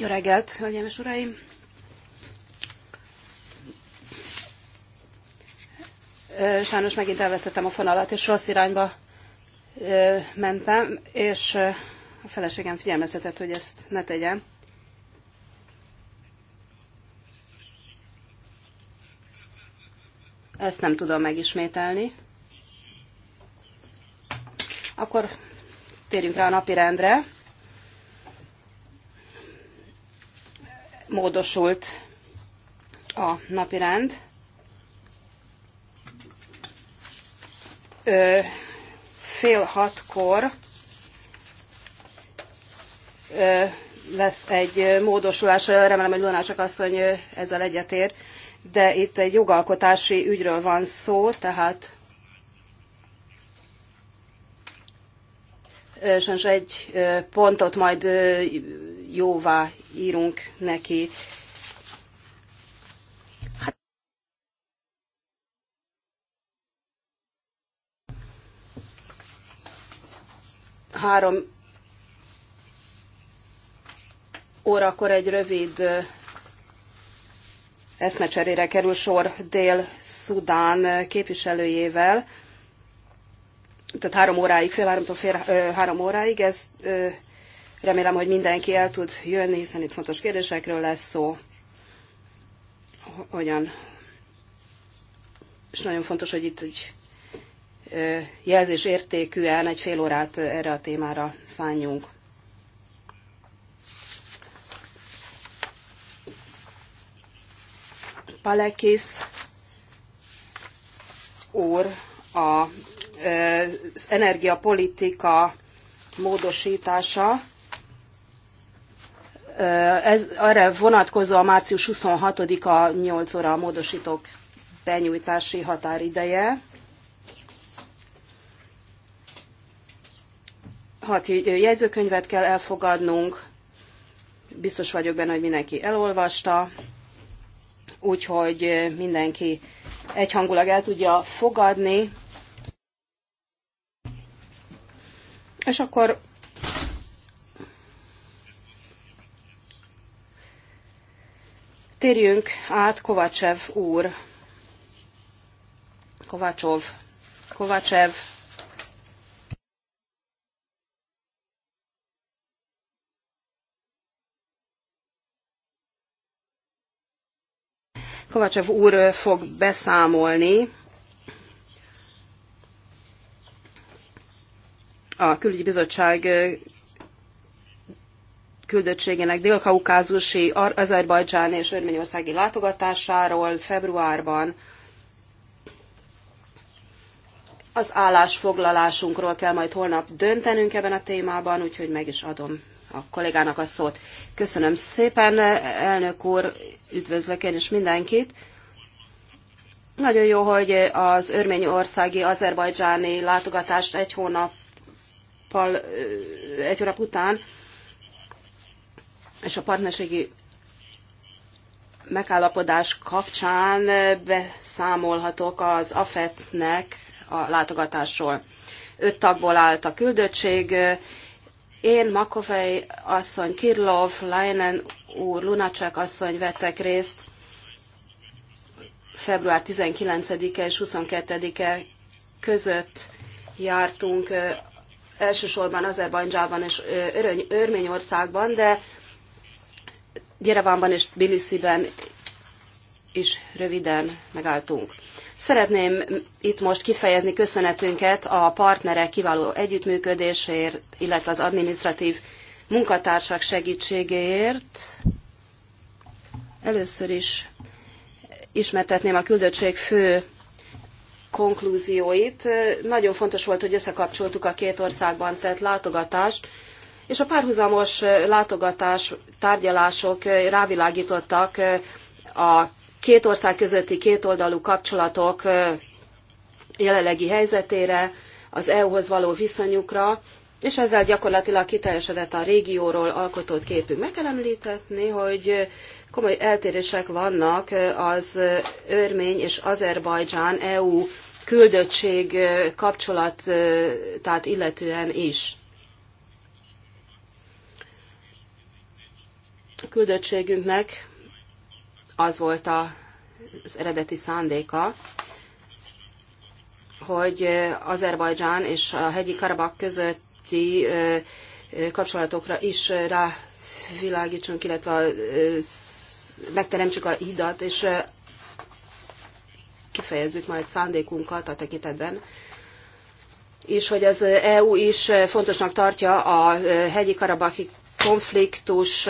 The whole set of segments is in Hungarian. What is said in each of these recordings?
Jó reggelt, hölgyeim és uraim! Sajnos megint elvesztettem a fonalat, és rossz irányba mentem, és a feleségem figyelmeztetett, hogy ezt ne tegyem. Ezt nem tudom megismételni. Akkor térjünk rá a napirendre. módosult a napirend. fél hatkor lesz egy módosulás, remélem, hogy Lunácsak asszony ezzel egyetér, de itt egy jogalkotási ügyről van szó, tehát sajnos egy pontot majd jóvá írunk neki. Hát három órakor egy rövid eszmecserére kerül sor Dél-Szudán képviselőjével, tehát három óráig, fél háromtól fél három óráig, ez Remélem, hogy mindenki el tud jönni, hiszen itt fontos kérdésekről lesz szó. Hogyan? És nagyon fontos, hogy itt egy jelzés értékűen egy fél órát erre a témára szálljunk. Palekis úr a, az energiapolitika módosítása ez, erre vonatkozó a március 26-a 8 óra a módosítók benyújtási határideje. Hat jegyzőkönyvet kell elfogadnunk, biztos vagyok benne, hogy mindenki elolvasta, úgyhogy mindenki egyhangulag el tudja fogadni. És akkor Térjünk át Kovácsev úr. Kovácsov. Kovácsev. Kovácsev úr fog beszámolni a külügyi bizottság küldöttségének dél-kaukázusi Azerbajdzsán és Örményországi látogatásáról februárban az állásfoglalásunkról kell majd holnap döntenünk ebben a témában, úgyhogy meg is adom a kollégának a szót. Köszönöm szépen, elnök úr, üdvözlök én is mindenkit. Nagyon jó, hogy az örményországi, azerbajdzsáni látogatást egy hónappal, egy hónap után és a partnerségi megállapodás kapcsán beszámolhatok az AFET-nek a látogatásról. Öt tagból állt a küldöttség, én, Makovei, asszony, Kirlov, Leinen úr, Lunacek asszony vettek részt február 19-e és 22-e között jártunk elsősorban Azerbajdzsában és Örményországban, de Gyerevánban és Tbilisiben is röviden megálltunk. Szeretném itt most kifejezni köszönetünket a partnerek kiváló együttműködésért, illetve az administratív munkatársak segítségéért. Először is ismertetném a küldöttség fő konklúzióit. Nagyon fontos volt, hogy összekapcsoltuk a két országban tett látogatást, és a párhuzamos látogatás, tárgyalások rávilágítottak a két ország közötti kétoldalú kapcsolatok jelenlegi helyzetére, az EU-hoz való viszonyukra, és ezzel gyakorlatilag kiteljesedett a régióról alkotott képünk. Meg kell említetni, hogy komoly eltérések vannak az örmény és Azerbajdzsán EU küldöttség kapcsolatát illetően is. küldöttségünknek az volt az eredeti szándéka, hogy Azerbajdzsán és a hegyi Karabak közötti kapcsolatokra is rávilágítsunk, illetve megteremtsük a hidat, és kifejezzük majd szándékunkat a tekintetben, és hogy az EU is fontosnak tartja a hegyi karabaki konfliktus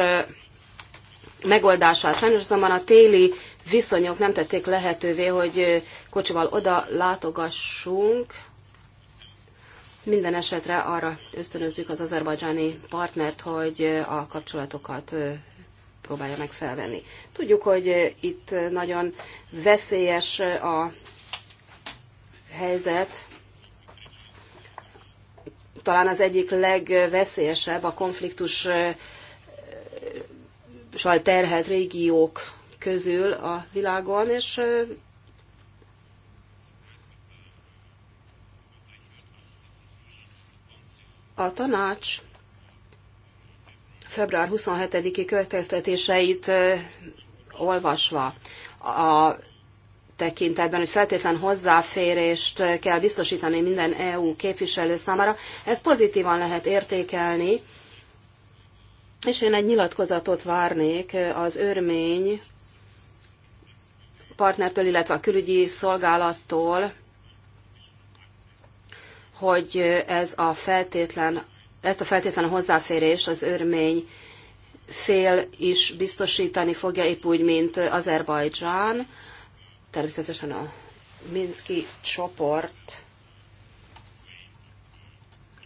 megoldását. Sajnos azonban a téli viszonyok nem tették lehetővé, hogy kocsival oda látogassunk. Minden esetre arra ösztönözzük az azerbajdzsáni partnert, hogy a kapcsolatokat próbálja meg felvenni. Tudjuk, hogy itt nagyon veszélyes a helyzet, talán az egyik legveszélyesebb a konfliktus sal terhelt régiók közül a világon, és a tanács február 27-i következtetéseit olvasva a tekintetben, hogy feltétlen hozzáférést kell biztosítani minden EU képviselő számára. Ezt pozitívan lehet értékelni, és én egy nyilatkozatot várnék az örmény partnertől, illetve a külügyi szolgálattól, hogy ez a feltétlen, ezt a feltétlen hozzáférés az örmény fél is biztosítani fogja, épp úgy, mint Azerbajdzsán. Természetesen a Minszki csoport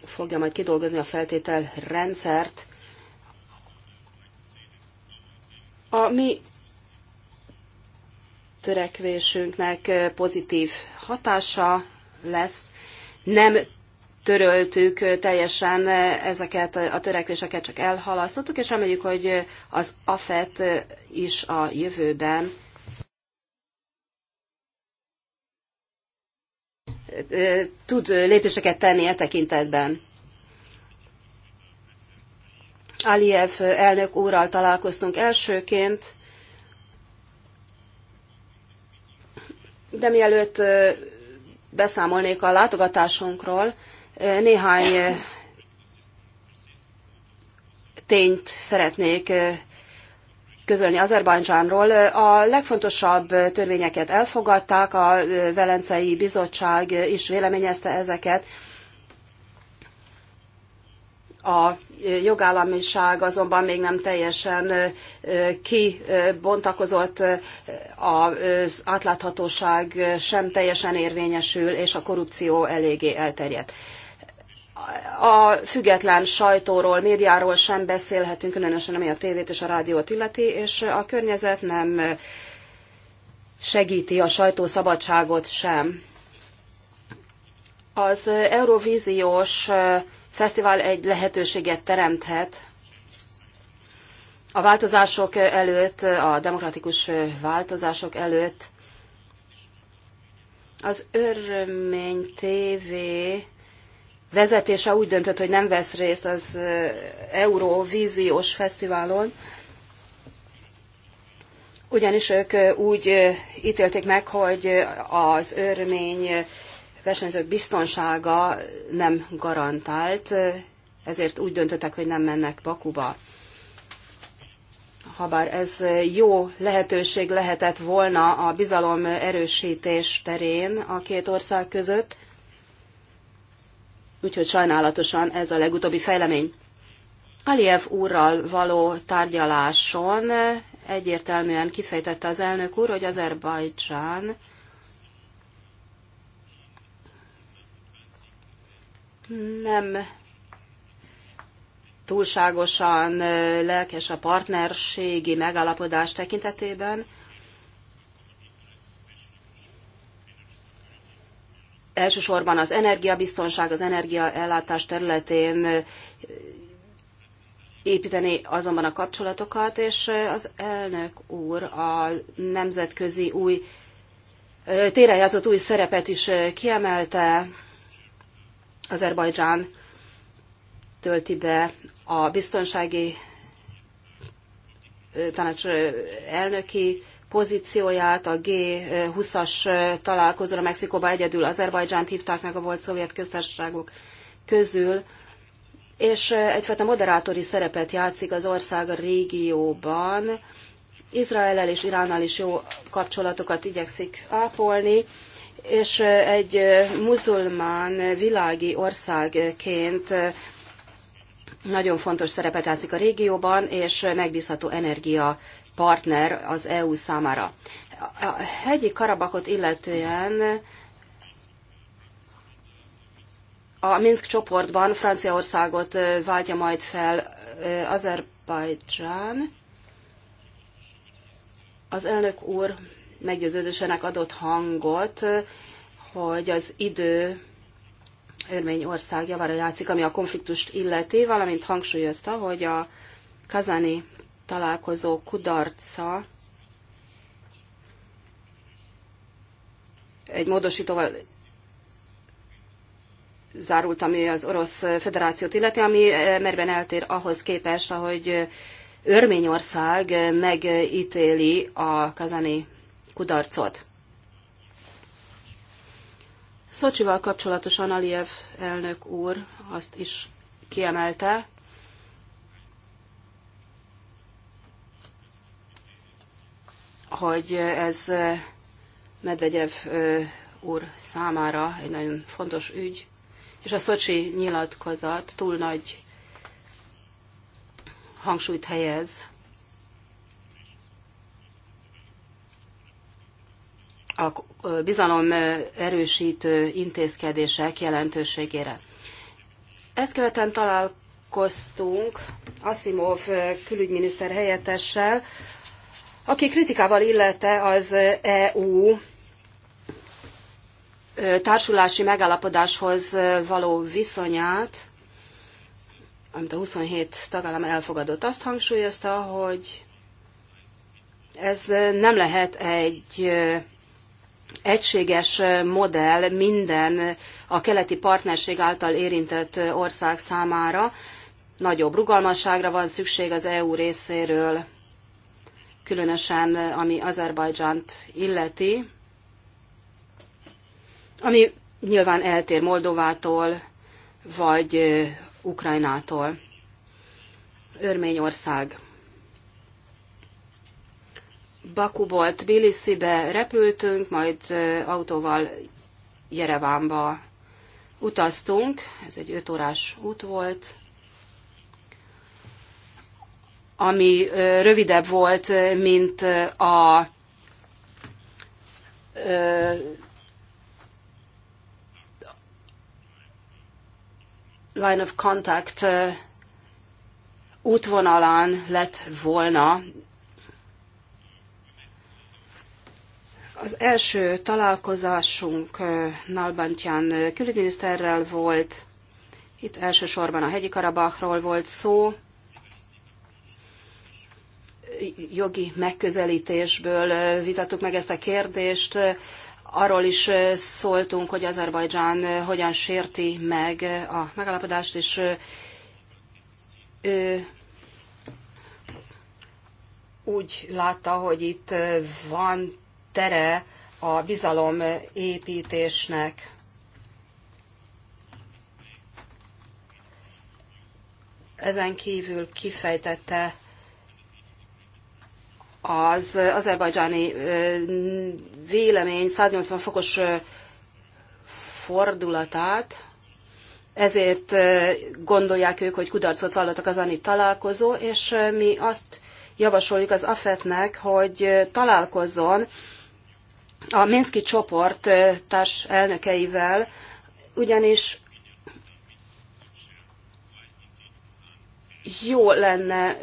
fogja majd kidolgozni a feltétel rendszert, A mi törekvésünknek pozitív hatása lesz. Nem töröltük teljesen ezeket a törekvéseket, csak elhalasztottuk, és reméljük, hogy az AFET is a jövőben tud lépéseket tenni e tekintetben. Aliyev elnök úrral találkoztunk elsőként, de mielőtt beszámolnék a látogatásunkról, néhány tényt szeretnék közölni Azerbajdzsánról. A legfontosabb törvényeket elfogadták, a Velencei Bizottság is véleményezte ezeket. A jogállamiság azonban még nem teljesen kibontakozott, az átláthatóság sem teljesen érvényesül, és a korrupció eléggé elterjedt. A független sajtóról, médiáról sem beszélhetünk, különösen ami a tévét és a rádiót illeti, és a környezet nem segíti a sajtószabadságot sem. Az Eurovíziós fesztivál egy lehetőséget teremthet a változások előtt, a demokratikus változások előtt. Az Örmény TV vezetése úgy döntött, hogy nem vesz részt az Eurovíziós fesztiválon, ugyanis ők úgy ítélték meg, hogy az örmény versenyzők biztonsága nem garantált, ezért úgy döntöttek, hogy nem mennek Bakuba. Habár ez jó lehetőség lehetett volna a bizalom erősítés terén a két ország között, úgyhogy sajnálatosan ez a legutóbbi fejlemény. Aliyev úrral való tárgyaláson egyértelműen kifejtette az elnök úr, hogy Azerbajdzsán nem túlságosan lelkes a partnerségi megállapodás tekintetében. Elsősorban az energiabiztonság, az energiaellátás területén építeni azonban a kapcsolatokat, és az elnök úr a nemzetközi új térejátszott új szerepet is kiemelte, Azerbajdzsán tölti be a biztonsági tanács elnöki pozícióját a G20-as találkozóra Mexikóba egyedül Azerbajdzsánt hívták meg a volt szovjet köztársaságok közül, és egyfajta moderátori szerepet játszik az ország a régióban. Izraellel és Iránnal is jó kapcsolatokat igyekszik ápolni, és egy muzulmán világi országként nagyon fontos szerepet játszik a régióban, és megbízható energia partner az EU számára. A hegyi Karabakot illetően a Minsk csoportban Franciaországot váltja majd fel Azerbajdzsán. Az elnök úr meggyőződésének adott hangot, hogy az idő Örményország javára játszik, ami a konfliktust illeti, valamint hangsúlyozta, hogy a kazani találkozó kudarca egy módosítóval zárult, ami az Orosz Federációt illeti, ami merben eltér ahhoz képest, ahogy Örményország megítéli a kazani kudarcot. Szocsival kapcsolatosan Aliyev elnök úr azt is kiemelte, hogy ez Medvegyev úr számára egy nagyon fontos ügy, és a Szocsi nyilatkozat túl nagy hangsúlyt helyez a bizalom erősítő intézkedések jelentőségére. Ezt követően találkoztunk Asimov külügyminiszter helyettessel, aki kritikával illette az EU társulási megállapodáshoz való viszonyát, amit a 27 tagállam elfogadott. Azt hangsúlyozta, hogy ez nem lehet egy egységes modell minden a keleti partnerség által érintett ország számára. Nagyobb rugalmasságra van szükség az EU részéről, különösen ami Azerbajdzsánt illeti, ami nyilván eltér Moldovától vagy Ukrajnától. Örményország. Bakuból Tbilisibe repültünk, majd autóval Jerevánba utaztunk, ez egy öt órás út volt, ami rövidebb volt, mint a line of contact útvonalán lett volna Az első találkozásunk eh, Nalbantyán eh, külügyminiszterrel volt, itt elsősorban a hegyi Karabachról volt szó, jogi megközelítésből eh, vitattuk meg ezt a kérdést, arról is szóltunk, hogy Azerbajdzsán hogyan sérti meg a megállapodást, és ő úgy látta, hogy itt van tere a építésnek. Ezen kívül kifejtette az azerbajdzsáni vélemény 180 fokos fordulatát, ezért gondolják ők, hogy kudarcot vallottak az ANI találkozó, és mi azt javasoljuk az AFET-nek, hogy találkozzon a Minszki csoport társ elnökeivel, ugyanis jó lenne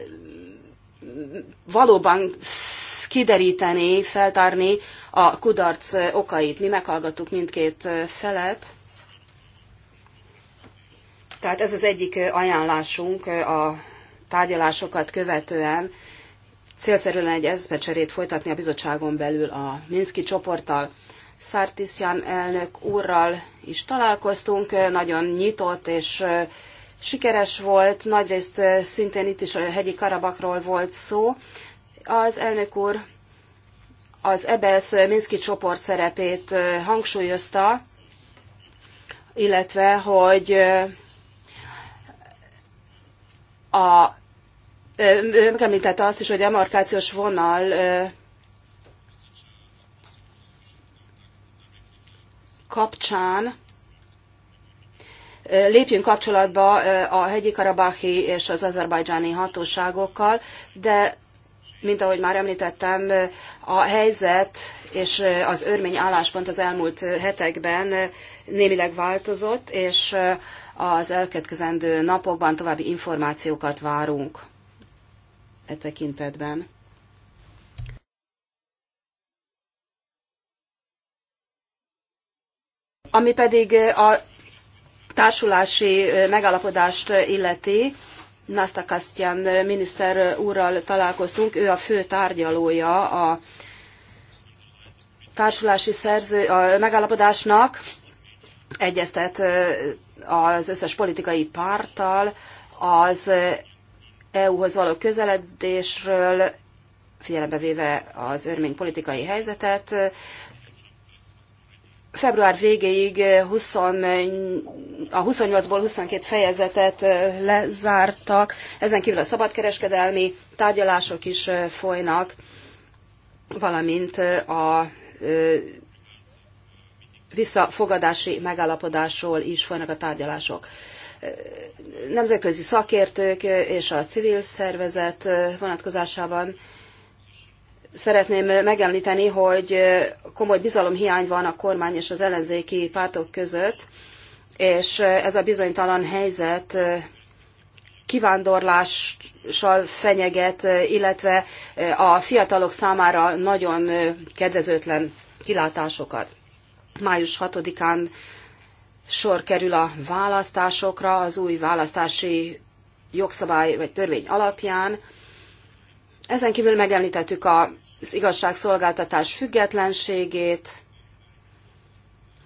valóban kideríteni, feltárni a kudarc okait. Mi meghallgattuk mindkét felet. Tehát ez az egyik ajánlásunk a tárgyalásokat követően, célszerű lenne egy eszmecserét folytatni a bizottságon belül a Minszki csoporttal. Sartisjan elnök úrral is találkoztunk, nagyon nyitott és sikeres volt, nagyrészt szintén itt is a hegyi Karabakról volt szó. Az elnök úr az EBS e Minszki csoport szerepét hangsúlyozta, illetve, hogy a megemlítette azt is, hogy demarkációs vonal kapcsán lépjünk kapcsolatba a hegyi karabáhi és az azerbajdzsáni hatóságokkal, de mint ahogy már említettem, a helyzet és az örmény álláspont az elmúlt hetekben némileg változott, és az elkövetkezendő napokban további információkat várunk e tekintetben. Ami pedig e, a társulási e, megállapodást e, illeti, Nasztakasztyan miniszter úrral találkoztunk, ő a fő tárgyalója a társulási szerző, a megállapodásnak, egyeztet az összes politikai párttal, az EU-hoz való közeledésről, figyelembe véve az örmény politikai helyzetet. Február végéig 20, a 28-ból 22 fejezetet lezártak, ezen kívül a szabadkereskedelmi tárgyalások is folynak, valamint a visszafogadási megállapodásról is folynak a tárgyalások nemzetközi szakértők és a civil szervezet vonatkozásában szeretném megemlíteni, hogy komoly bizalomhiány van a kormány és az ellenzéki pártok között, és ez a bizonytalan helyzet kivándorlással fenyeget, illetve a fiatalok számára nagyon kedvezőtlen kilátásokat. Május 6-án sor kerül a választásokra az új választási jogszabály vagy törvény alapján. Ezen kívül megemlítettük az igazságszolgáltatás függetlenségét,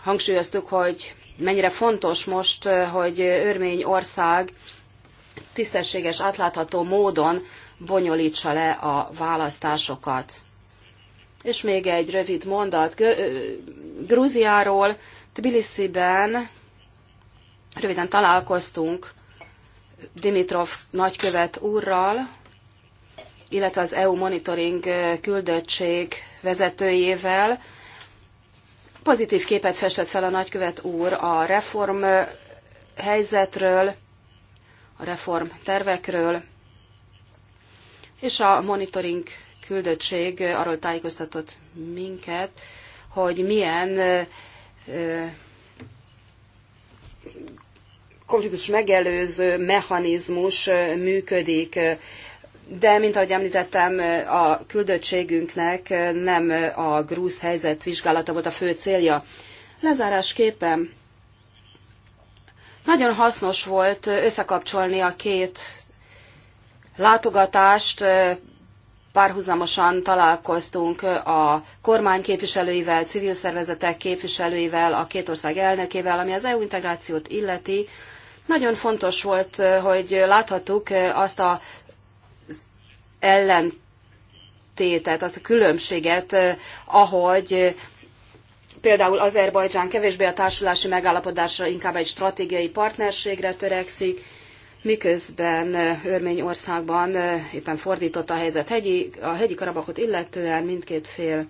hangsúlyoztuk, hogy mennyire fontos most, hogy örmény ország tisztességes, átlátható módon bonyolítsa le a választásokat. És még egy rövid mondat Grúziáról. Tbilisiben röviden találkoztunk Dimitrov nagykövet úrral, illetve az EU monitoring küldöttség vezetőjével. Pozitív képet festett fel a nagykövet úr a reform helyzetről, a reform tervekről, és a monitoring küldöttség arról tájékoztatott minket, hogy milyen konfliktus megelőző mechanizmus működik, de, mint ahogy említettem, a küldöttségünknek nem a grúz helyzet vizsgálata volt a fő célja. Lezárásképpen nagyon hasznos volt összekapcsolni a két látogatást, párhuzamosan találkoztunk a kormány képviselőivel, civil szervezetek képviselőivel, a két ország elnökével, ami az EU integrációt illeti. Nagyon fontos volt, hogy láthattuk azt a az ellentétet, azt a különbséget, ahogy például Azerbajdzsán kevésbé a társulási megállapodásra, inkább egy stratégiai partnerségre törekszik, miközben Örményországban éppen fordított a helyzet hegyi, a hegyi karabakot illetően mindkét fél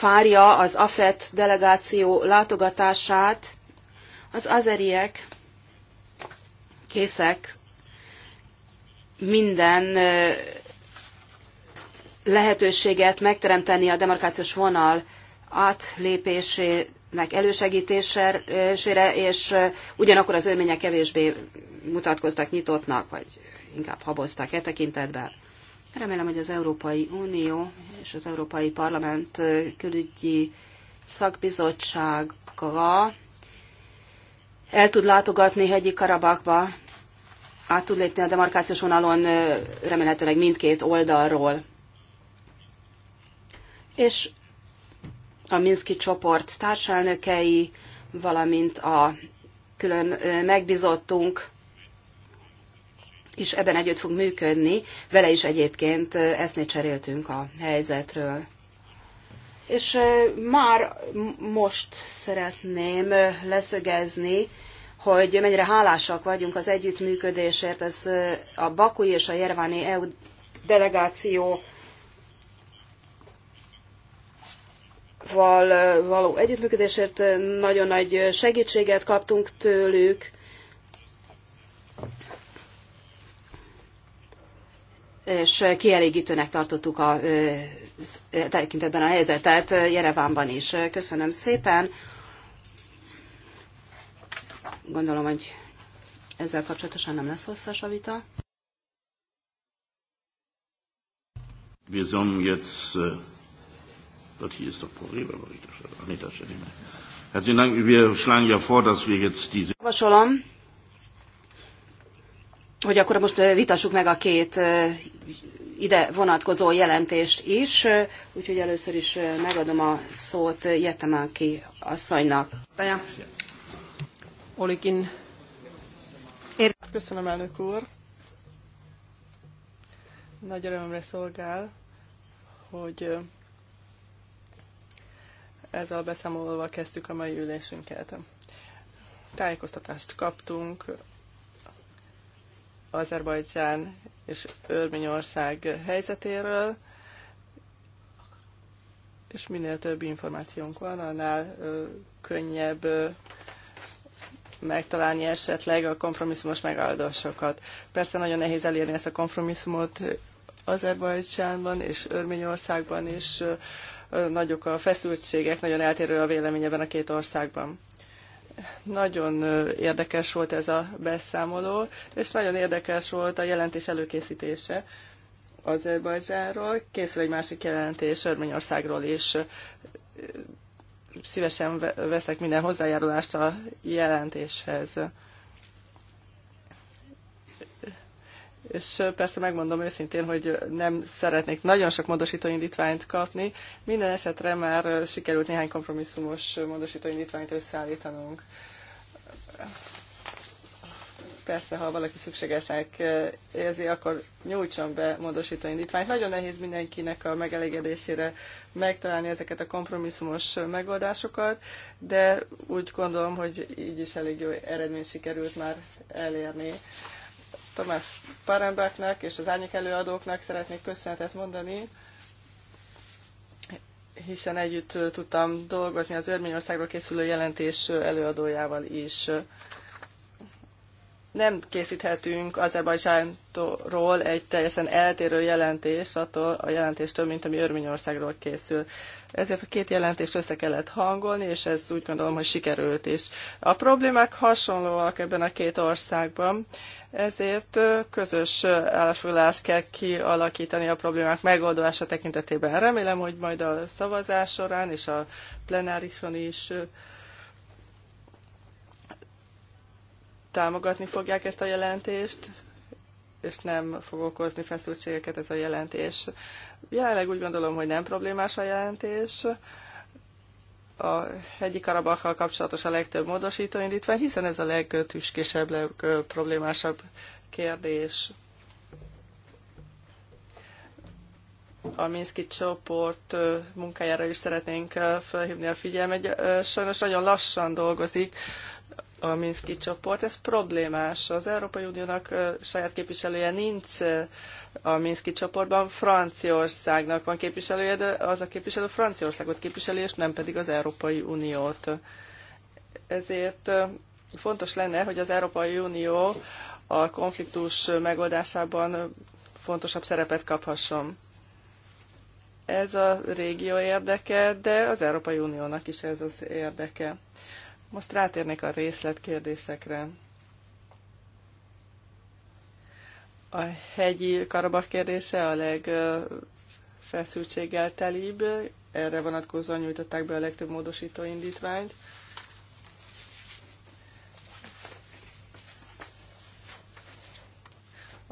várja az AFET delegáció látogatását. Az azeriek készek minden lehetőséget megteremteni a demarkációs vonal átlépésének elősegítésére, és ugyanakkor az örmények kevésbé mutatkoztak nyitottnak, vagy inkább haboztak e tekintetben. Remélem, hogy az Európai Unió és az Európai Parlament külügyi szakbizottsága el tud látogatni hegyi Karabakba, át tud lépni a demarkációs vonalon remélhetőleg mindkét oldalról. És a Minszki csoport társelnökei, valamint a külön megbizottunk is ebben együtt fog működni. Vele is egyébként eszmét cseréltünk a helyzetről. És már most szeretném leszögezni, hogy mennyire hálásak vagyunk az együttműködésért. Ez a Bakui és a Jerváni EU delegáció val való együttműködésért nagyon nagy segítséget kaptunk tőlük. és kielégítőnek tartottuk a tekintetben a helyzetet Jerevánban is. Köszönöm szépen. Gondolom, hogy ezzel kapcsolatosan nem lesz hosszas a vita. Wir sollen jetzt Gott, hier ist doch Poreba Berichterstatter. Ach nee, das steht nicht mehr. Herzlichen Dank. Wir schlagen ja vor, dass wir jetzt diese... Javasolom, hogy akkor most eh, vitassuk meg a két eh, ide vonatkozó jelentést is, eh, úgyhogy először is megadom a szót Jettemáki asszonynak. Olikin. Köszönöm, elnök úr. Nagy örömre szolgál, hogy ezzel beszámolóval kezdtük a mai ülésünket. Tájékoztatást kaptunk Azerbajdzsán és Örményország helyzetéről, és minél több információnk van, annál könnyebb megtalálni esetleg a kompromisszumos megoldásokat. Persze nagyon nehéz elérni ezt a kompromisszumot Azerbajdzsánban és Örményországban is nagyok a feszültségek, nagyon eltérő a vélemény ebben a két országban. Nagyon érdekes volt ez a beszámoló, és nagyon érdekes volt a jelentés előkészítése. Azerbajdzsánról, készül egy másik jelentés Örményországról is. Szívesen veszek minden hozzájárulást a jelentéshez. és persze megmondom őszintén, hogy nem szeretnék nagyon sok módosítóindítványt indítványt kapni. Minden esetre már sikerült néhány kompromisszumos módosítóindítványt indítványt összeállítanunk. Persze, ha valaki szükségesnek érzi, akkor nyújtson be módosítóindítványt. indítványt. Nagyon nehéz mindenkinek a megelégedésére megtalálni ezeket a kompromisszumos megoldásokat, de úgy gondolom, hogy így is elég jó eredményt sikerült már elérni Tomás Parembáknak és az árnyék előadóknak szeretnék köszönetet mondani, hiszen együtt tudtam dolgozni az Örményországról készülő jelentés előadójával is nem készíthetünk Azerbajdzsánról egy teljesen eltérő jelentés attól a jelentéstől, mint ami Örményországról készül. Ezért a két jelentést össze kellett hangolni, és ez úgy gondolom, hogy sikerült is. A problémák hasonlóak ebben a két országban, ezért közös állásfoglalást kell kialakítani a problémák megoldása tekintetében. Remélem, hogy majd a szavazás során és a plenárison is támogatni fogják ezt a jelentést, és nem fog okozni feszültségeket ez a jelentés. Jelenleg úgy gondolom, hogy nem problémás a jelentés. A hegyi karabakkal kapcsolatos a legtöbb módosító indítvány, hiszen ez a legtüskésebb, legproblémásabb kérdés. a Minszki csoport munkájára is szeretnénk felhívni a figyelmet. Sajnos nagyon lassan dolgozik a Minszki csoport. Ez problémás. Az Európai Uniónak saját képviselője nincs a Minszki csoportban. Franciaországnak van képviselője, de az a képviselő Franciaországot képviseli, és nem pedig az Európai Uniót. Ezért fontos lenne, hogy az Európai Unió a konfliktus megoldásában fontosabb szerepet kaphasson. Ez a régió érdeke, de az Európai Uniónak is ez az érdeke. Most rátérnék a részletkérdésekre. A hegyi karabak kérdése a legfeszültséggel telibb, erre vonatkozóan nyújtották be a legtöbb módosító indítványt.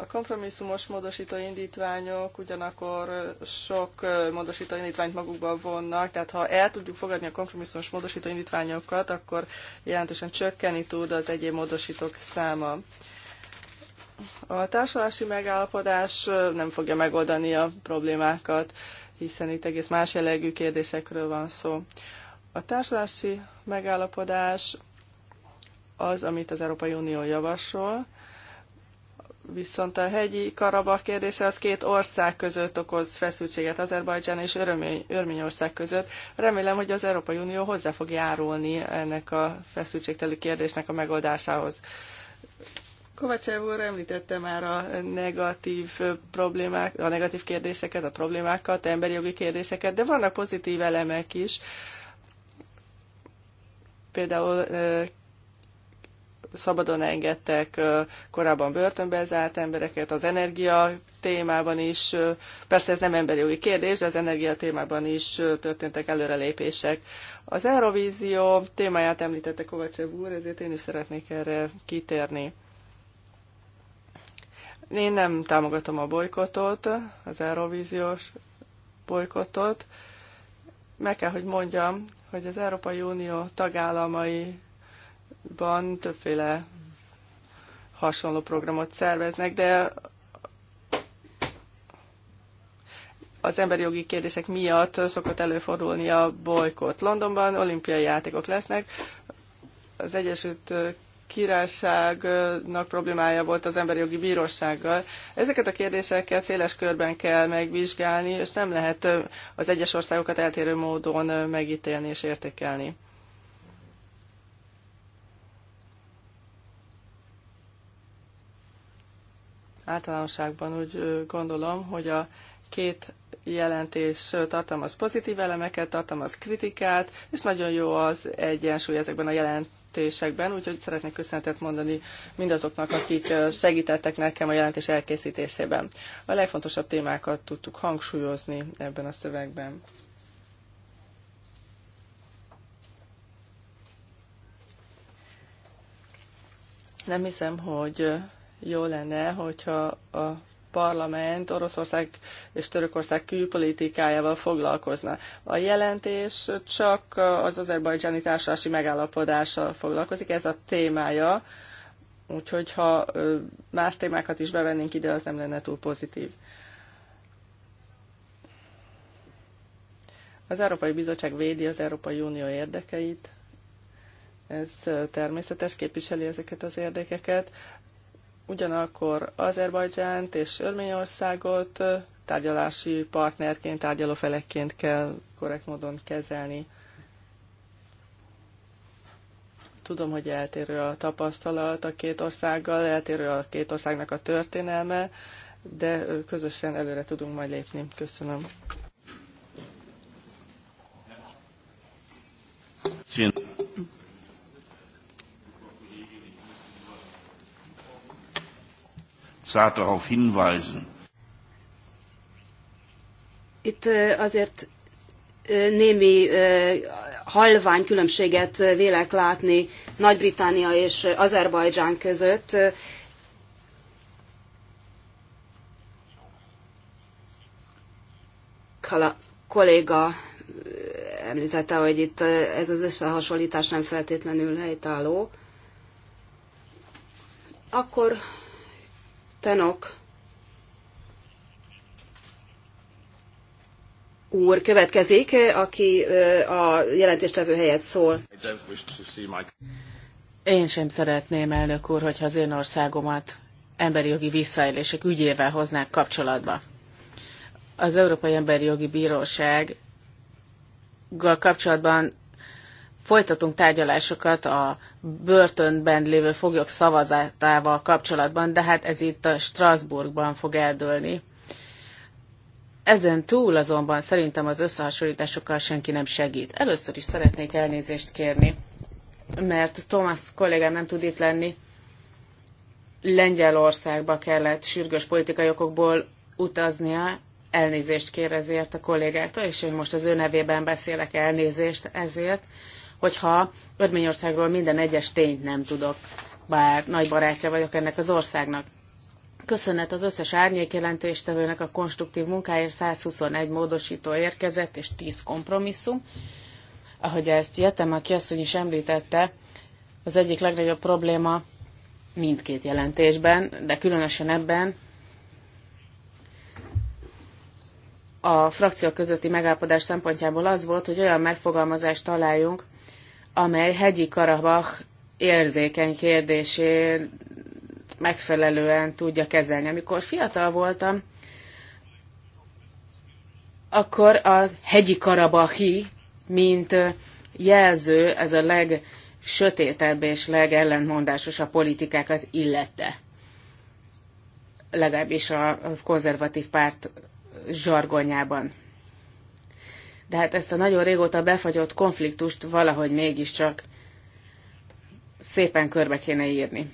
A kompromisszumos módosító indítványok ugyanakkor sok módosító indítványt magukba vonnak, tehát ha el tudjuk fogadni a kompromisszumos módosító indítványokat, akkor jelentősen csökkenni tud az egyéb módosítók száma. A társadalási megállapodás nem fogja megoldani a problémákat, hiszen itt egész más jellegű kérdésekről van szó. A társadalási megállapodás az, amit az Európai Unió javasol, Viszont a hegyi Karabak kérdése az két ország között okoz feszültséget, Azerbajdzsán és Örmény, Örményország között. Remélem, hogy az Európai Unió hozzá fog járulni ennek a feszültségteli kérdésnek a megoldásához. Kovácsev úr említette már a negatív problémák, a negatív kérdéseket, a problémákat, emberi jogi kérdéseket, de vannak pozitív elemek is. Például szabadon engedtek korábban börtönbe zárt embereket, az energia témában is, persze ez nem emberi jogi kérdés, de az energia témában is történtek előrelépések. Az Eurovízió témáját említette Kovacsev úr, ezért én is szeretnék erre kitérni. Én nem támogatom a bolykotot, az Eurovíziós bolykotot. Meg kell, hogy mondjam, hogy az Európai Unió tagállamai van többféle hasonló programot szerveznek, de az emberi jogi kérdések miatt szokott előfordulni a bolykot. Londonban olimpiai játékok lesznek. Az Egyesült Királyságnak problémája volt az emberi jogi bírósággal. Ezeket a kérdéseket széles körben kell megvizsgálni, és nem lehet az egyes országokat eltérő módon megítélni és értékelni. általánosságban úgy gondolom, hogy a két jelentés tartalmaz pozitív elemeket, tartalmaz kritikát, és nagyon jó az egyensúly ezekben a jelentésekben, úgyhogy szeretnék köszönetet mondani mindazoknak, akik segítettek nekem a jelentés elkészítésében. A legfontosabb témákat tudtuk hangsúlyozni ebben a szövegben. Nem hiszem, hogy jó lenne, hogyha a parlament Oroszország és Törökország külpolitikájával foglalkozna. A jelentés csak az azerbajdzsáni társulási megállapodással foglalkozik, ez a témája, úgyhogy ha más témákat is bevennénk ide, az nem lenne túl pozitív. Az Európai Bizottság védi az Európai Unió érdekeit, ez természetes, képviseli ezeket az érdekeket. Ugyanakkor Azerbajdzsánt és Örményországot tárgyalási partnerként, tárgyalófelekként kell korrekt módon kezelni. Tudom, hogy eltérő a tapasztalat a két országgal, eltérő a két országnak a történelme, de közösen előre tudunk majd lépni. Köszönöm. Szín. zart darauf hinweisen. Itt azért némi halvány különbséget vélek látni Nagy-Britannia és Azerbajdzsán között. Kala kolléga említette, hogy itt ez az összehasonlítás nem feltétlenül helytálló. Akkor Tenok úr következik, aki a jelentéstevő helyet szól. Én sem szeretném, elnök úr, hogyha az én országomat emberi jogi visszaélések ügyével hoznák kapcsolatba. Az Európai Emberi Jogi Bírósággal kapcsolatban folytatunk tárgyalásokat a börtönben lévő foglyok szavazatával kapcsolatban, de hát ez itt a Strasbourgban fog eldőlni. Ezen túl azonban szerintem az összehasonlításokkal senki nem segít. Először is szeretnék elnézést kérni, mert Thomas kollégám nem tud itt lenni. Lengyelországba kellett sürgős politikai okokból utaznia, elnézést kér ezért a kollégáktól, és én most az ő nevében beszélek elnézést ezért hogyha Örményországról minden egyes tényt nem tudok, bár nagy barátja vagyok ennek az országnak. Köszönet az összes árnyékjelentéstevőnek a konstruktív munkáért 121 módosító érkezett, és 10 kompromisszum. Ahogy ezt Jetem, aki asszony is említette, az egyik legnagyobb probléma mindkét jelentésben, de különösen ebben, a frakciók közötti megállapodás szempontjából az volt, hogy olyan megfogalmazást találjunk, amely hegyi Karabach érzékeny kérdésén megfelelően tudja kezelni. Amikor fiatal voltam, akkor a hegyi karabahi, mint jelző, ez a legsötétebb és legellentmondásosabb politikákat illette. Legalábbis a konzervatív párt zsargonyában de hát ezt a nagyon régóta befagyott konfliktust valahogy mégiscsak szépen körbe kéne írni.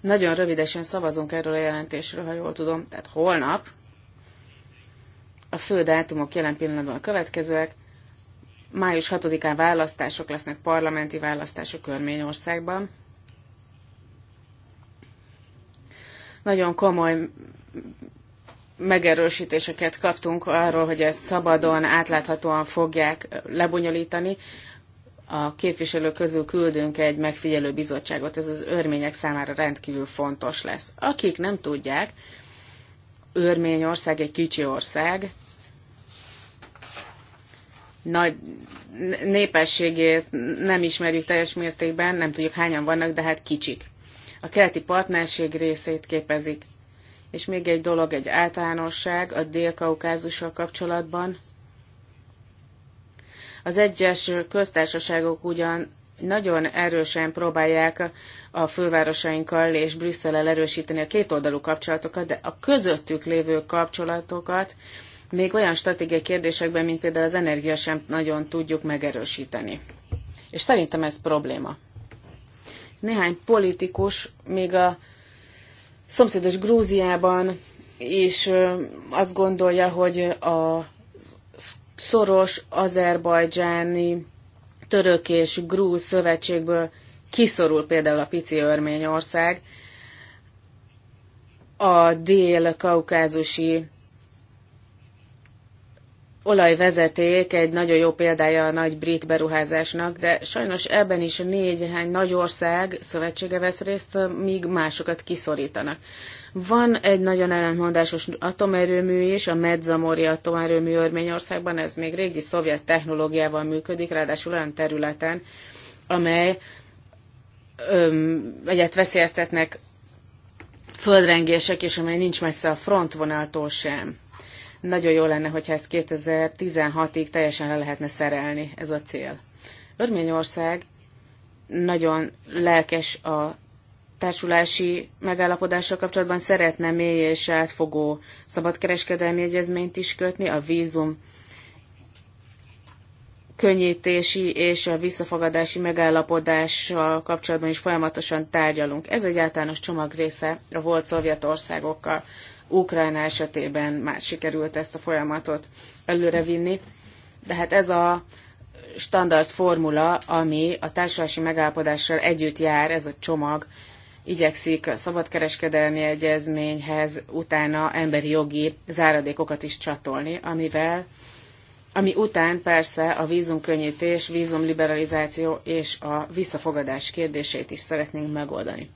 Nagyon rövidesen szavazunk erről a jelentésről, ha jól tudom, tehát holnap. A fő dátumok jelen pillanatban a következőek. Május 6-án választások lesznek, parlamenti választások Körményországban. Nagyon komoly megerősítéseket kaptunk arról, hogy ezt szabadon, átláthatóan fogják lebonyolítani. A képviselők közül küldünk egy megfigyelő bizottságot, ez az örmények számára rendkívül fontos lesz. Akik nem tudják, Örményország egy kicsi ország, nagy népességét nem ismerjük teljes mértékben, nem tudjuk hányan vannak, de hát kicsik. A keleti partnerség részét képezik és még egy dolog, egy általánosság a Dél-Kaukázussal kapcsolatban. Az egyes köztársaságok ugyan nagyon erősen próbálják a fővárosainkkal és Brüsszellel erősíteni a kétoldalú kapcsolatokat, de a közöttük lévő kapcsolatokat még olyan stratégiai kérdésekben, mint például az energia sem nagyon tudjuk megerősíteni. És szerintem ez probléma. Néhány politikus még a szomszédos Grúziában és azt gondolja, hogy a szoros azerbajdzsáni török és grúz szövetségből kiszorul például a pici örményország, a dél-kaukázusi olajvezeték egy nagyon jó példája a nagy brit beruházásnak, de sajnos ebben is négyhány nagy ország szövetsége vesz részt, míg másokat kiszorítanak. Van egy nagyon ellentmondásos atomerőmű is, a Medzamori atomerőmű Örményországban, ez még régi szovjet technológiával működik, ráadásul olyan területen, amely öm, egyet veszélyeztetnek földrengések, és amely nincs messze a frontvonaltól sem nagyon jó lenne, hogyha ezt 2016-ig teljesen le lehetne szerelni, ez a cél. Örményország nagyon lelkes a társulási megállapodással kapcsolatban szeretne mély és átfogó szabadkereskedelmi egyezményt is kötni, a vízum könnyítési és a visszafogadási megállapodással kapcsolatban is folyamatosan tárgyalunk. Ez egy általános csomag része a volt szovjet országokkal Ukrajna esetében már sikerült ezt a folyamatot előrevinni. De hát ez a standard formula, ami a társulási megállapodással együtt jár, ez a csomag, igyekszik a szabadkereskedelmi egyezményhez utána emberi jogi záradékokat is csatolni, amivel ami után persze a vízumkönnyítés, vízumliberalizáció és a visszafogadás kérdését is szeretnénk megoldani.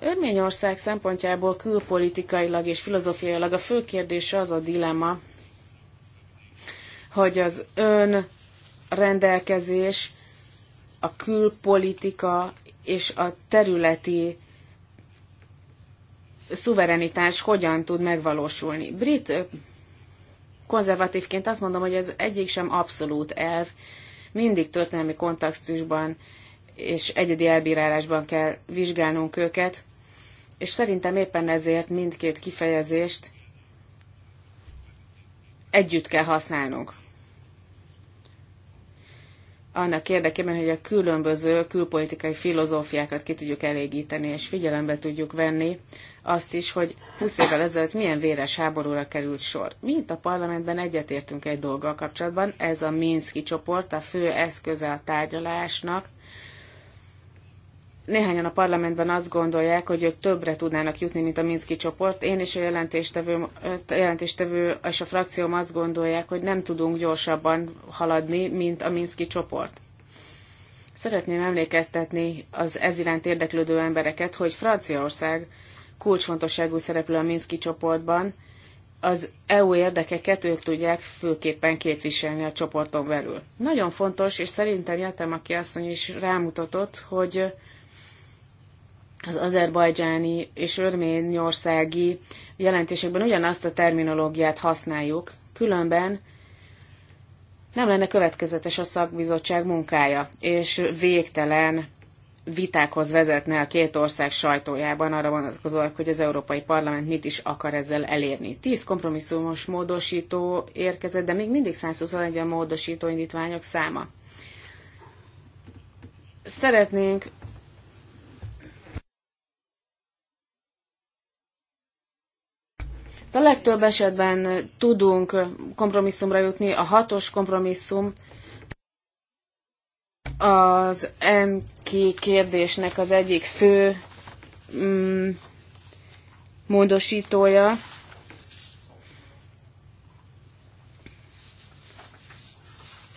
Örményország szempontjából külpolitikailag és filozófiailag a fő kérdés az a dilemma, hogy az ön rendelkezés, a külpolitika és a területi szuverenitás hogyan tud megvalósulni. Brit konzervatívként azt mondom, hogy ez egyik sem abszolút elv, mindig történelmi kontextusban és egyedi elbírálásban kell vizsgálnunk őket, és szerintem éppen ezért mindkét kifejezést együtt kell használnunk. Annak érdekében, hogy a különböző külpolitikai filozófiákat ki tudjuk elégíteni, és figyelembe tudjuk venni azt is, hogy 20 évvel ezelőtt milyen véres háborúra került sor. Mi itt a parlamentben egyetértünk egy dolga kapcsolatban, ez a Minszki csoport, a fő eszköze a tárgyalásnak, Néhányan a parlamentben azt gondolják, hogy ők többre tudnának jutni, mint a Minszki csoport. Én és a jelentéstevő, jelentéstevő és a frakcióm azt gondolják, hogy nem tudunk gyorsabban haladni, mint a Minszki csoport. Szeretném emlékeztetni az ez iránt érdeklődő embereket, hogy Franciaország kulcsfontosságú szereplő a Minszki csoportban, az EU érdekeket ők tudják főképpen képviselni a csoporton belül. Nagyon fontos, és szerintem Jatem, aki asszony is rámutatott, hogy az azerbajdzsáni és örményországi jelentésekben ugyanazt a terminológiát használjuk, különben nem lenne következetes a szakbizottság munkája, és végtelen vitákhoz vezetne a két ország sajtójában arra vonatkozóan, hogy az Európai Parlament mit is akar ezzel elérni. Tíz kompromisszumos módosító érkezett, de még mindig 121 a módosító indítványok száma. Szeretnénk A legtöbb esetben tudunk kompromisszumra jutni, a hatos kompromisszum az NK kérdésnek az egyik fő mm, módosítója,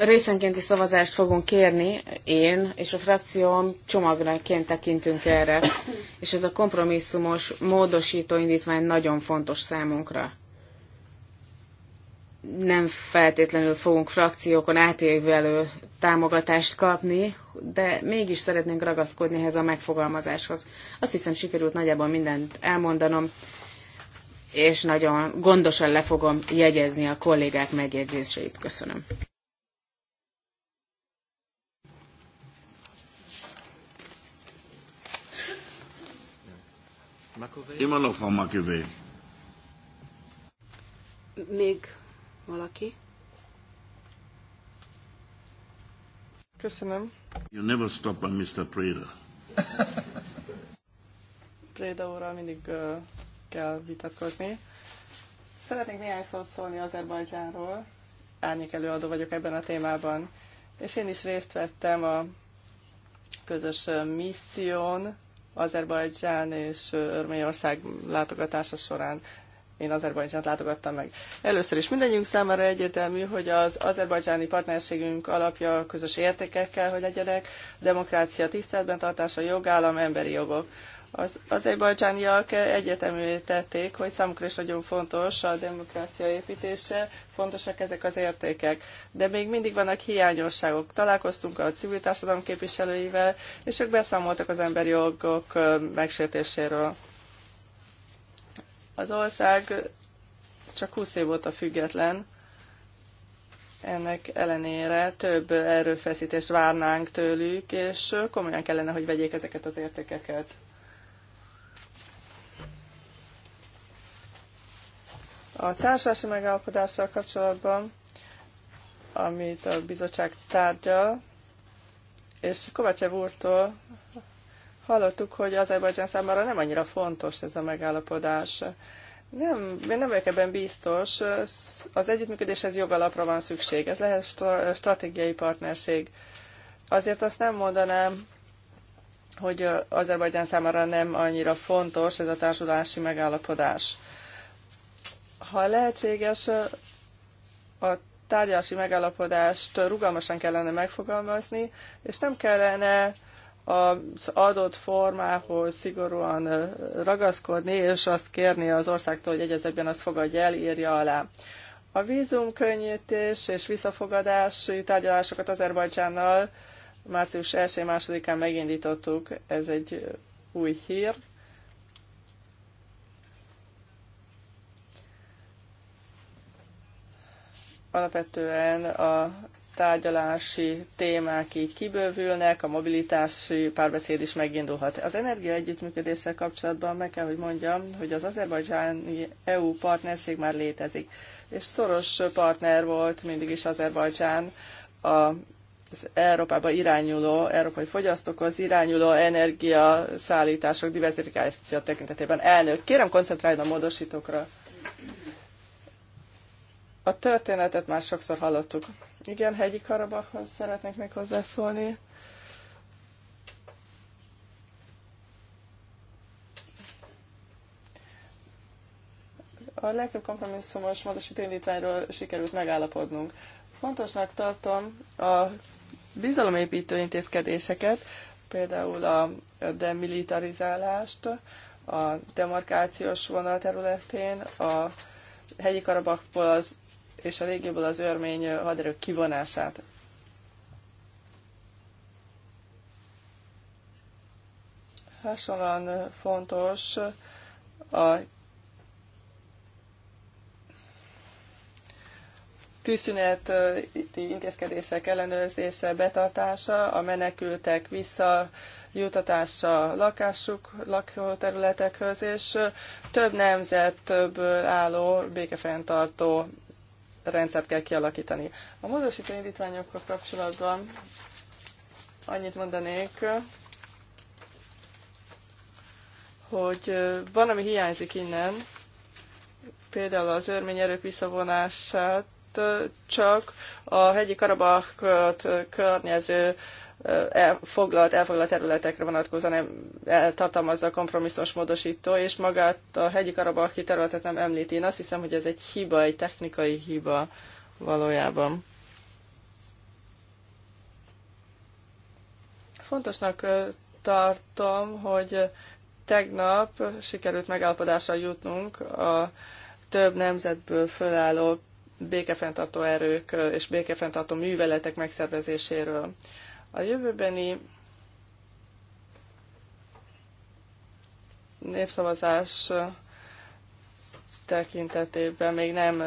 részenkénti szavazást fogunk kérni, én és a frakcióm csomagraként tekintünk erre, és ez a kompromisszumos módosító indítvány nagyon fontos számunkra. Nem feltétlenül fogunk frakciókon átévelő támogatást kapni, de mégis szeretnénk ragaszkodni ehhez a megfogalmazáshoz. Azt hiszem sikerült nagyjából mindent elmondanom, és nagyon gondosan le fogom jegyezni a kollégák megjegyzéseit. Köszönöm. Immer noch Frau Makovej. Még valaki? Köszönöm. You never stop by Mr. Preda. Preda úrral mindig uh, kell vitatkozni. Szeretnék néhány szót szólni Azerbajdzsánról. Árnyék előadó vagyok ebben a témában. És én is részt vettem a közös misszión, Azerbajdzsán és Örményország látogatása során. Én Azerbajdzsánt látogattam meg. Először is mindenjünk számára egyértelmű, hogy az azerbajdzsáni partnerségünk alapja közös értékekkel, hogy legyenek, demokrácia tiszteletben tartása, jogállam, emberi jogok. Az azerbajdzsániak egyértelművé tették, hogy számukra is nagyon fontos a demokrácia építése, fontosak ezek az értékek. De még mindig vannak hiányosságok. Találkoztunk a civil társadalom képviselőivel, és ők beszámoltak az emberi jogok megsértéséről. Az ország csak 20 év óta független, ennek ellenére több erőfeszítést várnánk tőlük, és komolyan kellene, hogy vegyék ezeket az értékeket. A társulási megállapodással kapcsolatban, amit a bizottság tárgyal, és Kovácsev úrtól hallottuk, hogy Azerbajdzsán számára nem annyira fontos ez a megállapodás. Nem, én nem vagyok ebben biztos. Az együttműködéshez jogalapra van szükség. Ez lehet stratégiai partnerség. Azért azt nem mondanám, hogy Azerbajdzsán számára nem annyira fontos ez a társulási megállapodás. Ha lehetséges, a tárgyalási megállapodást rugalmasan kellene megfogalmazni, és nem kellene az adott formához szigorúan ragaszkodni, és azt kérni az országtól, hogy egyezekben azt fogadja el, írja alá. A vízumkönnyítés és visszafogadási tárgyalásokat Azerbajdzsánnal március 1-2-án megindítottuk. Ez egy új hír, alapvetően a tárgyalási témák így kibővülnek, a mobilitási párbeszéd is megindulhat. Az energia együttműködéssel kapcsolatban meg kell, hogy mondjam, hogy az azerbajdzsáni EU partnerség már létezik, és szoros partner volt mindig is Azerbajdzsán a az Európába irányuló, európai fogyasztókhoz irányuló energia szállítások diversifikáció tekintetében. Elnök, kérem koncentráljon a módosítókra. A történetet már sokszor hallottuk. Igen, Hegyi Karabachhoz szeretnék még hozzászólni. A legtöbb kompromisszumos módosító indítványról sikerült megállapodnunk. Fontosnak tartom a bizalomépítő intézkedéseket, például a demilitarizálást, a demarkációs vonal területén, a hegyi Karabakból az és a régióból az örmény haderők kivonását. Hasonlóan fontos a tűzszüneti intézkedések ellenőrzése, betartása, a menekültek visszajutatása lakásuk, lakóterületekhöz, és több nemzet, több álló békefenntartó rendszert kell kialakítani. A módosító indítványokkal kapcsolatban annyit mondanék, hogy van, ami hiányzik innen, például az örmény erők visszavonását csak a hegyi karabakot környező elfoglalt, elfoglalt területekre vonatkozóan tartalmazza a kompromisszos módosító, és magát a hegyi karabahi területet nem említi. Én azt hiszem, hogy ez egy hiba, egy technikai hiba valójában. Fontosnak tartom, hogy tegnap sikerült megállapodásra jutnunk a több nemzetből fölálló békefenntartó erők és békefenntartó műveletek megszervezéséről. A jövőbeni népszavazás tekintetében még nem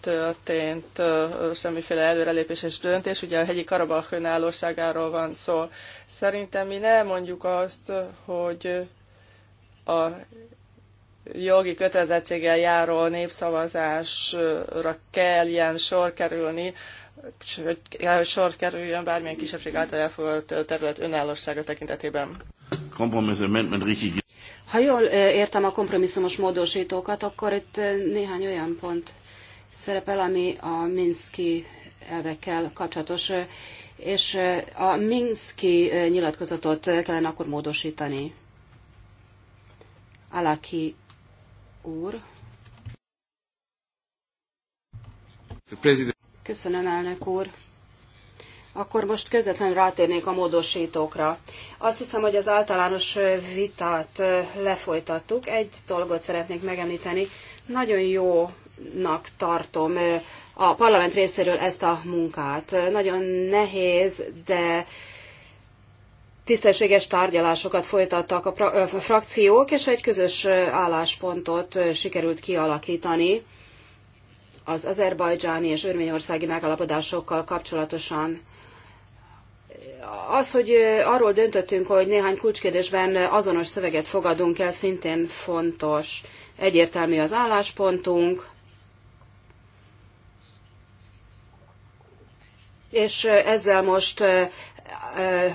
történt semmiféle előrelépés és döntés. Ugye a hegyi Karabakh önállóságáról van szó. Szerintem mi nem mondjuk azt, hogy a jogi kötelezettséggel járó népszavazásra kelljen sor kerülni hogy sor kerüljön bármilyen kisebbség által elfogadott terület önállósága tekintetében. Ha jól értem a kompromisszumos módosítókat, akkor itt néhány olyan pont szerepel, ami a Minszki elvekkel kapcsolatos, és a Minszki nyilatkozatot kellene akkor módosítani. Alaki úr. Köszönöm, elnök úr. Akkor most közvetlenül rátérnék a módosítókra. Azt hiszem, hogy az általános vitát lefolytattuk. Egy dolgot szeretnék megemlíteni. Nagyon jónak tartom a parlament részéről ezt a munkát. Nagyon nehéz, de tisztességes tárgyalásokat folytattak a frakciók, és egy közös álláspontot sikerült kialakítani az azerbajdzsáni és örményországi megállapodásokkal kapcsolatosan az, hogy arról döntöttünk, hogy néhány kulcskérdésben azonos szöveget fogadunk el, szintén fontos. Egyértelmű az álláspontunk, és ezzel most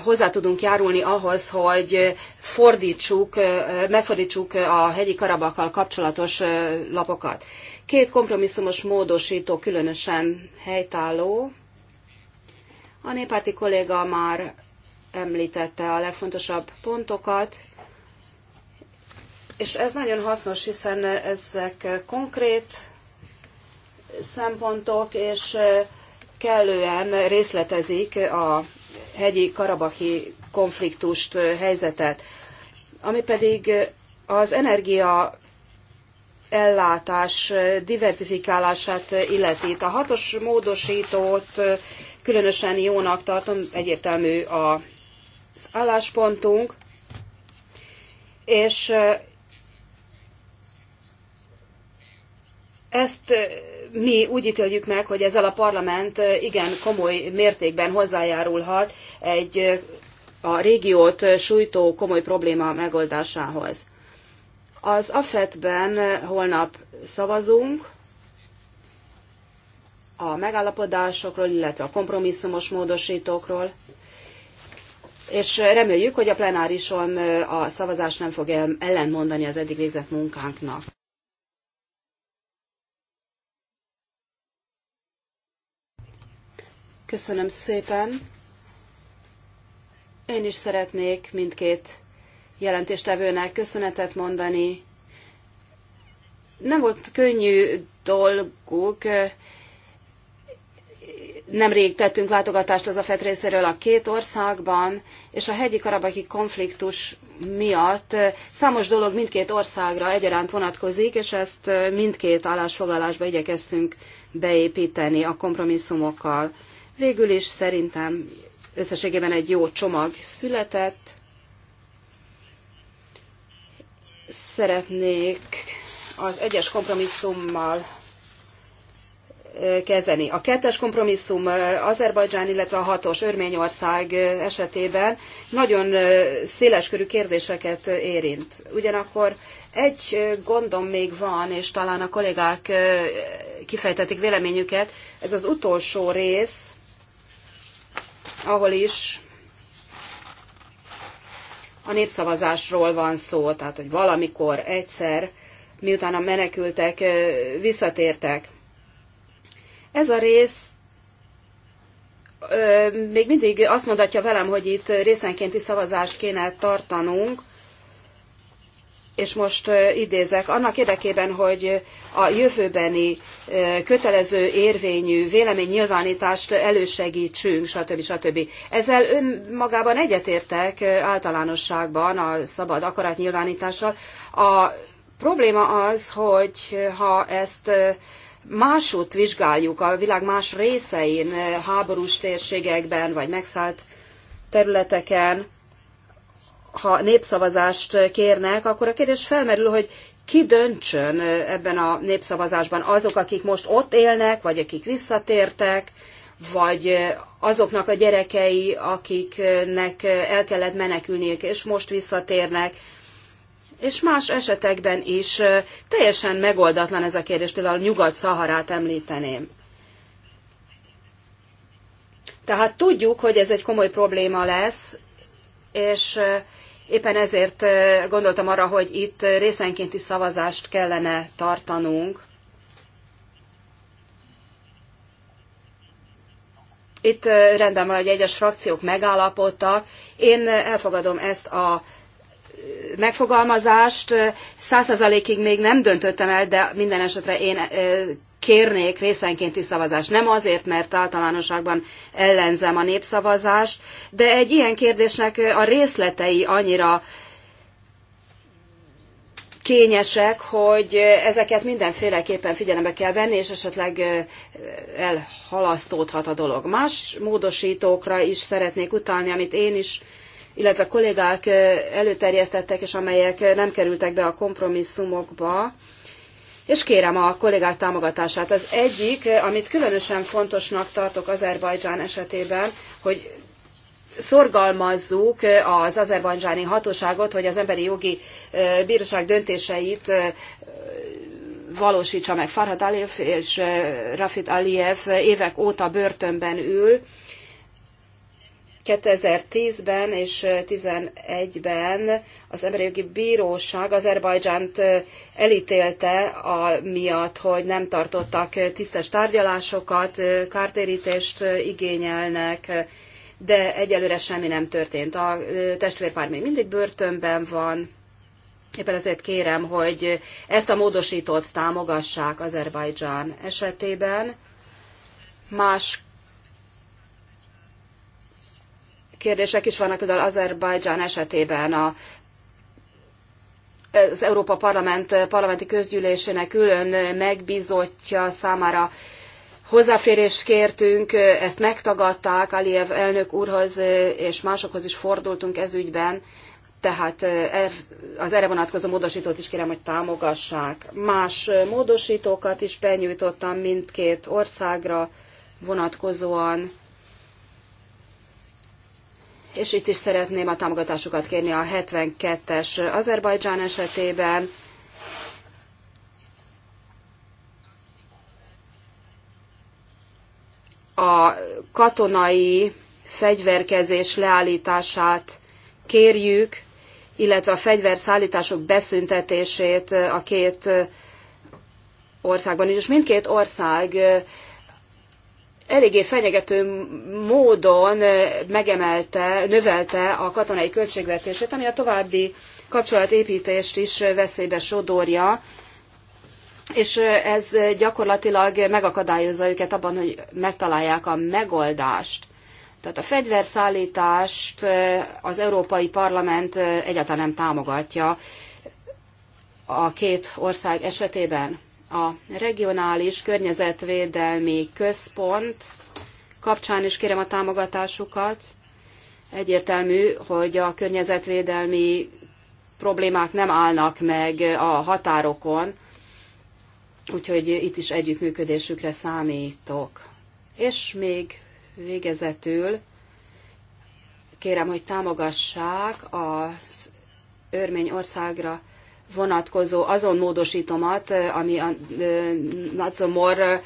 hozzá tudunk járulni ahhoz, hogy fordítsuk, megfordítsuk a hegyi karabakkal kapcsolatos lapokat. Két kompromisszumos módosító különösen helytálló. A néppárti kolléga már említette a legfontosabb pontokat, és ez nagyon hasznos, hiszen ezek konkrét szempontok, és kellően részletezik a hegyi karabaki konfliktust, helyzetet. Ami pedig az energia ellátás diversifikálását illeti. Itt a hatos módosítót különösen jónak tartom, egyértelmű az álláspontunk, és ezt mi úgy ítéljük meg, hogy ezzel a parlament igen komoly mértékben hozzájárulhat egy a régiót sújtó komoly probléma megoldásához. Az AFET-ben holnap szavazunk a megállapodásokról, illetve a kompromisszumos módosítókról, és reméljük, hogy a plenárison a szavazás nem fog ellentmondani az eddig végzett munkánknak. Köszönöm szépen. Én is szeretnék mindkét jelentéstevőnek köszönetet mondani. Nem volt könnyű dolguk. Nemrég tettünk látogatást az a FET részéről a két országban, és a hegyi karabaki konfliktus miatt számos dolog mindkét országra egyaránt vonatkozik, és ezt mindkét állásfoglalásba igyekeztünk beépíteni a kompromisszumokkal. Végül is szerintem összességében egy jó csomag született, szeretnék az egyes kompromisszummal kezdeni. A kettes kompromisszum Azerbajdzsán, illetve a hatos Örményország esetében nagyon széleskörű kérdéseket érint. Ugyanakkor egy gondom még van, és talán a kollégák kifejtetik véleményüket, ez az utolsó rész, ahol is a népszavazásról van szó, tehát hogy valamikor egyszer, miután a menekültek visszatértek. Ez a rész még mindig azt mondatja velem, hogy itt részenkénti szavazást kéne tartanunk, és most idézek, annak érdekében, hogy a jövőbeni kötelező érvényű véleménynyilvánítást elősegítsünk, stb. stb. Ezzel önmagában egyetértek általánosságban a szabad akaratnyilvánítással. A probléma az, hogy ha ezt másút vizsgáljuk a világ más részein, háborús térségekben, vagy megszállt területeken, ha népszavazást kérnek, akkor a kérdés felmerül, hogy ki döntsön ebben a népszavazásban azok, akik most ott élnek, vagy akik visszatértek, vagy azoknak a gyerekei, akiknek el kellett menekülniük, és most visszatérnek, és más esetekben is teljesen megoldatlan ez a kérdés, például Nyugat-Szaharát említeném. Tehát tudjuk, hogy ez egy komoly probléma lesz, és Éppen ezért gondoltam arra, hogy itt részenkénti szavazást kellene tartanunk. Itt rendben van, hogy egyes frakciók megállapodtak. Én elfogadom ezt a megfogalmazást. Százszerzalékig még nem döntöttem el, de minden esetre én kérnék részenkénti szavazást. Nem azért, mert általánosságban ellenzem a népszavazást, de egy ilyen kérdésnek a részletei annyira kényesek, hogy ezeket mindenféleképpen figyelembe kell venni, és esetleg elhalasztódhat a dolog. Más módosítókra is szeretnék utalni, amit én is, illetve a kollégák előterjesztettek, és amelyek nem kerültek be a kompromisszumokba és kérem a kollégák támogatását. Az egyik, amit különösen fontosnak tartok Azerbajdzsán esetében, hogy szorgalmazzuk az azerbajdzsáni hatóságot, hogy az emberi jogi bíróság döntéseit valósítsa meg. Farhat Aliyev és Rafit Aliyev évek óta börtönben ül, 2010-ben és 2011-ben az Emberi Jogi Bíróság Azerbajdzsánt elítélte a miatt, hogy nem tartottak tisztes tárgyalásokat, kártérítést igényelnek, de egyelőre semmi nem történt. A testvérpár még mindig börtönben van, Éppen ezért kérem, hogy ezt a módosítót támogassák Azerbajdzsán esetében. Más kérdések is vannak, például Azerbajdzsán esetében a az Európa Parlament parlamenti közgyűlésének külön megbízottja számára hozzáférést kértünk, ezt megtagadták Aliyev elnök úrhoz, és másokhoz is fordultunk ez ügyben, tehát eh, az erre vonatkozó módosítót is kérem, hogy támogassák. Más módosítókat is benyújtottam mindkét országra vonatkozóan és itt is szeretném a támogatásukat kérni a 72-es Azerbajdzsán esetében. A katonai fegyverkezés leállítását kérjük, illetve a fegyverszállítások beszüntetését a két országban. És mindkét ország eléggé fenyegető módon megemelte, növelte a katonai költségvetését, ami a további kapcsolatépítést is veszélybe sodorja, és ez gyakorlatilag megakadályozza őket abban, hogy megtalálják a megoldást. Tehát a fegyverszállítást az Európai Parlament egyáltalán nem támogatja a két ország esetében a regionális környezetvédelmi központ kapcsán is kérem a támogatásukat. Egyértelmű, hogy a környezetvédelmi problémák nem állnak meg a határokon, úgyhogy itt is együttműködésükre számítok. És még végezetül kérem, hogy támogassák az Örményországra vonatkozó azon módosítomat, ami a Nadzomor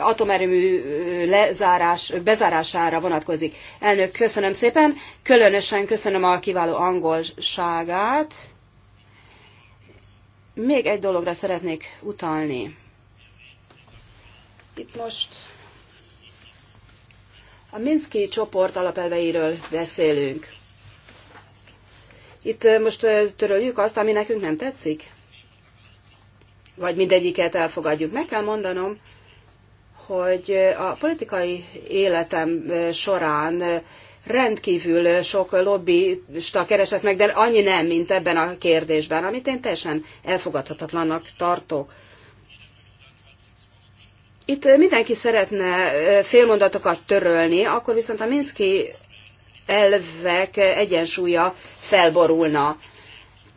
atomerőmű lezárás, bezárására vonatkozik. Elnök, köszönöm szépen. Különösen köszönöm a kiváló angolságát. Még egy dologra szeretnék utalni. Itt most a Minszki csoport alapelveiről beszélünk. Itt most töröljük azt, ami nekünk nem tetszik? Vagy mindegyiket elfogadjuk? Meg kell mondanom, hogy a politikai életem során rendkívül sok lobbista keresett meg, de annyi nem, mint ebben a kérdésben, amit én teljesen elfogadhatatlannak tartok. Itt mindenki szeretne félmondatokat törölni, akkor viszont a Minszki elvek egyensúlya felborulna.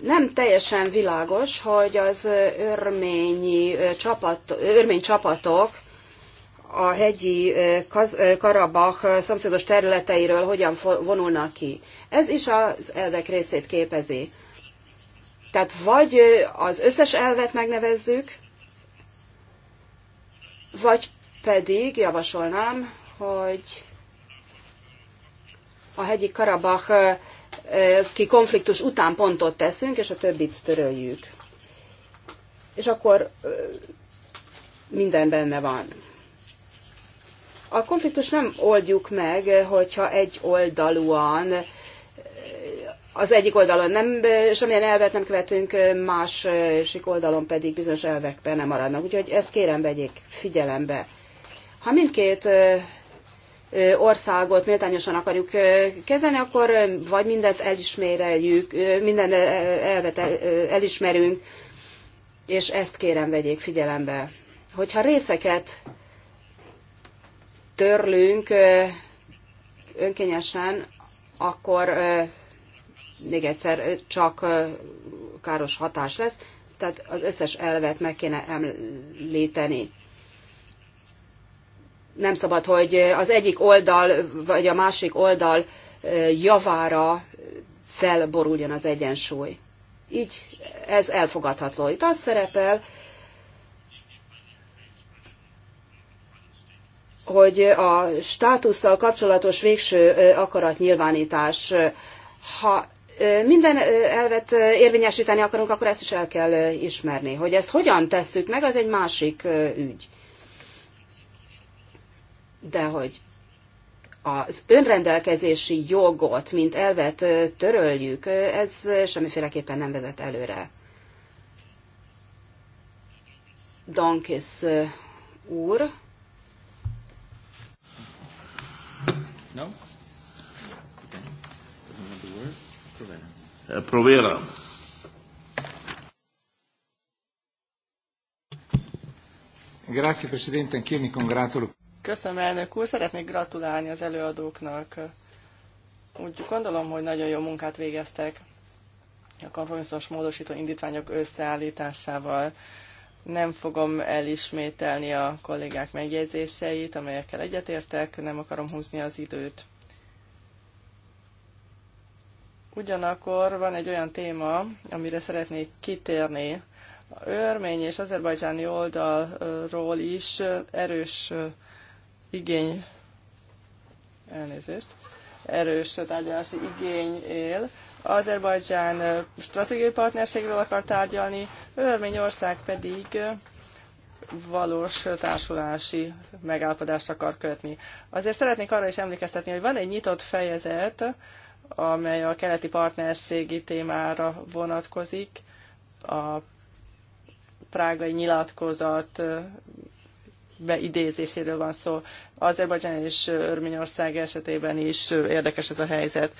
Nem teljesen világos, hogy az örményi csapat, örmény csapatok a hegyi Karabach szomszédos területeiről hogyan vonulnak ki. Ez is az elvek részét képezi. Tehát vagy az összes elvet megnevezzük, vagy pedig javasolnám, hogy a hegyi Karabach ki konfliktus után pontot teszünk, és a többit töröljük. És akkor minden benne van. A konfliktus nem oldjuk meg, hogyha egy oldalúan az egyik oldalon nem, semmilyen elvet nem követünk, másik oldalon pedig bizonyos elvekben nem maradnak. Úgyhogy ezt kérem vegyék figyelembe. Ha mindkét országot méltányosan akarjuk kezelni, akkor vagy mindent elismereljük, minden elvet elismerünk, és ezt kérem vegyék figyelembe. Hogyha részeket törlünk önkényesen, akkor még egyszer csak káros hatás lesz, tehát az összes elvet meg kéne említeni nem szabad, hogy az egyik oldal vagy a másik oldal javára felboruljon az egyensúly. Így ez elfogadható. Itt az szerepel, hogy a státusszal kapcsolatos végső akaratnyilvánítás, ha minden elvet érvényesíteni akarunk, akkor ezt is el kell ismerni. Hogy ezt hogyan tesszük meg, az egy másik ügy de hogy az önrendelkezési jogot, mint elvet töröljük, ez semmiféleképpen nem vezet előre. Donkis úr. No? Eh, Provera. Grazie Presidente, anch'io mi congratulo. Köszönöm, elnök úr. Szeretnék gratulálni az előadóknak. Úgy gondolom, hogy nagyon jó munkát végeztek a kompromisszos módosító indítványok összeállításával. Nem fogom elismételni a kollégák megjegyzéseit, amelyekkel egyetértek, nem akarom húzni az időt. Ugyanakkor van egy olyan téma, amire szeretnék kitérni. A örmény és azerbajdzsáni oldalról is erős igény, elnézést, erős tárgyalási igény él. Azerbajdzsán stratégiai partnerségről akar tárgyalni, Örményország pedig valós társulási megállapodást akar kötni. Azért szeretnék arra is emlékeztetni, hogy van egy nyitott fejezet, amely a keleti partnerségi témára vonatkozik, a prágai nyilatkozat beidézéséről van szó. Azerbajdzsán és Örményország esetében is érdekes ez a helyzet.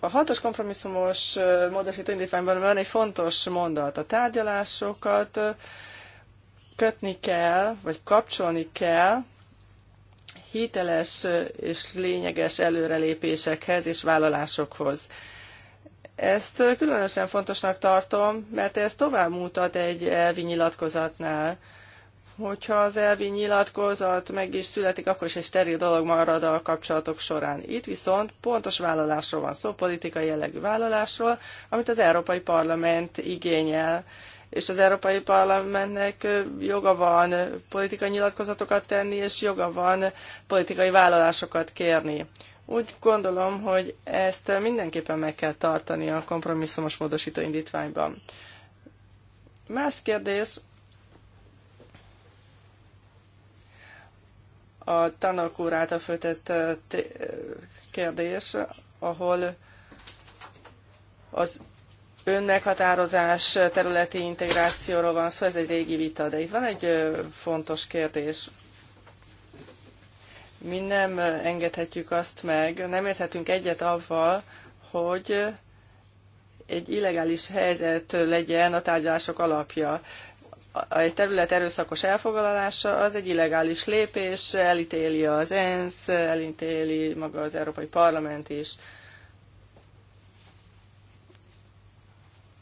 A hatos kompromisszumos módosító indítványban van egy fontos mondat. A tárgyalásokat kötni kell, vagy kapcsolni kell hiteles és lényeges előrelépésekhez és vállalásokhoz. Ezt különösen fontosnak tartom, mert ez tovább mutat egy elvi nyilatkozatnál hogyha az elvi nyilatkozat meg is születik, akkor is egy steril dolog marad a kapcsolatok során. Itt viszont pontos vállalásról van szó, politikai jellegű vállalásról, amit az Európai Parlament igényel. És az Európai Parlamentnek joga van politikai nyilatkozatokat tenni, és joga van politikai vállalásokat kérni. Úgy gondolom, hogy ezt mindenképpen meg kell tartani a kompromisszumos módosító indítványban. Más kérdés, a tanak úr által föltett kérdés, ahol az önmeghatározás területi integrációról van szó, ez egy régi vita, de itt van egy fontos kérdés. Mi nem engedhetjük azt meg, nem érthetünk egyet avval, hogy egy illegális helyzet legyen a tárgyalások alapja egy terület erőszakos elfoglalása az egy illegális lépés, elítéli az ENSZ, elítéli maga az Európai Parlament is.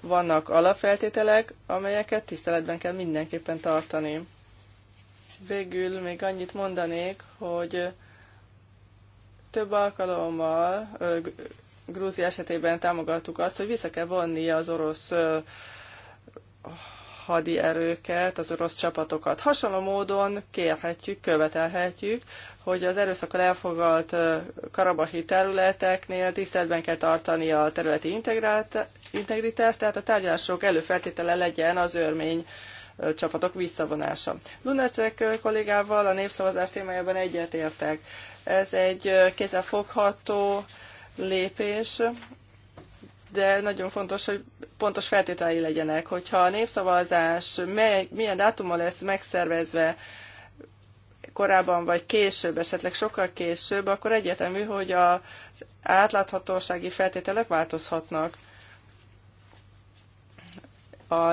Vannak alapfeltételek, amelyeket tiszteletben kell mindenképpen tartani. Végül még annyit mondanék, hogy több alkalommal Grúzia esetében támogattuk azt, hogy vissza kell vonni az orosz hadi erőket, az orosz csapatokat. Hasonló módon kérhetjük, követelhetjük, hogy az erőszakkal elfogalt karabahi területeknél tiszteletben kell tartani a területi integrált, integritást, tehát a tárgyalások előfeltétele legyen az örmény csapatok visszavonása. Lunacek kollégával a népszavazás témájában egyetértek. Ez egy kézzelfogható lépés, de nagyon fontos, hogy pontos feltételei legyenek. Hogyha a népszavazás mely, milyen dátummal lesz megszervezve, korábban vagy később, esetleg sokkal később, akkor egyetemű, hogy az átláthatósági feltételek változhatnak. A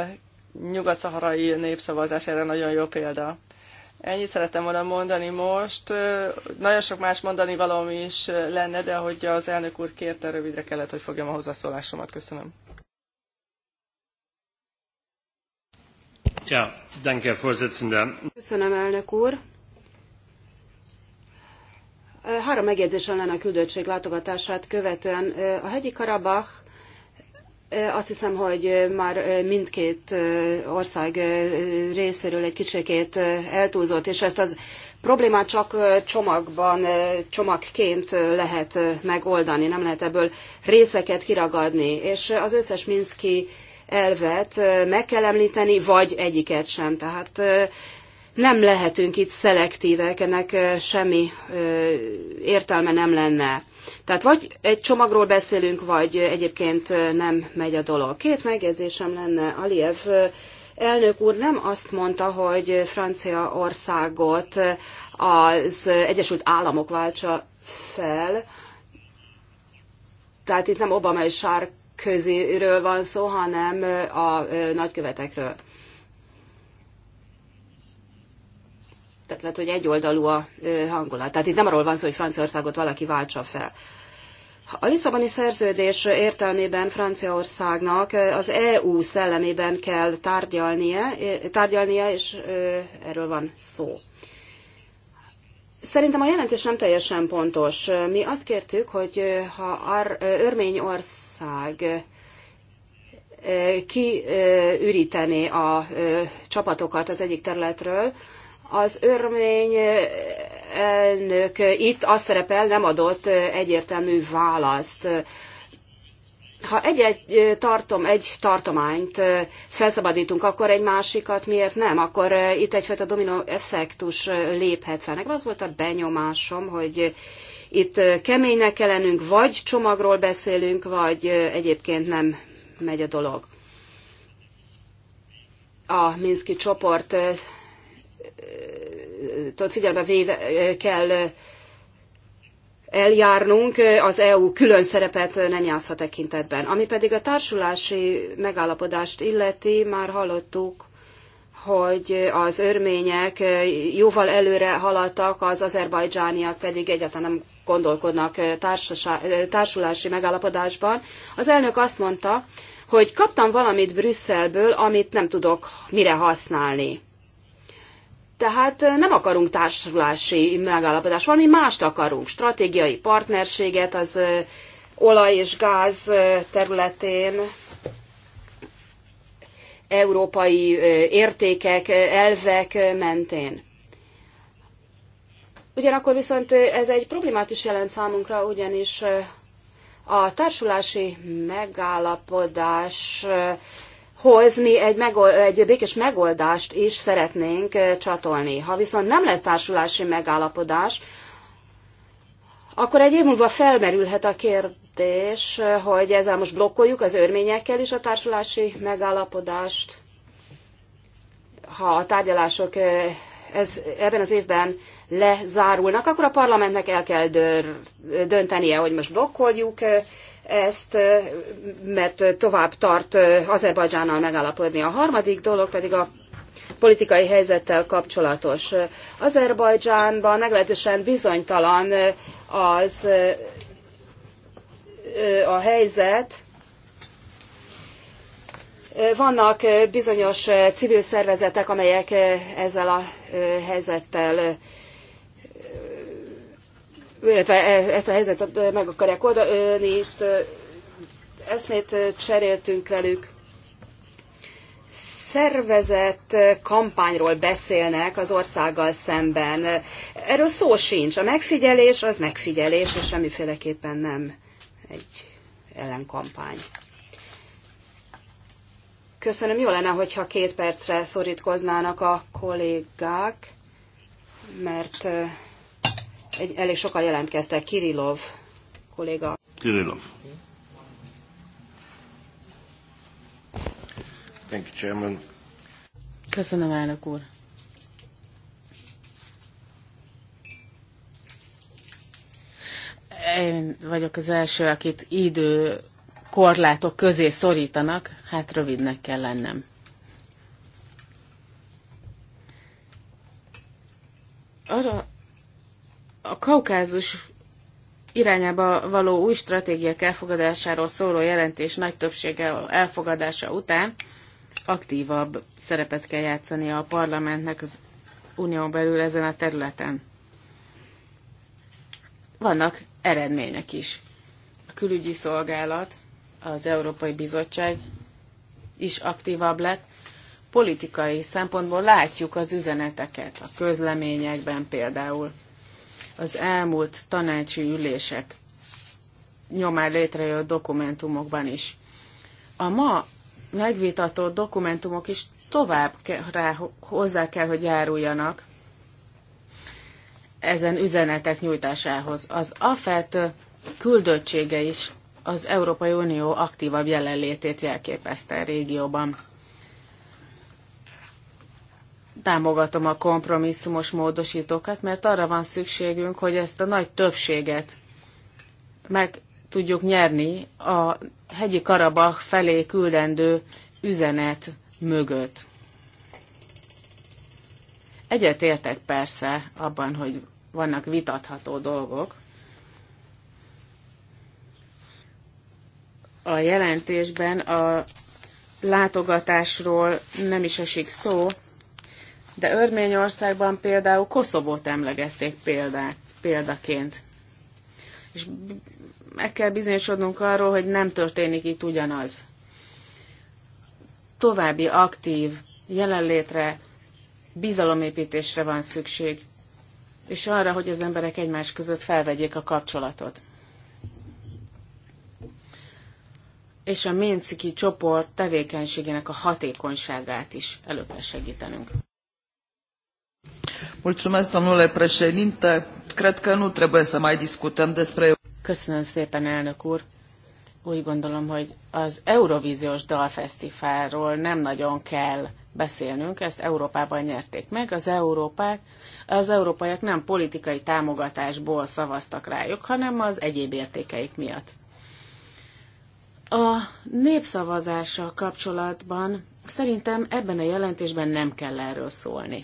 nyugat-szaharai népszavazás erre nagyon jó példa. Ennyit szeretem volna mondani most. Nagyon sok más mondani valóm is lenne, de ahogy az elnök úr kérte, rövidre kellett, hogy fogjam a hozzászólásomat. Köszönöm. Ja, danke, Vorsitzender. Köszönöm, elnök úr. Három megjegyzés lenne a küldöttség látogatását követően. A hegyi Karabach azt hiszem, hogy már mindkét ország részéről egy kicsikét eltúlzott, és ezt az problémát csak csomagban, csomagként lehet megoldani, nem lehet ebből részeket kiragadni. És az összes Minszki elvet meg kell említeni, vagy egyiket sem. Tehát nem lehetünk itt szelektívek, ennek semmi értelme nem lenne. Tehát vagy egy csomagról beszélünk, vagy egyébként nem megy a dolog. Két megjegyzésem lenne, Aliev elnök úr nem azt mondta, hogy Franciaországot az Egyesült Államok váltsa fel, tehát itt nem Obama és Sárk köziről van szó, hanem a nagykövetekről. tehát lehet, hogy egyoldalú a hangulat. Tehát itt nem arról van szó, hogy Franciaországot valaki váltsa fel. A Lisszaboni szerződés értelmében Franciaországnak az EU szellemében kell tárgyalnia, tárgyalnia és erről van szó. Szerintem a jelentés nem teljesen pontos. Mi azt kértük, hogy ha Örményország kiürítené a csapatokat az egyik területről, az örmény eh, elnök itt azt szerepel, nem adott eh, egyértelmű választ. Ha egy-egy eh, tartom, egy tartományt felszabadítunk, akkor egy másikat miért nem? Akkor itt egyfajta domino effektus léphet fel. Nekem az volt a benyomásom, hogy itt keménynek kell lennünk, vagy csomagról beszélünk, vagy egyébként nem megy a dolog. A Minszki csoport figyelme véve kell eljárnunk, az EU külön szerepet nem játszhat tekintetben. Ami pedig a társulási megállapodást illeti, már hallottuk, hogy az örmények jóval előre haladtak, az azerbajdzsániak pedig egyáltalán nem gondolkodnak társulási megállapodásban. Az elnök azt mondta, hogy kaptam valamit Brüsszelből, amit nem tudok mire használni. Tehát nem akarunk társulási megállapodást, valami mást akarunk, stratégiai partnerséget az olaj és gáz területén, európai értékek, elvek mentén. Ugyanakkor viszont ez egy problémát is jelent számunkra, ugyanis a társulási megállapodás mi egy, megold, egy békés megoldást is szeretnénk eh, csatolni. Ha viszont nem lesz társulási megállapodás, akkor egy év múlva felmerülhet a kérdés, eh, hogy ezzel most blokkoljuk az örményekkel is a társulási megállapodást. Ha a tárgyalások eh, ez, ebben az évben lezárulnak, akkor a parlamentnek el kell döntenie, hogy most blokkoljuk ezt, mert tovább tart Azerbajdzsánnal megállapodni. A harmadik dolog pedig a politikai helyzettel kapcsolatos. Azerbajdzsánban meglehetősen bizonytalan az a helyzet. Vannak bizonyos civil szervezetek, amelyek ezzel a helyzettel illetve e, ezt a helyzetet meg akarják oldani. Itt eszmét cseréltünk velük. Szervezett kampányról beszélnek az országgal szemben. Erről szó sincs. A megfigyelés az megfigyelés, és semmiféleképpen nem egy ellenkampány. Köszönöm, jó lenne, hogyha két percre szorítkoznának a kollégák, mert egy, elég sokan jelentkeztek. Kirillov kolléga. Kirillov. Thank you, Chairman. Köszönöm, elnök úr. Én vagyok az első, akit idő korlátok közé szorítanak, hát rövidnek kell lennem. Arra a kaukázus irányába való új stratégiák elfogadásáról szóló jelentés nagy többsége elfogadása után aktívabb szerepet kell játszani a parlamentnek az unió belül ezen a területen. Vannak eredmények is. A külügyi szolgálat, az Európai Bizottság is aktívabb lett. Politikai szempontból látjuk az üzeneteket a közleményekben például az elmúlt tanácsi ülések nyomán létrejött dokumentumokban is. A ma megvitatott dokumentumok is tovább ke- rá, hozzá kell, hogy járuljanak ezen üzenetek nyújtásához. Az AFET küldöttsége is az Európai Unió aktívabb jelenlétét jelképezte a régióban támogatom a kompromisszumos módosítókat, mert arra van szükségünk, hogy ezt a nagy többséget meg tudjuk nyerni a hegyi Karabach felé küldendő üzenet mögött. Egyetértek persze abban, hogy vannak vitatható dolgok. A jelentésben a látogatásról nem is esik szó, de Örményországban például Koszovót emlegették példák, példaként. És meg kell bizonyosodnunk arról, hogy nem történik itt ugyanaz. További aktív jelenlétre, bizalomépítésre van szükség, és arra, hogy az emberek egymás között felvegyék a kapcsolatot. És a Ménciki csoport tevékenységének a hatékonyságát is elő kell segítenünk. Mulțumesc, domnule președinte. Cred că nu trebuie să mai discutăm despre... Köszönöm szépen, elnök úr. Úgy gondolom, hogy az Eurovíziós Dalfesztiválról nem nagyon kell beszélnünk, ezt Európában nyerték meg, az Európák, az európaiak nem politikai támogatásból szavaztak rájuk, hanem az egyéb értékeik miatt. A népszavazással kapcsolatban szerintem ebben a jelentésben nem kell erről szólni.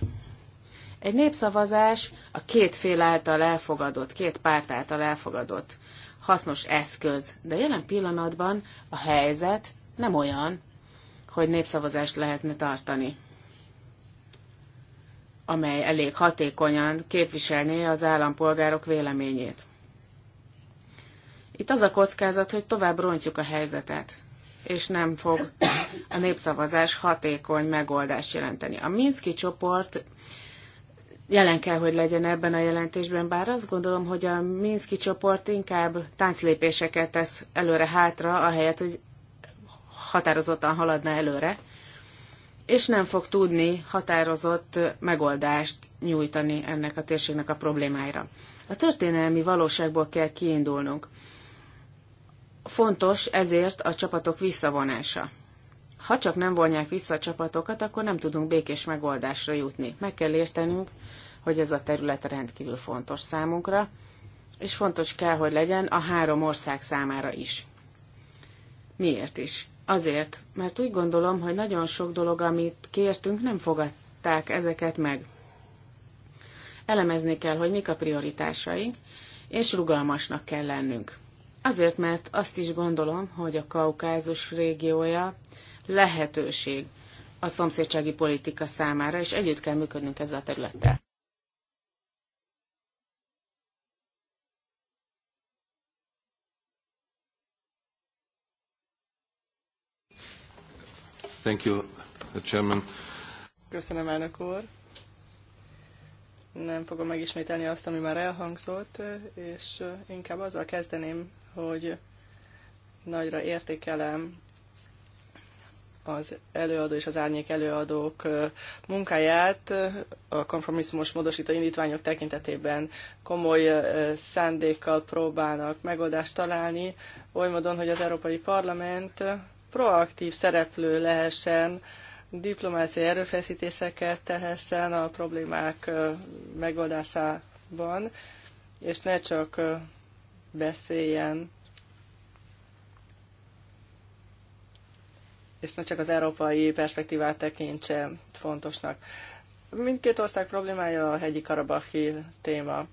Egy népszavazás a két fél által elfogadott, két párt által elfogadott hasznos eszköz, de jelen pillanatban a helyzet nem olyan, hogy népszavazást lehetne tartani, amely elég hatékonyan képviselné az állampolgárok véleményét. Itt az a kockázat, hogy tovább rontjuk a helyzetet, és nem fog a népszavazás hatékony megoldást jelenteni. A Minszki csoport jelen kell, hogy legyen ebben a jelentésben, bár azt gondolom, hogy a Minszki csoport inkább tánclépéseket tesz előre-hátra, ahelyett, hogy határozottan haladna előre, és nem fog tudni határozott megoldást nyújtani ennek a térségnek a problémáira. A történelmi valóságból kell kiindulnunk. Fontos ezért a csapatok visszavonása. Ha csak nem vonják vissza a csapatokat, akkor nem tudunk békés megoldásra jutni. Meg kell értenünk, hogy ez a terület rendkívül fontos számunkra, és fontos kell, hogy legyen a három ország számára is. Miért is? Azért, mert úgy gondolom, hogy nagyon sok dolog, amit kértünk, nem fogadták ezeket meg. Elemezni kell, hogy mik a prioritásaink, és rugalmasnak kell lennünk. Azért, mert azt is gondolom, hogy a Kaukázus régiója lehetőség a szomszédsági politika számára, és együtt kell működnünk ezzel a területtel. Thank you, uh, Chairman. Köszönöm, elnök úr. Nem fogom megismételni azt, ami már elhangzott, és inkább azzal kezdeném, hogy nagyra értékelem az előadó és az árnyék előadók munkáját a kompromisszumos módosító indítványok tekintetében komoly szándékkal próbálnak megoldást találni, oly módon, hogy az Európai Parlament proaktív szereplő lehessen, diplomáciai erőfeszítéseket tehessen a problémák megoldásában, és ne csak beszéljen, és ne csak az európai perspektívát tekintse fontosnak. Mindkét ország problémája a hegyi karabahi téma.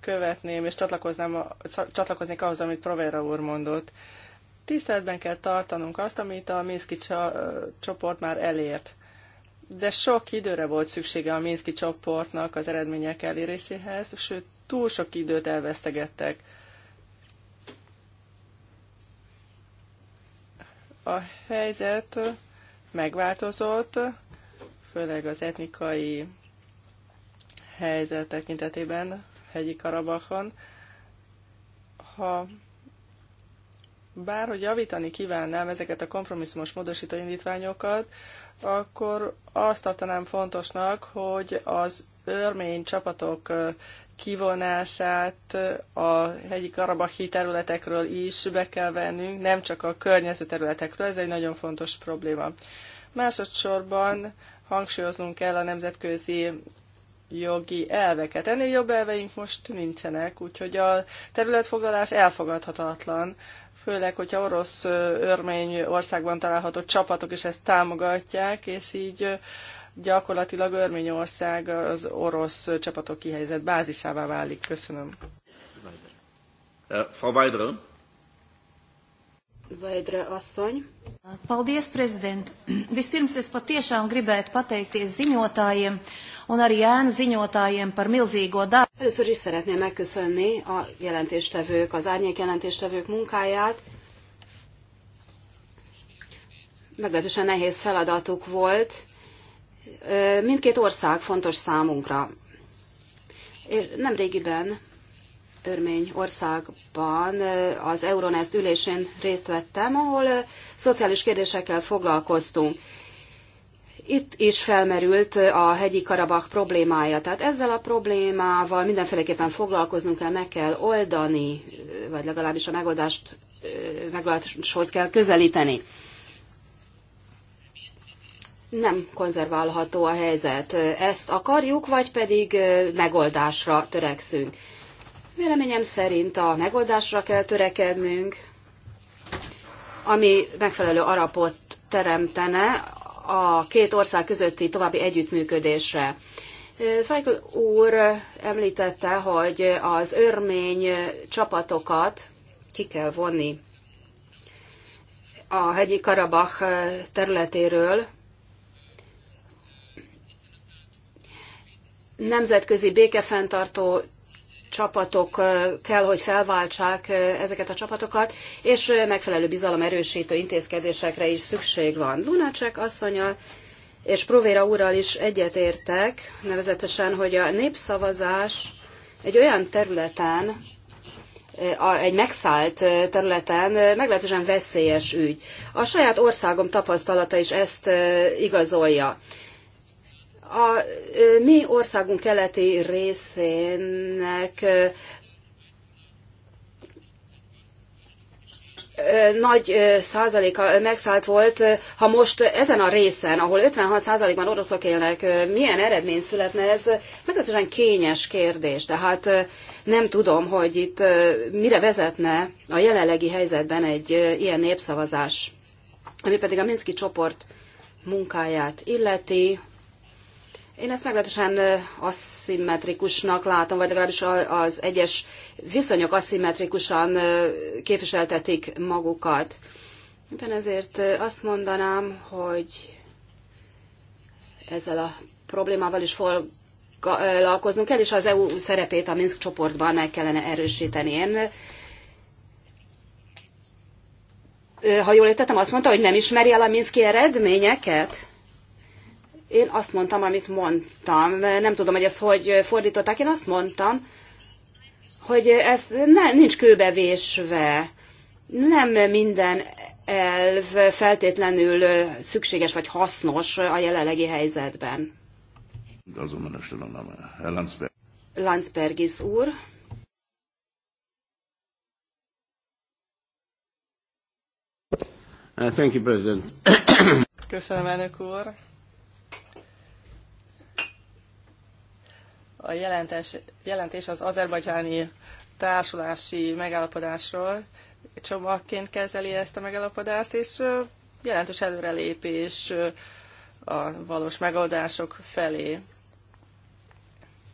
Követném és csatlakoznám, csatlakoznék ahhoz, amit Provera úr mondott. Tiszteletben kell tartanunk azt, amit a Minszki csoport már elért. De sok időre volt szüksége a Minszki csoportnak az eredmények eléréséhez, sőt, túl sok időt elvesztegettek. A helyzet megváltozott, főleg az etnikai helyzet tekintetében hegyi Karabachon. Ha bárhogy javítani kívánnám ezeket a kompromisszumos módosító indítványokat, akkor azt tartanám fontosnak, hogy az örmény csapatok kivonását a hegyi karabahi területekről is be kell vennünk, nem csak a környező területekről, ez egy nagyon fontos probléma. Másodszorban hangsúlyoznunk kell a nemzetközi jogi elveket. Ennél jobb elveink most nincsenek, úgyhogy a területfoglalás elfogadhatatlan főleg, hogyha orosz örmény országban található csapatok is ezt támogatják, és így gyakorlatilag Örményország az orosz csapatok kihelyezett bázisává válik. Köszönöm. Eh, Frau Weidre. Vajdra asszony. Paldies, prezident! Vispirms patiesan gribelt pateikt és ziņotājiem un arī ēnu ziņotājiem par milzīgo darbu. Először is szeretném megköszönni a jelentéstevők, az árnyék jelentéstevők munkáját. Meglehetősen nehéz feladatuk volt. Mindkét ország fontos számunkra. Nemrégiben Örményországban az Euronest ülésén részt vettem, ahol szociális kérdésekkel foglalkoztunk. Itt is felmerült a hegyi Karabak problémája. Tehát ezzel a problémával mindenféleképpen foglalkoznunk kell, meg kell oldani, vagy legalábbis a megoldást megoldáshoz kell közelíteni. Nem konzerválható a helyzet. Ezt akarjuk, vagy pedig megoldásra törekszünk. Véleményem szerint a megoldásra kell törekednünk, ami megfelelő arapot teremtene a két ország közötti további együttműködésre. Fajkl úr említette, hogy az örmény csapatokat ki kell vonni a hegyi Karabach területéről. Nemzetközi békefenntartó csapatok kell, hogy felváltsák ezeket a csapatokat, és megfelelő bizalom erősítő intézkedésekre is szükség van. Lunacek asszonyal és Provéra úrral is egyetértek, nevezetesen, hogy a népszavazás egy olyan területen, egy megszállt területen meglehetősen veszélyes ügy. A saját országom tapasztalata is ezt igazolja. A mi országunk keleti részének nagy százaléka megszállt volt. Ha most ezen a részen, ahol 56 százalékban oroszok élnek, milyen eredmény születne, ez meglehetősen kényes kérdés. Tehát nem tudom, hogy itt mire vezetne a jelenlegi helyzetben egy ilyen népszavazás. Ami pedig a Minszki csoport munkáját illeti, én ezt meglehetősen aszimmetrikusnak látom, vagy legalábbis az egyes viszonyok aszimmetrikusan képviseltetik magukat. Éppen ezért azt mondanám, hogy ezzel a problémával is foglalkoznunk kell, és az EU szerepét a Minsk csoportban meg kellene erősíteni. Én ha jól értettem, azt mondta, hogy nem ismeri el a Minszki eredményeket? Én azt mondtam, amit mondtam. Nem tudom, hogy ezt hogy fordították. Én azt mondtam, hogy ez ne, nincs kőbevésve. Nem minden elv feltétlenül szükséges vagy hasznos a jelenlegi helyzetben. Azon úr. Landsberg. Landsbergis úr. Uh, thank you, President. Köszönöm, elnök úr. a jelentés, jelentés az azerbajdzsáni társulási megállapodásról csomagként kezeli ezt a megállapodást, és jelentős előrelépés a valós megoldások felé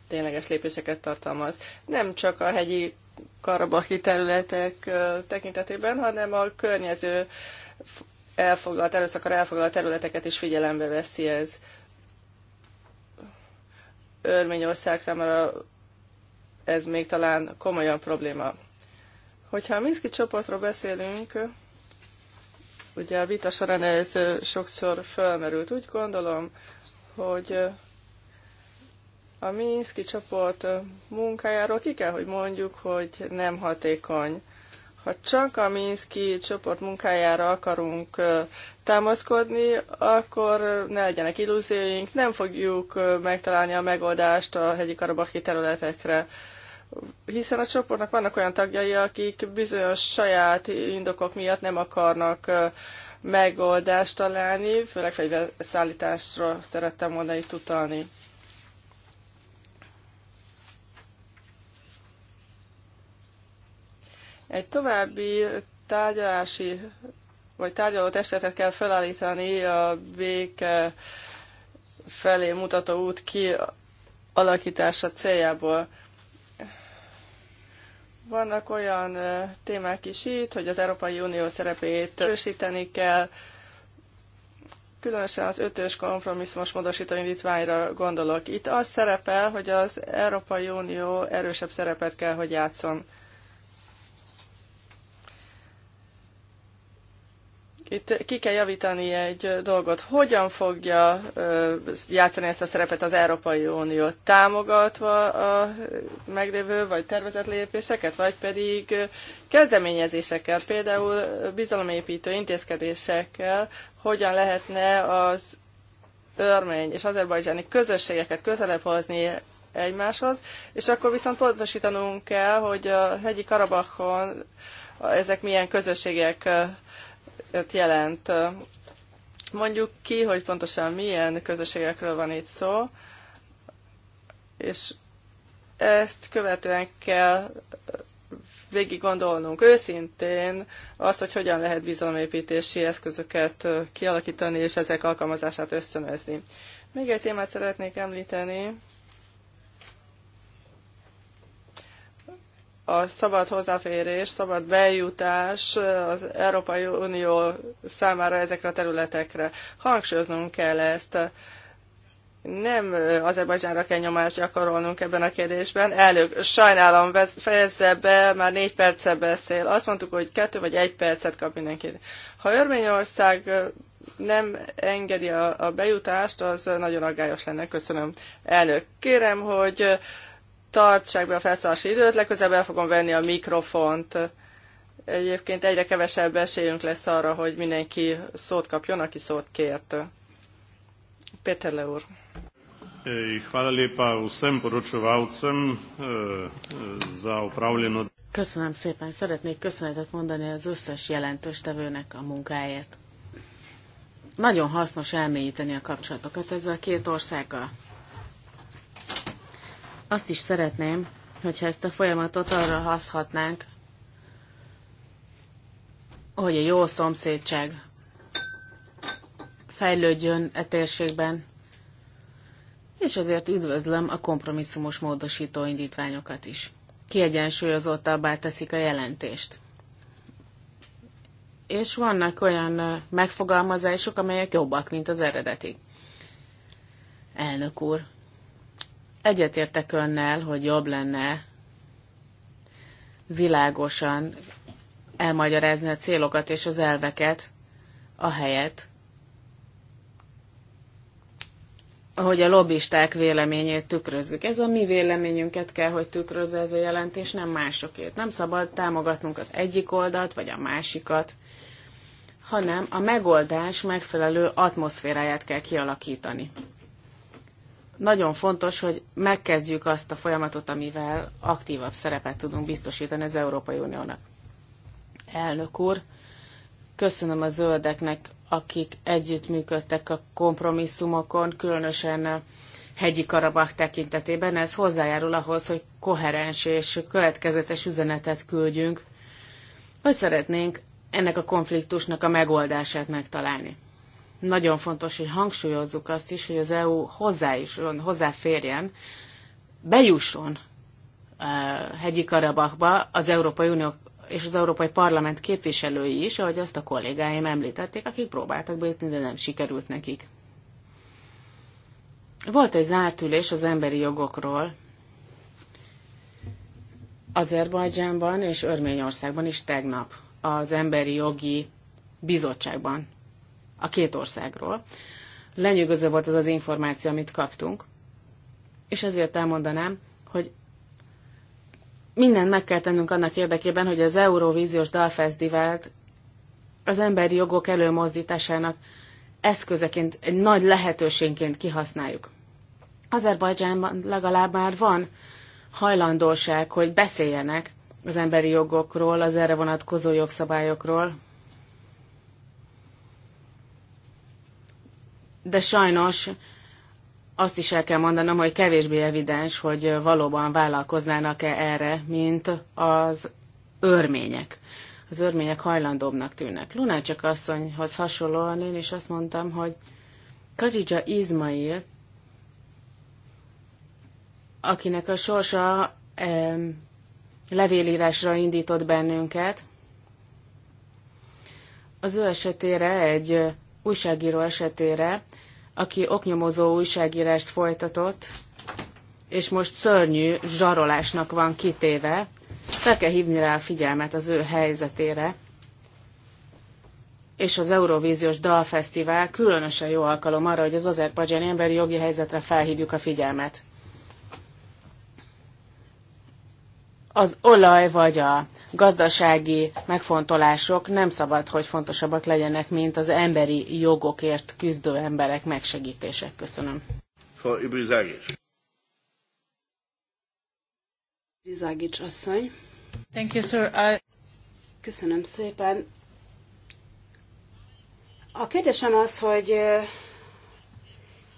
tényleges lépéseket tartalmaz. Nem csak a hegyi karabaki területek tekintetében, hanem a környező elfoglalt, erőszakar elfoglalt területeket is figyelembe veszi ez. Örményország számára ez még talán komolyan probléma. Hogyha a Minszki csoportról beszélünk, ugye a vita során ez sokszor felmerült. Úgy gondolom, hogy a Minszki csoport munkájáról ki kell, hogy mondjuk, hogy nem hatékony. Ha csak a Minszki csoport munkájára akarunk támaszkodni, akkor ne legyenek illúzióink, nem fogjuk megtalálni a megoldást a hegyi karabaki területekre hiszen a csoportnak vannak olyan tagjai, akik bizonyos saját indokok miatt nem akarnak megoldást találni, főleg fegyverszállításra szerettem volna itt utalni. Egy további tárgyalási vagy tárgyaló testetet kell felállítani a béke felé mutató út ki alakítása céljából. Vannak olyan témák is itt, hogy az Európai Unió szerepét erősíteni kell, különösen az ötös kompromisszumos módosító indítványra gondolok. Itt az szerepel, hogy az Európai Unió erősebb szerepet kell, hogy játszon. Itt ki kell javítani egy dolgot. Hogyan fogja játszani ezt a szerepet az Európai Unió? Támogatva a meglévő vagy tervezett lépéseket, vagy pedig kezdeményezésekkel, például bizalomépítő intézkedésekkel, hogyan lehetne az örmény és azerbajdzsáni közösségeket közelebb hozni egymáshoz, és akkor viszont pontosítanunk kell, hogy a hegyi Karabakon ezek milyen közösségek jelent. Mondjuk ki, hogy pontosan milyen közösségekről van itt szó, és ezt követően kell végig gondolnunk őszintén azt, hogy hogyan lehet bizalomépítési eszközöket kialakítani és ezek alkalmazását ösztönözni. Még egy témát szeretnék említeni, a szabad hozzáférés, szabad bejutás az Európai Unió számára ezekre a területekre. Hangsúlyoznunk kell ezt. Nem Azerbajdzsánra kell nyomást gyakorolnunk ebben a kérdésben. Elnök, sajnálom, fejezze be, már négy perce beszél. Azt mondtuk, hogy kettő vagy egy percet kap mindenki. Ha Örményország nem engedi a, a bejutást, az nagyon aggályos lenne. Köszönöm. Elnök, kérem, hogy tartsák be a felszólási időt, legközelebb el fogom venni a mikrofont. Egyébként egyre kevesebb esélyünk lesz arra, hogy mindenki szót kapjon, aki szót kért. Péter Le úr. E, e, Köszönöm szépen. Szeretnék köszönetet mondani az összes jelentős tevőnek a munkáért. Nagyon hasznos elmélyíteni a kapcsolatokat ezzel a két országgal. Azt is szeretném, hogyha ezt a folyamatot arra haszhatnánk, hogy a jó szomszédság fejlődjön e térségben, és azért üdvözlöm a kompromisszumos módosító indítványokat is. Kiegyensúlyozottabbá teszik a jelentést. És vannak olyan megfogalmazások, amelyek jobbak, mint az eredeti. Elnök úr, Egyetértek önnel, hogy jobb lenne világosan elmagyarázni a célokat és az elveket, a helyet, hogy a lobbisták véleményét tükrözzük. Ez a mi véleményünket kell, hogy tükrözze ez a jelentés, nem másokét. Nem szabad támogatnunk az egyik oldalt, vagy a másikat, hanem a megoldás megfelelő atmoszféráját kell kialakítani nagyon fontos, hogy megkezdjük azt a folyamatot, amivel aktívabb szerepet tudunk biztosítani az Európai Uniónak. Elnök úr, köszönöm a zöldeknek, akik együttműködtek a kompromisszumokon, különösen hegyi karabak tekintetében. Ez hozzájárul ahhoz, hogy koherens és következetes üzenetet küldjünk, hogy szeretnénk ennek a konfliktusnak a megoldását megtalálni. Nagyon fontos, hogy hangsúlyozzuk azt is, hogy az EU hozzá is, hozzáférjen, bejusson e, hegyi Karabakba az Európai Unió és az Európai Parlament képviselői is, ahogy azt a kollégáim említették, akik próbáltak bejutni, de nem sikerült nekik. Volt egy zárt ülés az emberi jogokról, Azerbajdzsánban és Örményországban is tegnap az Emberi Jogi Bizottságban a két országról. Lenyűgöző volt az az információ, amit kaptunk, és ezért elmondanám, hogy mindent meg kell tennünk annak érdekében, hogy az Euróvíziós Dalfesztivált az emberi jogok előmozdításának eszközeként, egy nagy lehetőségként kihasználjuk. Azerbajdzsánban legalább már van hajlandóság, hogy beszéljenek az emberi jogokról, az erre vonatkozó jogszabályokról, de sajnos azt is el kell mondanom, hogy kevésbé evidens, hogy valóban vállalkoznának-e erre, mint az örmények. Az örmények hajlandóbbnak tűnnek. Lunácsak asszonyhoz hasonlóan én is azt mondtam, hogy Kadzsidzsa Izmail, akinek a sorsa eh, levélírásra indított bennünket, az ő esetére egy újságíró esetére, aki oknyomozó újságírást folytatott, és most szörnyű zsarolásnak van kitéve, fel kell hívni rá a figyelmet az ő helyzetére, és az Eurovíziós Dalfesztivál különösen jó alkalom arra, hogy az azerbajdzsáni emberi jogi helyzetre felhívjuk a figyelmet. az olaj vagy a gazdasági megfontolások nem szabad, hogy fontosabbak legyenek, mint az emberi jogokért küzdő emberek megsegítése. Köszönöm. Frau Ibrizágics. Ibrizágics asszony. Thank you, sir. I... Köszönöm szépen. A kérdésem az, hogy eh,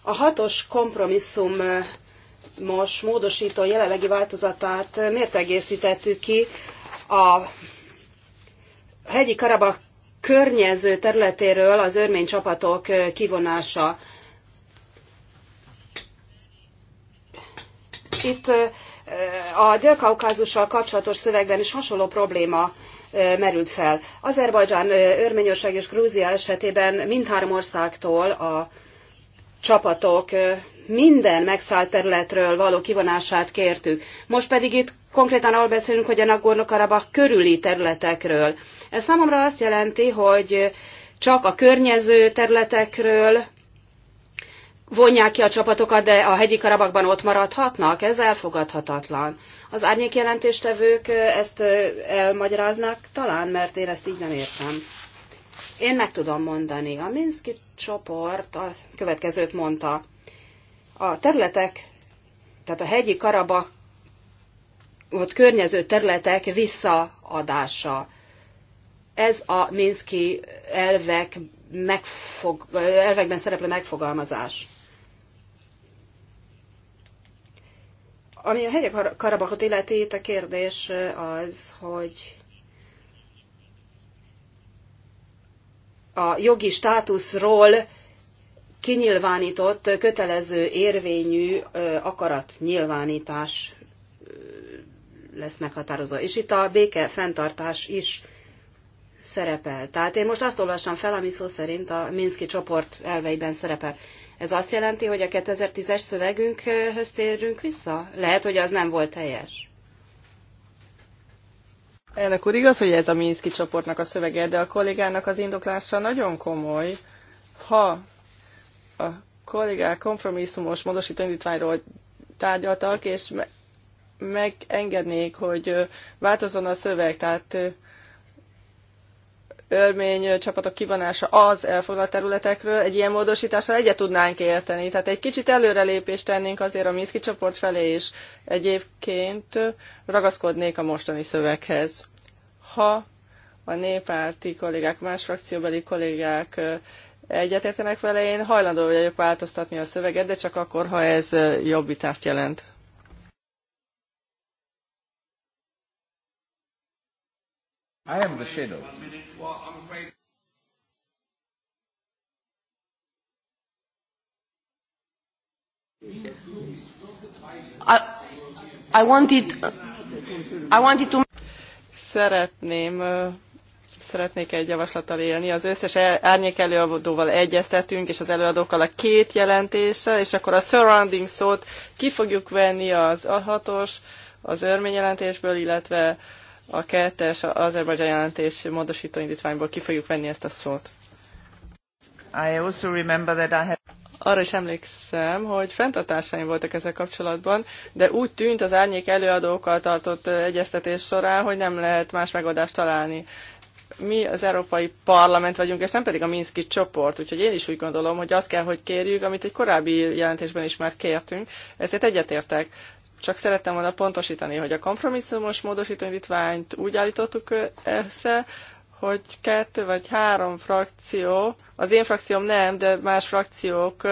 a hatos kompromisszum eh, most módosító jelenlegi változatát miért egészítettük ki a hegyi Karabak környező területéről az örmény csapatok kivonása. Itt a dél-kaukázussal kapcsolatos szövegben is hasonló probléma merült fel. Azerbajdzsán, Örményország és Grúzia esetében mindhárom országtól a csapatok minden megszállt területről való kivonását kértük. Most pedig itt konkrétan arról beszélünk, hogy a Nagorno-Karabakh körüli területekről. Ez számomra azt jelenti, hogy csak a környező területekről vonják ki a csapatokat, de a hegyi karabakban ott maradhatnak? Ez elfogadhatatlan. Az árnyék jelentéstevők ezt elmagyaráznák talán, mert én ezt így nem értem. Én meg tudom mondani. A Minszki csoport a következőt mondta. A területek, tehát a hegyi Karabak ott környező területek visszaadása. Ez a Minszki elvek megfog, elvekben szereplő megfogalmazás. Ami a hegyek Karabakot illeti, itt a kérdés az, hogy a jogi státuszról kinyilvánított kötelező érvényű akaratnyilvánítás lesz meghatározó. És itt a béke fenntartás is szerepel. Tehát én most azt olvassam fel, ami szó szerint a Minszki csoport elveiben szerepel. Ez azt jelenti, hogy a 2010-es szövegünkhöz térünk vissza? Lehet, hogy az nem volt teljes. Elnök úr, igaz, hogy ez a Minszki csoportnak a szövege, de a kollégának az indoklása nagyon komoly. Ha a kollégák kompromisszumos módosító indítványról tárgyaltak, és megengednék, hogy változzon a szöveg, tehát örmény csapatok kivonása az elfoglalt területekről, egy ilyen módosítással egyet tudnánk érteni. Tehát egy kicsit előrelépést tennénk azért a Minszki csoport felé is. Egyébként ragaszkodnék a mostani szöveghez. Ha a néppárti kollégák, más frakcióbeli kollégák egyetértenek vele, én hajlandó vagyok változtatni a szöveget, de csak akkor, ha ez jobbítást jelent. I am the shadow. I, I wanted, I wanted to... Szeretném, szeretnék egy javaslattal élni. Az összes e- árnyék előadóval egyeztetünk, és az előadókkal a két jelentése, és akkor a surrounding szót ki fogjuk venni az a A6-os, az örmény jelentésből illetve a kettes Azerbajdzsán jelentés módosító indítványból ki fogjuk venni ezt a szót. I also remember that I had... Arra is emlékszem, hogy fenntartásaim voltak ezzel kapcsolatban, de úgy tűnt az árnyék előadókkal tartott egyeztetés során, hogy nem lehet más megoldást találni. Mi az Európai Parlament vagyunk, és nem pedig a Minszki csoport, úgyhogy én is úgy gondolom, hogy azt kell, hogy kérjük, amit egy korábbi jelentésben is már kértünk, ezért egyetértek csak szerettem volna pontosítani, hogy a kompromisszumos módosítóindítványt úgy állítottuk össze, hogy kettő vagy három frakció, az én frakcióm nem, de más frakciók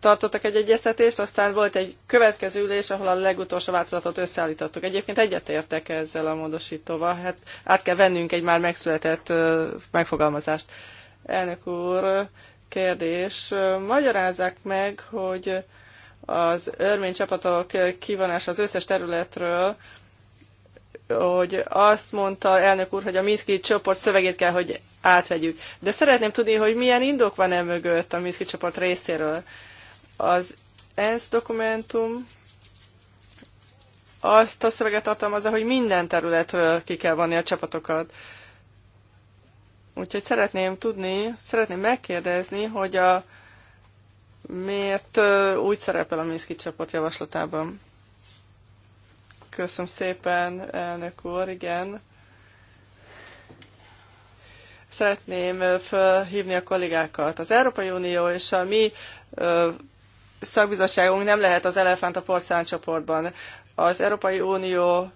tartottak egy egyeztetést, aztán volt egy következő ülés, ahol a legutolsó változatot összeállítottuk. Egyébként egyetértek ezzel a módosítóval, hát át kell vennünk egy már megszületett megfogalmazást. Elnök úr, kérdés. Magyarázzák meg, hogy az örmény csapatok kivonása az összes területről, hogy azt mondta elnök úr, hogy a Minszki csoport szövegét kell, hogy átvegyük. De szeretném tudni, hogy milyen indok van e mögött a Minszki csoport részéről. Az ENSZ dokumentum azt a szöveget tartalmazza, hogy minden területről ki kell vonni a csapatokat. Úgyhogy szeretném tudni, szeretném megkérdezni, hogy a miért úgy szerepel a Minszki csoport javaslatában? Köszönöm szépen, elnök úr, igen. Szeretném felhívni a kollégákat. Az Európai Unió és a mi szakbizottságunk nem lehet az elefánt a porcelán csoportban. Az Európai Unió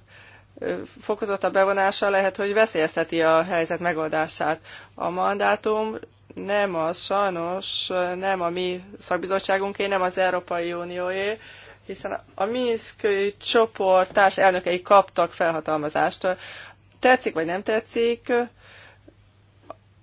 fokozottabb bevonása lehet, hogy veszélyezteti a helyzet megoldását. A mandátum nem a sajnos, nem a mi szakbizottságunké, nem az Európai Unióé, hiszen a Minsk csoport társ elnökei kaptak felhatalmazást. Tetszik vagy nem tetszik,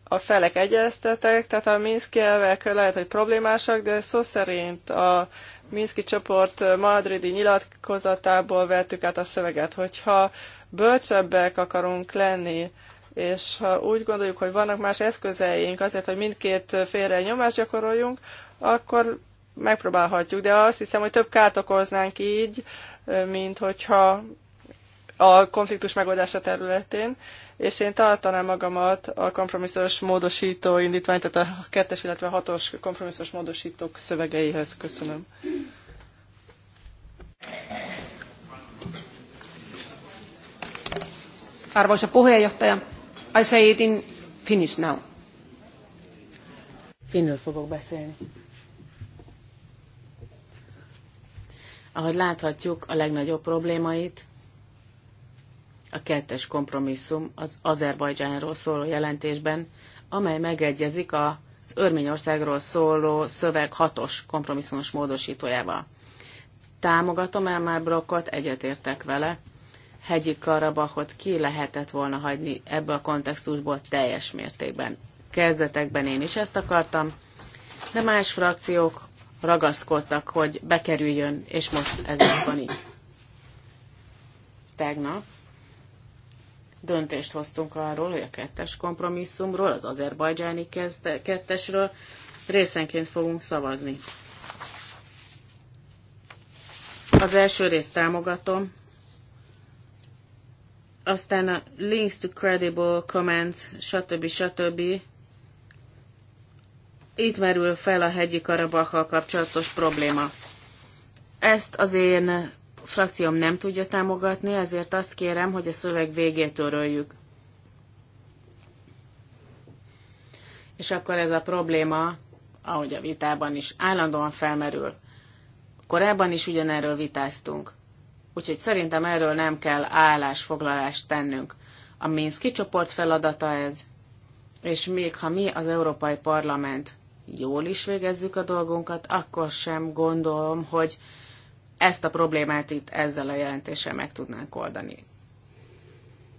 a felek egyeztetek, tehát a Minsk elvek lehet, hogy problémásak, de szó szerint a Minszki csoport madridi nyilatkozatából vettük át a szöveget, hogyha bölcsebbek akarunk lenni, és ha úgy gondoljuk, hogy vannak más eszközeink azért, hogy mindkét félre nyomást gyakoroljunk, akkor megpróbálhatjuk, de azt hiszem, hogy több kárt okoznánk így, mint hogyha a konfliktus megoldása területén, és én tartanám magamat a kompromisszós módosító indítvány, tehát a kettes, illetve a hatos kompromisszós módosítók szövegeihez. Köszönöm. Arvoisa puheenjohtaja, I say it in Finnish now. Finnül fogok beszélni. Ahogy láthatjuk, a legnagyobb problémait a kettes kompromisszum az Azerbajdzsánról szóló jelentésben, amely megegyezik az Örményországról szóló szöveg hatos kompromisszumos módosítójával. Támogatom Elmar Brokot, egyetértek vele, hegyi Karabakot ki lehetett volna hagyni ebbe a kontextusból teljes mértékben. Kezdetekben én is ezt akartam, de más frakciók ragaszkodtak, hogy bekerüljön, és most ez van így. Tegnap döntést hoztunk arról, hogy a kettes kompromisszumról, az azerbajdzsáni kettesről részenként fogunk szavazni. Az első részt támogatom, aztán a links to credible comments, stb. stb. Itt merül fel a hegyi karabakkal kapcsolatos probléma. Ezt az én frakcióm nem tudja támogatni, ezért azt kérem, hogy a szöveg végét töröljük. És akkor ez a probléma, ahogy a vitában is állandóan felmerül. Korábban is ugyanerről vitáztunk. Úgyhogy szerintem erről nem kell állásfoglalást tennünk. A Minszki csoport feladata ez, és még ha mi az Európai Parlament jól is végezzük a dolgunkat, akkor sem gondolom, hogy ezt a problémát itt ezzel a jelentéssel meg tudnánk oldani.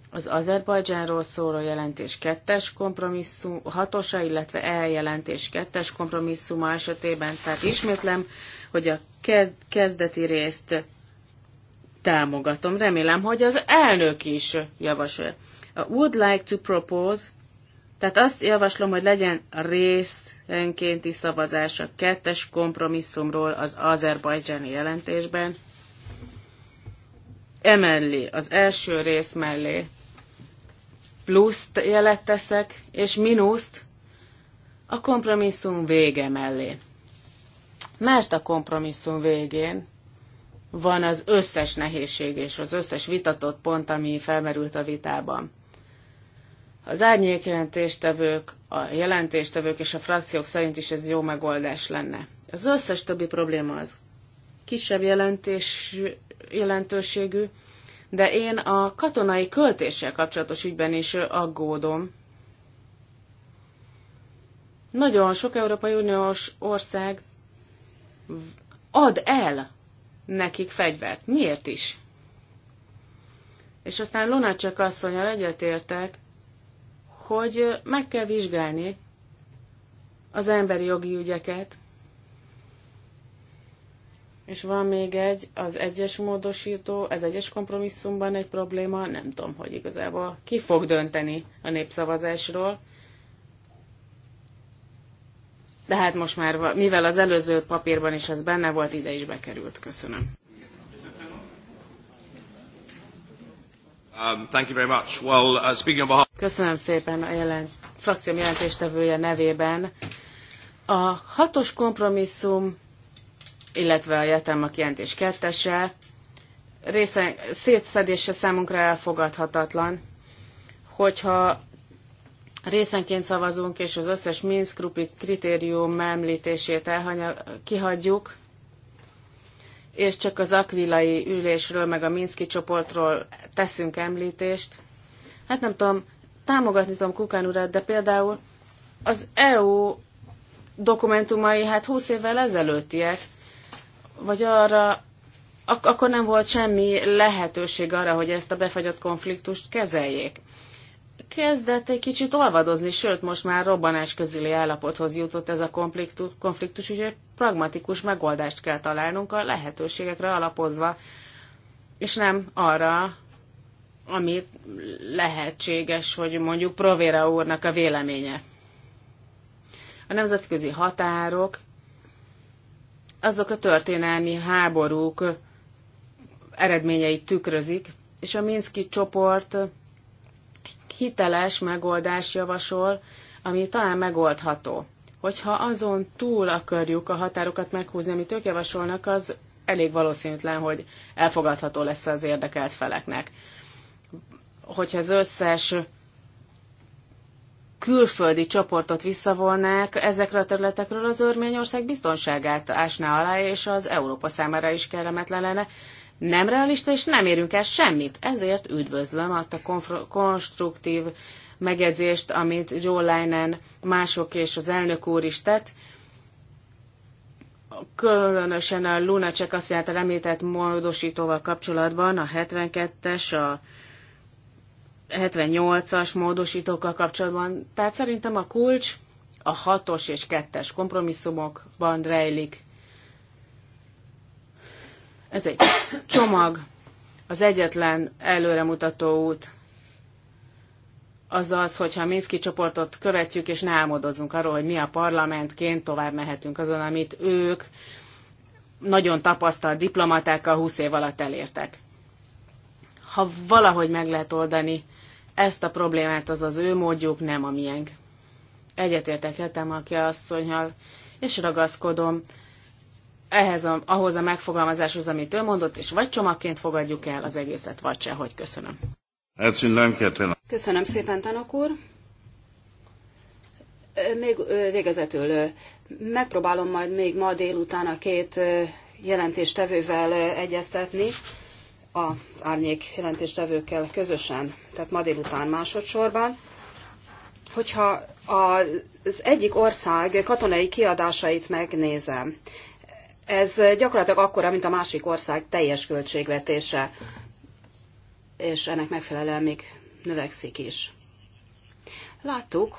Az Azerbajdzsánról szóló jelentés kettes kompromisszum, hatosa, illetve eljelentés kettes kompromisszuma esetében, tehát ismétlem, hogy a kezdeti részt támogatom. Remélem, hogy az elnök is javasol. A would like to propose, tehát azt javaslom, hogy legyen részenkénti szavazás a kettes kompromisszumról az azerbajdzsáni jelentésben. Emellé, az első rész mellé pluszt jelet teszek, és mínuszt a kompromisszum vége mellé. Mert a kompromisszum végén van az összes nehézség és az összes vitatott pont, ami felmerült a vitában. Az árnyék jelentéstevők, a jelentéstevők és a frakciók szerint is ez jó megoldás lenne. Az összes többi probléma az kisebb jelentés, jelentőségű, de én a katonai költéssel kapcsolatos ügyben is aggódom. Nagyon sok Európai Uniós ország ad el nekik fegyvert. Miért is? És aztán csak asszonyal egyetértek, hogy meg kell vizsgálni az emberi jogi ügyeket, és van még egy, az egyes módosító, ez egyes kompromisszumban egy probléma, nem tudom, hogy igazából ki fog dönteni a népszavazásról de hát most már, mivel az előző papírban is ez benne volt, ide is bekerült. Köszönöm. Um, thank you very much. Well, uh, speaking of... Köszönöm szépen a jelen, frakcióm jelentéstevője nevében. A hatos kompromisszum, illetve a jetelmak jelentés kettese része, szétszedése számunkra elfogadhatatlan, hogyha részenként szavazunk, és az összes Minsk kritérium említését kihagyjuk, és csak az akvilai ülésről, meg a Minszki csoportról teszünk említést. Hát nem tudom, támogatni tudom Kukán urat, de például az EU dokumentumai hát 20 évvel ezelőttiek, vagy arra, ak- akkor nem volt semmi lehetőség arra, hogy ezt a befagyott konfliktust kezeljék kezdett egy kicsit olvadozni, sőt, most már robbanás közeli állapothoz jutott ez a konfliktus, úgyhogy pragmatikus megoldást kell találnunk a lehetőségekre alapozva, és nem arra, ami lehetséges, hogy mondjuk Provera úrnak a véleménye. A nemzetközi határok, azok a történelmi háborúk eredményeit tükrözik, és a Minszki csoport hiteles megoldás javasol, ami talán megoldható. Hogyha azon túl akarjuk a határokat meghúzni, amit ők javasolnak, az elég valószínűtlen, hogy elfogadható lesz az érdekelt feleknek. Hogyha az összes külföldi csoportot visszavonnák ezekre a területekről, az Örményország biztonságát ásná alá, és az Európa számára is kellemetlen lenne, nem realista, és nem érünk el semmit. Ezért üdvözlöm azt a konstruktív megjegyzést, amit Joe Linen, mások és az elnök úr is tett, különösen a Lunacek azt által említett módosítóval kapcsolatban, a 72-es, a 78-as módosítókkal kapcsolatban. Tehát szerintem a kulcs a 6-os és 2-es kompromisszumokban rejlik. Ez egy csomag, az egyetlen előremutató út az az, hogyha a Minszki csoportot követjük, és ne álmodozunk arról, hogy mi a parlamentként tovább mehetünk azon, amit ők nagyon tapasztalt diplomatákkal 20 év alatt elértek. Ha valahogy meg lehet oldani ezt a problémát, az az ő módjuk, nem a miénk. Egyetértek Hetem, aki asszonyhal, és ragaszkodom ehhez a, ahhoz a megfogalmazáshoz, amit ő mondott, és vagy csomagként fogadjuk el az egészet, vagy hogy Köszönöm. Köszönöm szépen, tanok úr. Még végezetül megpróbálom majd még ma délután a két jelentéstevővel egyeztetni, az árnyék jelentéstevőkkel közösen, tehát ma délután másodszorban, hogyha az egyik ország katonai kiadásait megnézem, ez gyakorlatilag akkora, mint a másik ország teljes költségvetése, és ennek megfelelően még növekszik is. Láttuk,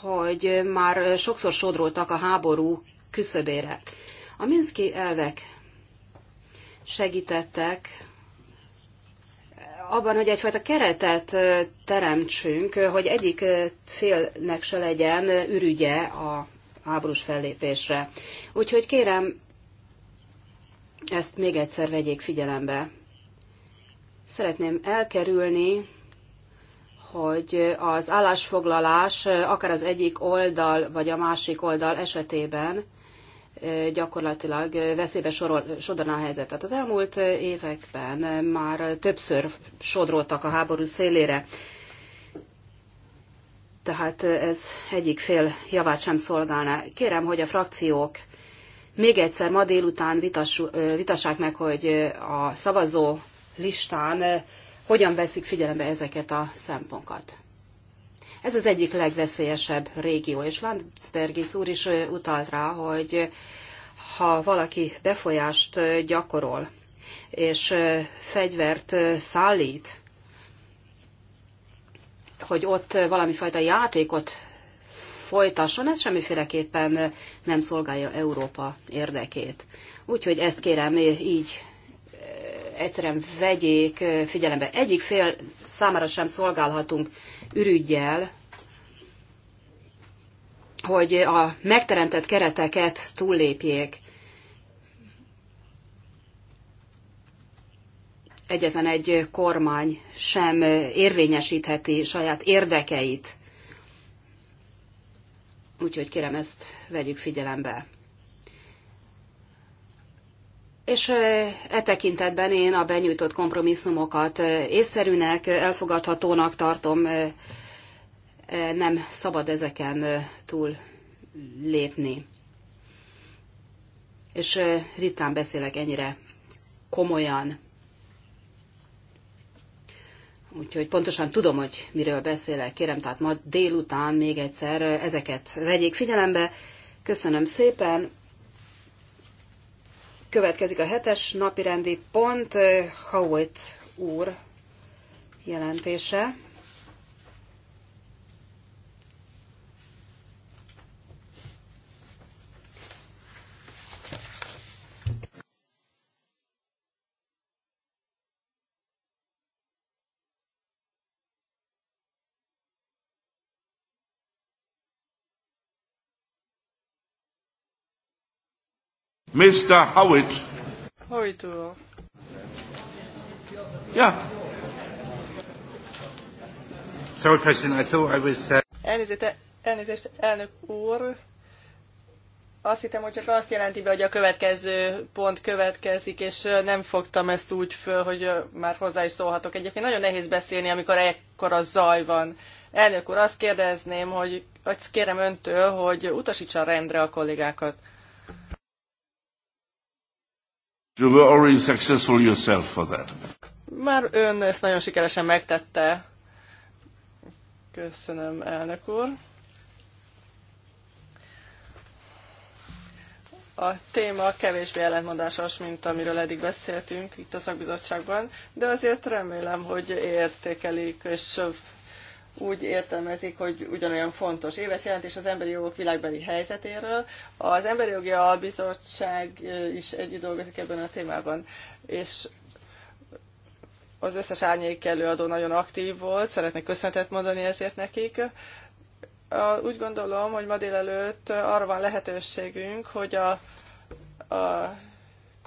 hogy már sokszor sodroltak a háború küszöbére. A Minszki elvek segítettek abban, hogy egyfajta keretet teremtsünk, hogy egyik félnek se legyen ürügye a háborús fellépésre. Úgyhogy kérem, ezt még egyszer vegyék figyelembe. Szeretném elkerülni, hogy az állásfoglalás akár az egyik oldal vagy a másik oldal esetében gyakorlatilag veszélybe sodorna a helyzetet. Az elmúlt években már többször sodródtak a háború szélére, tehát ez egyik fél javát sem szolgálná. Kérem, hogy a frakciók még egyszer ma délután vitass, vitassák meg, hogy a szavazó listán hogyan veszik figyelembe ezeket a szempontokat. Ez az egyik legveszélyesebb régió, és Landsbergis úr is utalt rá, hogy ha valaki befolyást gyakorol, és fegyvert szállít, hogy ott valami fajta játékot folytasson, ez semmiféleképpen nem szolgálja Európa érdekét. Úgyhogy ezt kérem eh, így eh, egyszerűen vegyék eh, figyelembe. Egyik fél számára sem szolgálhatunk ürügyjel, hogy a megteremtett kereteket túllépjék. Egyetlen egy kormány sem érvényesítheti saját érdekeit Úgyhogy kérem ezt vegyük figyelembe. És e tekintetben én a benyújtott kompromisszumokat észszerűnek, elfogadhatónak tartom, nem szabad ezeken túl lépni. És ritkán beszélek ennyire komolyan úgyhogy pontosan tudom, hogy miről beszélek. Kérem, tehát ma délután még egyszer ezeket vegyék figyelembe. Köszönöm szépen. Következik a hetes napi rendi pont, Howitt úr jelentése. Mr. Howitt. Howitt úr. Yeah. Sorry, President, I thought I was... Uh... Elnézést, elnézést, elnök úr. Azt hittem, hogy csak azt jelenti be, hogy a következő pont következik, és uh, nem fogtam ezt úgy föl, hogy uh, már hozzá is szólhatok. Egyébként nagyon nehéz beszélni, amikor ekkora zaj van. Elnök úr, azt kérdezném, hogy azt kérem öntől, hogy utasítsa rendre a kollégákat. You were already successful yourself for that. Már ön ezt nagyon sikeresen megtette. Köszönöm, elnök úr. A téma kevésbé ellentmondásos, mint amiről eddig beszéltünk itt a szakbizottságban, de azért remélem, hogy értékelik és úgy értelmezik, hogy ugyanolyan fontos éves jelentés az emberi jogok világbeli helyzetéről. Az Emberi Jogi Albizottság is együtt dolgozik ebben a témában, és az összes árnyék előadó nagyon aktív volt, szeretnék köszönetet mondani ezért nekik. Úgy gondolom, hogy ma délelőtt arra van lehetőségünk, hogy a, a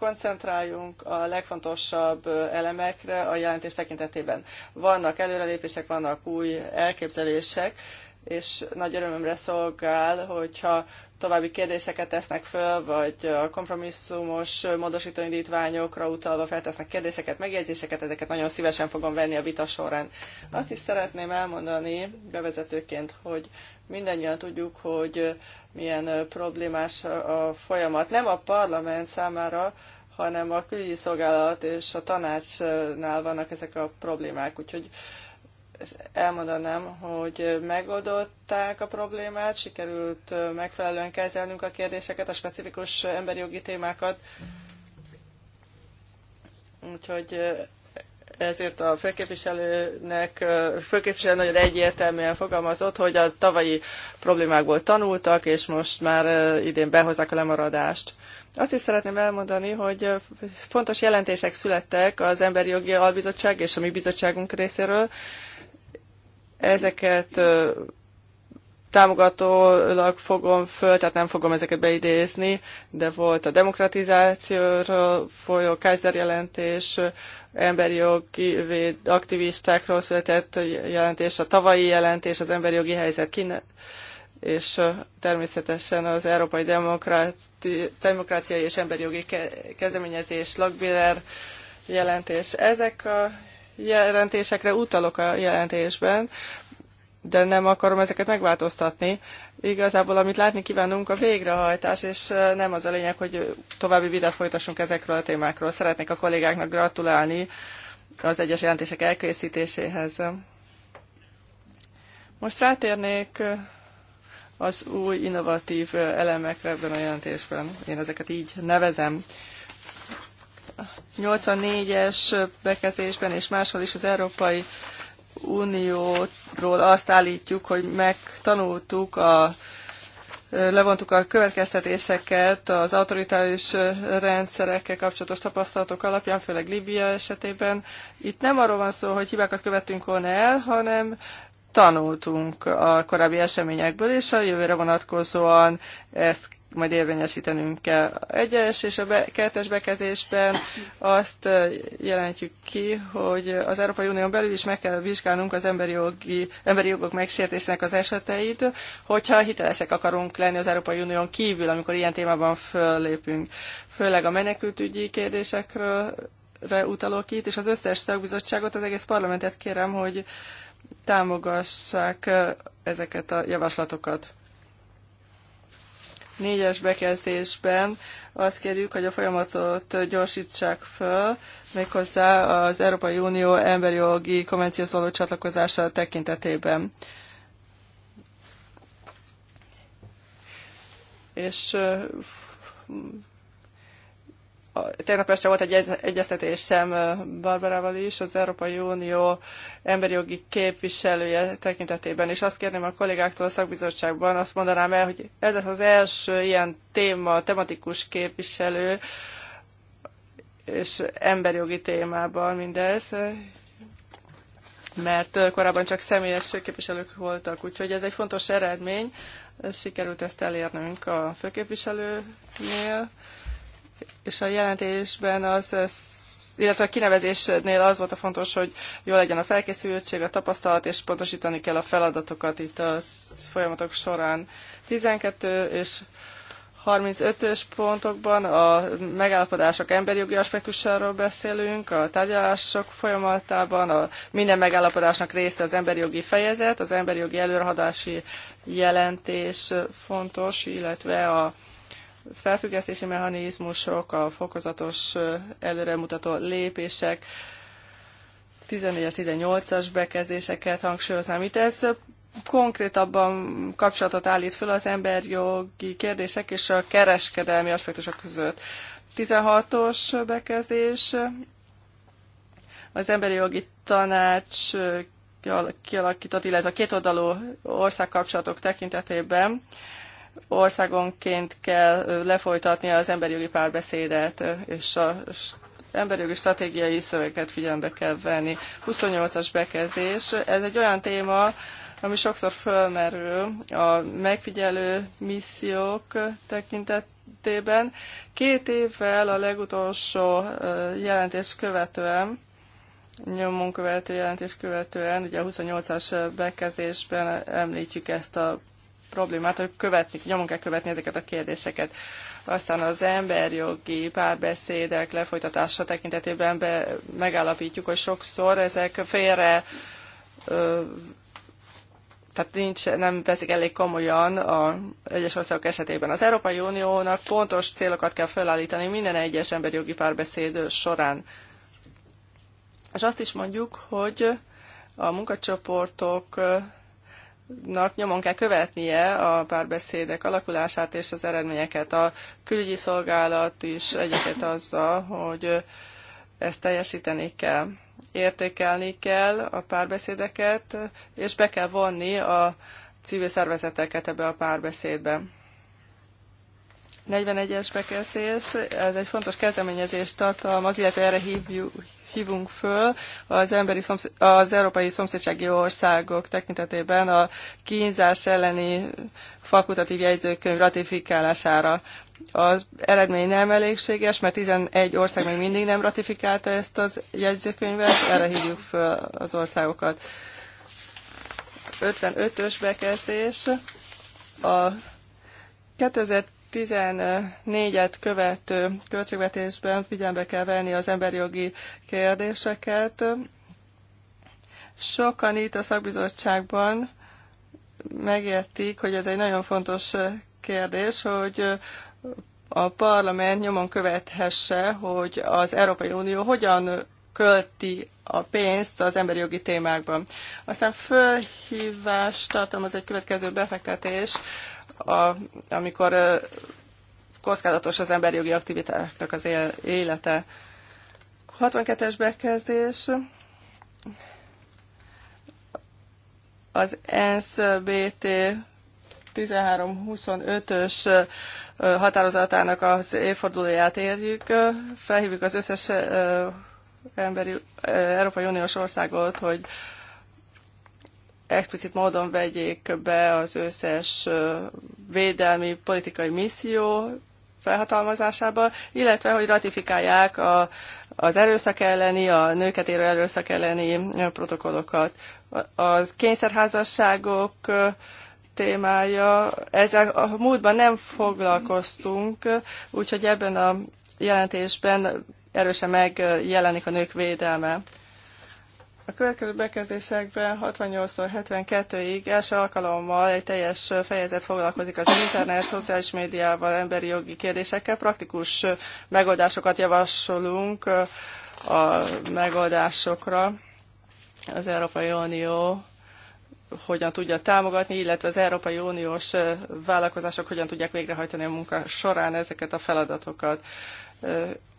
koncentráljunk a legfontosabb elemekre a jelentés tekintetében. Vannak előrelépések, vannak új elképzelések, és nagy örömömre szolgál, hogyha további kérdéseket tesznek föl, vagy a kompromisszumos módosítóindítványokra utalva feltesznek kérdéseket, megjegyzéseket, ezeket nagyon szívesen fogom venni a vita során. Azt is szeretném elmondani bevezetőként, hogy mindannyian tudjuk, hogy milyen problémás a folyamat. Nem a parlament számára, hanem a külügyi szolgálat és a tanácsnál vannak ezek a problémák. Úgyhogy elmondanám, hogy megoldották a problémát, sikerült megfelelően kezelnünk a kérdéseket, a specifikus emberi jogi témákat. Úgyhogy ezért a főképviselőnek, főképviselő nagyon egyértelműen fogalmazott, hogy a tavalyi problémákból tanultak, és most már idén behozzák a lemaradást. Azt is szeretném elmondani, hogy fontos jelentések születtek az Emberi Jogi Albizottság és a mi bizottságunk részéről, Ezeket támogatólag fogom föl, tehát nem fogom ezeket beidézni, de volt a demokratizációról folyó Kaiser jelentés, emberi jogi aktivistákról született jelentés, a tavalyi jelentés, az emberi jogi helyzet kine és természetesen az Európai Demokráci, Demokráciai és Emberi Jogi Kezdeményezés, Lagbiller jelentés. Ezek a jelentésekre utalok a jelentésben, de nem akarom ezeket megváltoztatni. Igazából, amit látni kívánunk, a végrehajtás, és nem az a lényeg, hogy további vitát folytassunk ezekről a témákról. Szeretnék a kollégáknak gratulálni az egyes jelentések elkészítéséhez. Most rátérnék az új innovatív elemekre ebben a jelentésben. Én ezeket így nevezem. 84-es beketésben és máshol is az Európai Unióról azt állítjuk, hogy megtanultuk a levontuk a következtetéseket az autoritális rendszerekkel kapcsolatos tapasztalatok alapján, főleg Libia esetében. Itt nem arról van szó, hogy hibákat követtünk volna el, hanem tanultunk a korábbi eseményekből, és a jövőre vonatkozóan ezt majd érvényesítenünk kell. Egyes és a be, kettes bekezdésben azt jelentjük ki, hogy az Európai Unión belül is meg kell vizsgálnunk az emberi, jogi, emberi jogok megsértésének az eseteit, hogyha hitelesek akarunk lenni az Európai Unión kívül, amikor ilyen témában föllépünk. Főleg a menekültügyi kérdésekről utalok itt, és az összes szakbizottságot, az egész parlamentet kérem, hogy támogassák ezeket a javaslatokat négyes bekezdésben azt kérjük, hogy a folyamatot gyorsítsák föl, méghozzá az Európai Unió emberi jogi konvencióhoz való csatlakozása tekintetében. És tegnap este volt egy egyeztetésem Barbarával is, az Európai Unió emberi jogi képviselője tekintetében, és azt kérném a kollégáktól a szakbizottságban, azt mondanám el, hogy ez az első ilyen téma, tematikus képviselő, és emberi jogi témában mindez, mert korábban csak személyes képviselők voltak, úgyhogy ez egy fontos eredmény, sikerült ezt elérnünk a főképviselőnél, és a jelentésben az, illetve a kinevezésnél az volt a fontos, hogy jó legyen a felkészültség, a tapasztalat, és pontosítani kell a feladatokat itt a folyamatok során. 12 és 35-ös pontokban a megállapodások emberi jogi aspektusáról beszélünk, a tárgyalások folyamatában a minden megállapodásnak része az emberi jogi fejezet, az emberi jogi előrehadási jelentés fontos, illetve a felfüggesztési mechanizmusok, a fokozatos előremutató lépések, 14-es, 18-as bekezdéseket hangsúlyoznám. Itt ez konkrétabban kapcsolatot állít föl az emberjogi kérdések és a kereskedelmi aspektusok között. 16-os bekezdés, az emberi jogi tanács kialakított, illetve a kétoldalú országkapcsolatok tekintetében országonként kell lefolytatni az emberi jogi párbeszédet, és a emberi jogi stratégiai szöveget figyelembe kell venni. 28-as bekezdés, ez egy olyan téma, ami sokszor fölmerül a megfigyelő missziók tekintetében. Két évvel a legutolsó jelentés követően, nyomon követő jelentés követően, ugye a 28-as bekezdésben említjük ezt a problémát, hogy követni, nyomon kell követni ezeket a kérdéseket. Aztán az emberjogi párbeszédek lefolytatása tekintetében be, megállapítjuk, hogy sokszor ezek félre ö, tehát nincs, nem veszik elég komolyan a egyes országok esetében. Az Európai Uniónak pontos célokat kell felállítani minden egyes emberjogi párbeszéd során. És azt is mondjuk, hogy a munkacsoportok nyomon kell követnie a párbeszédek alakulását és az eredményeket. A külügyi szolgálat is egyeket azzal, hogy ezt teljesíteni kell. Értékelni kell a párbeszédeket, és be kell vonni a civil szervezeteket ebbe a párbeszédbe. 41-es bekezdés, ez egy fontos kezdeményezést tartalmaz, illetve erre hívjuk, hívunk föl az, emberi szomsz- az európai szomszédsági országok tekintetében a kínzás elleni fakultatív jegyzőkönyv ratifikálására. Az eredmény nem elégséges, mert 11 ország még mindig nem ratifikálta ezt az jegyzőkönyvet, erre hívjuk föl az országokat. 55-ös bekezdés. A 2000 14-et követő költségvetésben figyelembe kell venni az emberi jogi kérdéseket. Sokan itt a szakbizottságban megértik, hogy ez egy nagyon fontos kérdés, hogy a parlament nyomon követhesse, hogy az Európai Unió hogyan költi a pénzt az emberi jogi témákban. Aztán fölhívást tartom, az egy következő befektetés a, amikor kockázatos az emberi jogi aktivitásnak az élete. 62-es bekezdés. Az ENSZ BT 1325-ös határozatának az évfordulóját érjük. Felhívjuk az összes emberi, Európai Uniós országot, hogy explicit módon vegyék be az összes védelmi politikai misszió felhatalmazásába, illetve hogy ratifikálják a, az erőszak elleni, a nőket érő erőszak elleni protokollokat. A kényszerházasságok témája, ezzel a múltban nem foglalkoztunk, úgyhogy ebben a jelentésben erősen megjelenik a nők védelme. A következő bekezdésekben 68-tól 72-ig első alkalommal egy teljes fejezet foglalkozik az internet, szociális médiával, emberi jogi kérdésekkel. Praktikus megoldásokat javasolunk a megoldásokra. Az Európai Unió hogyan tudja támogatni, illetve az Európai Uniós vállalkozások hogyan tudják végrehajtani a munka során ezeket a feladatokat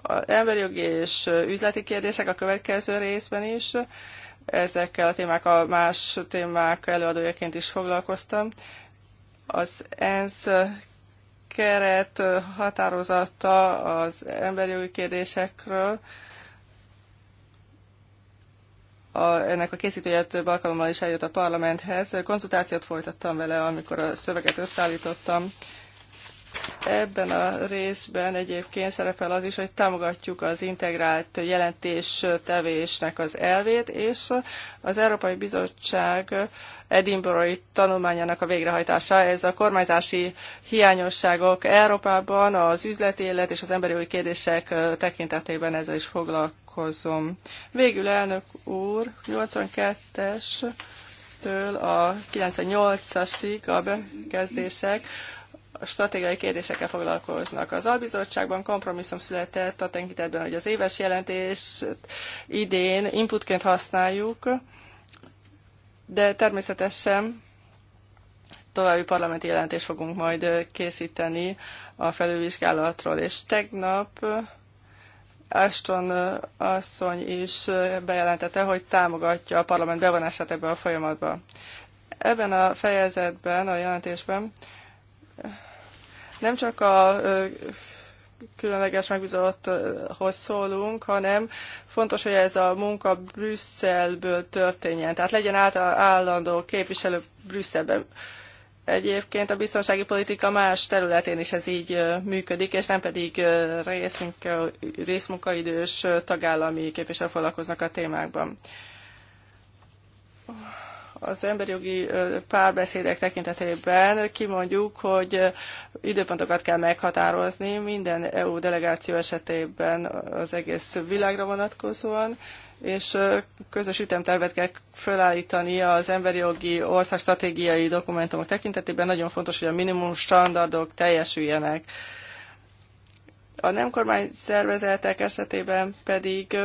emberi emberjogi és üzleti kérdések a következő részben is. Ezekkel a témákkal más témák előadójaként is foglalkoztam. Az ENSZ keret határozata az emberjogi kérdésekről, a, ennek a készítője több alkalommal is eljött a parlamenthez. Konzultációt folytattam vele, amikor a szöveget összeállítottam. Ebben a részben egyébként szerepel az is, hogy támogatjuk az integrált jelentés tevésnek az elvét, és az Európai Bizottság Edinburghi tanulmányának a végrehajtása. Ez a kormányzási hiányosságok Európában, az üzleti élet és az emberi új kérdések tekintetében ezzel is foglalkozom. Végül elnök úr, 82-es től a 98-asig a bekezdések stratégiai kérdésekkel foglalkoznak. Az albizottságban kompromisszum született a tekintetben, hogy az éves jelentést idén inputként használjuk, de természetesen további parlamenti jelentést fogunk majd készíteni a felülvizsgálatról, és tegnap Ashton asszony is bejelentette, hogy támogatja a parlament bevonását ebbe a folyamatba. Ebben a fejezetben, a jelentésben nem csak a különleges megbízotthoz szólunk, hanem fontos, hogy ez a munka Brüsszelből történjen. Tehát legyen állandó képviselő Brüsszelben. Egyébként a biztonsági politika más területén is ez így működik, és nem pedig részmunka, részmunkaidős tagállami képviselők foglalkoznak a témákban az emberi jogi párbeszédek tekintetében kimondjuk, hogy időpontokat kell meghatározni minden EU delegáció esetében az egész világra vonatkozóan, és közös ütemtervet kell felállítani az emberi jogi stratégiai dokumentumok tekintetében. Nagyon fontos, hogy a minimum standardok teljesüljenek. A nem kormány szervezetek esetében pedig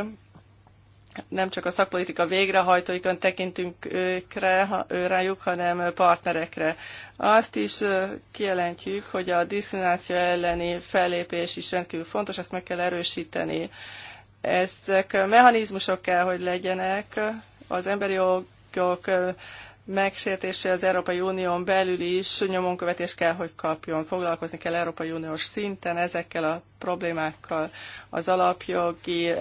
nem csak a szakpolitika végrehajtóikon tekintünk őkre, rájuk, hanem partnerekre. Azt is kijelentjük, hogy a diszkrimináció elleni fellépés is rendkívül fontos, ezt meg kell erősíteni. Ezek mechanizmusok kell, hogy legyenek. Az emberi jogok megsértése az Európai Unión belül is nyomonkövetés kell, hogy kapjon. Foglalkozni kell Európai Uniós szinten ezekkel a problémákkal. Az alapjogi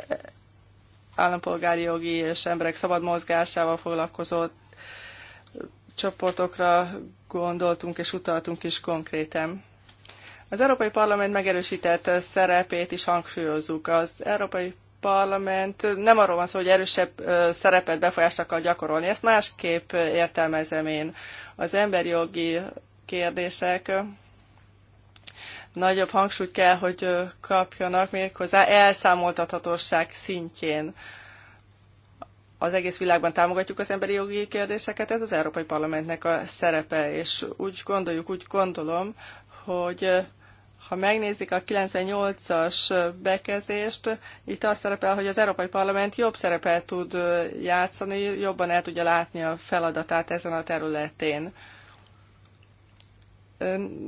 állampolgári jogi és emberek szabad mozgásával foglalkozó csoportokra gondoltunk és utaltunk is konkrétan. Az Európai Parlament megerősített szerepét is hangsúlyozzuk. Az Európai Parlament nem arról van szó, hogy erősebb szerepet, befolyást akar gyakorolni. Ezt másképp értelmezem én. Az emberi jogi kérdések nagyobb hangsúlyt kell, hogy kapjanak méghozzá elszámoltathatóság szintjén. Az egész világban támogatjuk az emberi jogi kérdéseket, ez az Európai Parlamentnek a szerepe, és úgy gondoljuk, úgy gondolom, hogy ha megnézik a 98-as bekezdést, itt azt szerepel, hogy az Európai Parlament jobb szerepet tud játszani, jobban el tudja látni a feladatát ezen a területén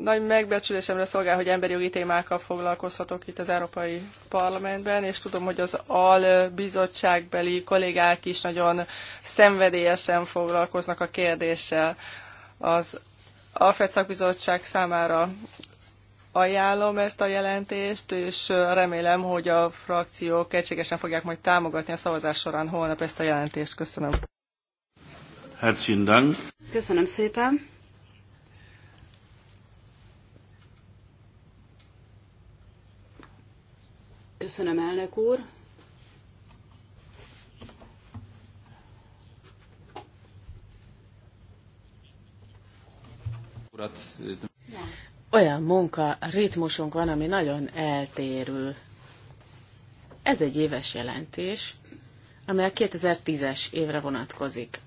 nagy megbecsülésemre szolgál, hogy emberi jogi témákkal foglalkozhatok itt az Európai Parlamentben, és tudom, hogy az AL bizottságbeli kollégák is nagyon szenvedélyesen foglalkoznak a kérdéssel. Az AFED szakbizottság számára ajánlom ezt a jelentést, és remélem, hogy a frakciók egységesen fogják majd támogatni a szavazás során holnap ezt a jelentést. Köszönöm. Herzlichen Dank. Köszönöm szépen. Köszönöm, elnök úr. Olyan munka ritmusunk van, ami nagyon eltérő. Ez egy éves jelentés, amely a 2010-es évre vonatkozik.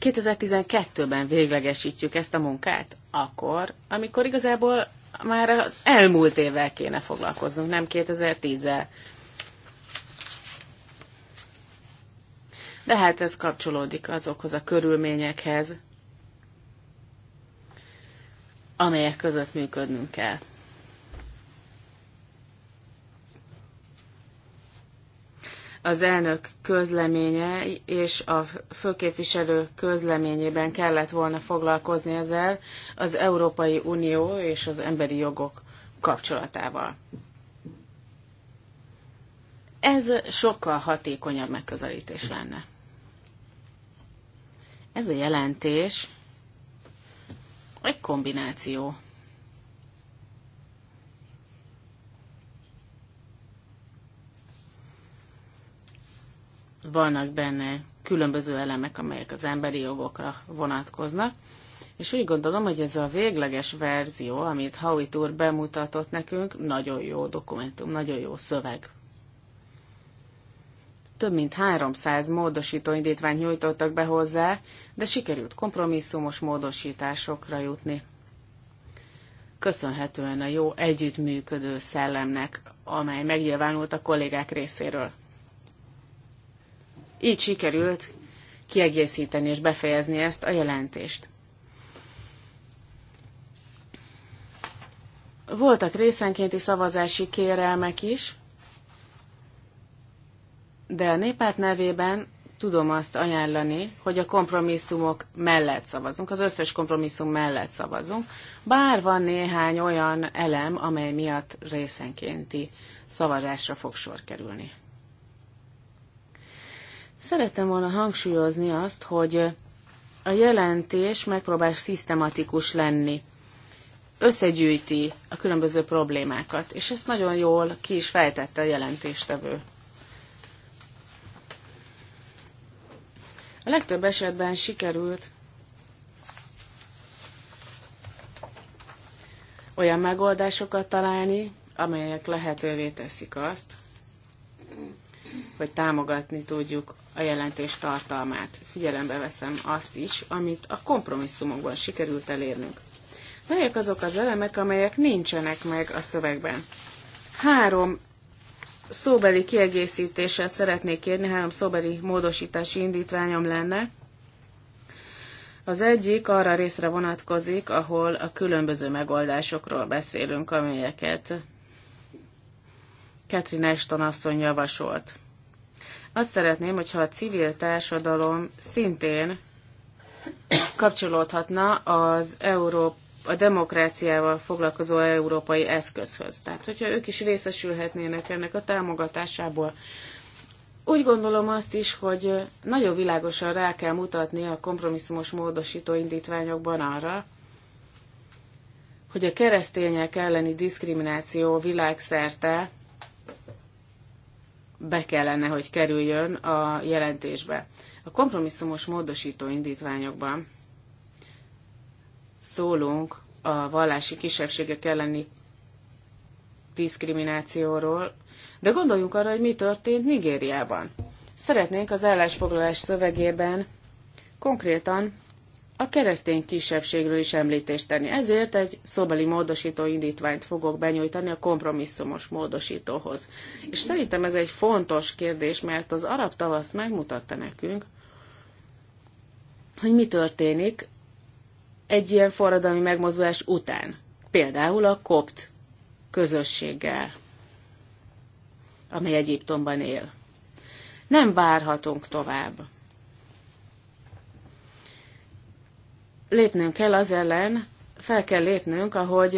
2012-ben véglegesítjük ezt a munkát, akkor, amikor igazából már az elmúlt évvel kéne foglalkoznunk, nem 2010-el. De hát ez kapcsolódik azokhoz a körülményekhez, amelyek között működnünk kell. az elnök közleménye és a főképviselő közleményében kellett volna foglalkozni ezzel az Európai Unió és az emberi jogok kapcsolatával. Ez sokkal hatékonyabb megközelítés lenne. Ez a jelentés egy kombináció vannak benne különböző elemek, amelyek az emberi jogokra vonatkoznak, és úgy gondolom, hogy ez a végleges verzió, amit Howitt úr bemutatott nekünk, nagyon jó dokumentum, nagyon jó szöveg. Több mint 300 módosító indítványt nyújtottak be hozzá, de sikerült kompromisszumos módosításokra jutni. Köszönhetően a jó együttműködő szellemnek, amely megnyilvánult a kollégák részéről. Így sikerült kiegészíteni és befejezni ezt a jelentést. Voltak részenkénti szavazási kérelmek is, de a néppárt nevében tudom azt ajánlani, hogy a kompromisszumok mellett szavazunk, az összes kompromisszum mellett szavazunk, bár van néhány olyan elem, amely miatt részenkénti szavazásra fog sor kerülni. Szeretem volna hangsúlyozni azt, hogy a jelentés megpróbál szisztematikus lenni. Összegyűjti a különböző problémákat, és ezt nagyon jól ki is fejtette a jelentéstevő. A legtöbb esetben sikerült olyan megoldásokat találni, amelyek lehetővé teszik azt, hogy támogatni tudjuk a jelentés tartalmát. Figyelembe veszem azt is, amit a kompromisszumokban sikerült elérnünk. Melyek azok az elemek, amelyek nincsenek meg a szövegben? Három szóbeli kiegészítéssel szeretnék kérni, három szóbeli módosítási indítványom lenne. Az egyik arra részre vonatkozik, ahol a különböző megoldásokról beszélünk, amelyeket Catherine Ashton asszony javasolt. Azt szeretném, hogyha a civil társadalom szintén kapcsolódhatna az Európa a demokráciával foglalkozó európai eszközhöz. Tehát, hogyha ők is részesülhetnének ennek a támogatásából. Úgy gondolom azt is, hogy nagyon világosan rá kell mutatni a kompromisszumos módosító indítványokban arra, hogy a keresztények elleni diszkrimináció világszerte be kellene, hogy kerüljön a jelentésbe. A kompromisszumos módosító indítványokban szólunk a vallási kisebbségek elleni diszkriminációról, de gondoljunk arra, hogy mi történt Nigériában. Szeretnénk az állásfoglalás szövegében konkrétan a keresztény kisebbségről is említést tenni. Ezért egy szóbeli módosító indítványt fogok benyújtani a kompromisszumos módosítóhoz. És szerintem ez egy fontos kérdés, mert az arab tavasz megmutatta nekünk, hogy mi történik egy ilyen forradalmi megmozdulás után. Például a kopt közösséggel, amely Egyiptomban él. Nem várhatunk tovább. lépnünk kell az ellen, fel kell lépnünk, ahogy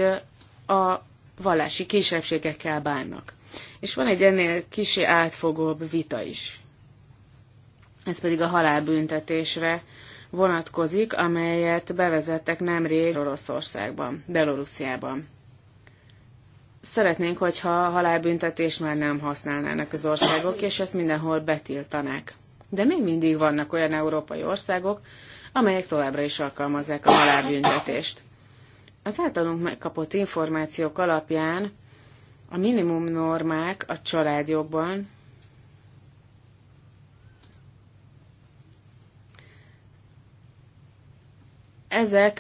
a vallási kisebbségekkel bánnak. És van egy ennél kisi átfogóbb vita is. Ez pedig a halálbüntetésre vonatkozik, amelyet bevezettek nemrég Oroszországban, Belorussziában. Szeretnénk, hogyha a halálbüntetést már nem használnának az országok, és ezt mindenhol betiltanák. De még mindig vannak olyan európai országok, amelyek továbbra is alkalmazzák a halálbüntetést. Az általunk megkapott információk alapján a minimum normák a családjogban ezek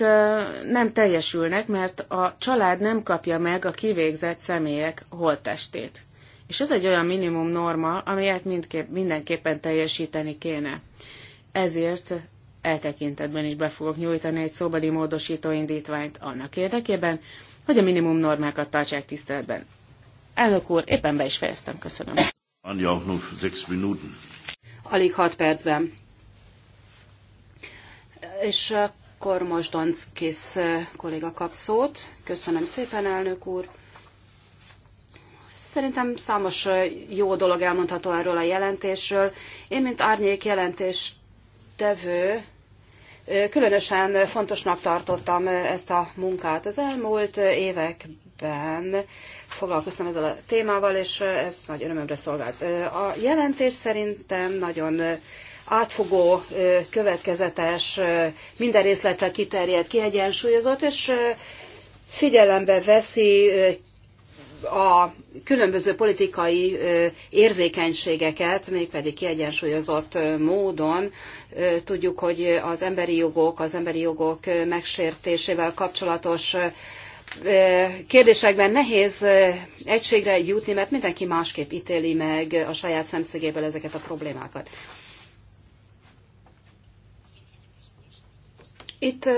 nem teljesülnek, mert a család nem kapja meg a kivégzett személyek holttestét. És ez egy olyan minimum norma, amelyet mindenképpen teljesíteni kéne. Ezért e tekintetben is be fogok nyújtani egy szóbeli módosító indítványt annak érdekében, hogy a minimum normákat tartsák tiszteletben. Elnök úr, éppen be is fejeztem, köszönöm. Alig hat percben. És akkor most Donskis kolléga kap szót. Köszönöm szépen, elnök úr. Szerintem számos jó dolog elmondható erről a jelentésről. Én, mint árnyék jelentés tevő, Különösen fontosnak tartottam ezt a munkát. Az elmúlt években foglalkoztam ezzel a témával, és ez nagy örömömre szolgált. A jelentés szerintem nagyon átfogó, következetes, minden részletre kiterjedt, kiegyensúlyozott, és figyelembe veszi a különböző politikai érzékenységeket, mégpedig kiegyensúlyozott módon. Tudjuk, hogy az emberi jogok, az emberi jogok megsértésével kapcsolatos kérdésekben nehéz egységre jutni, mert mindenki másképp ítéli meg a saját szemszögéből ezeket a problémákat. Itt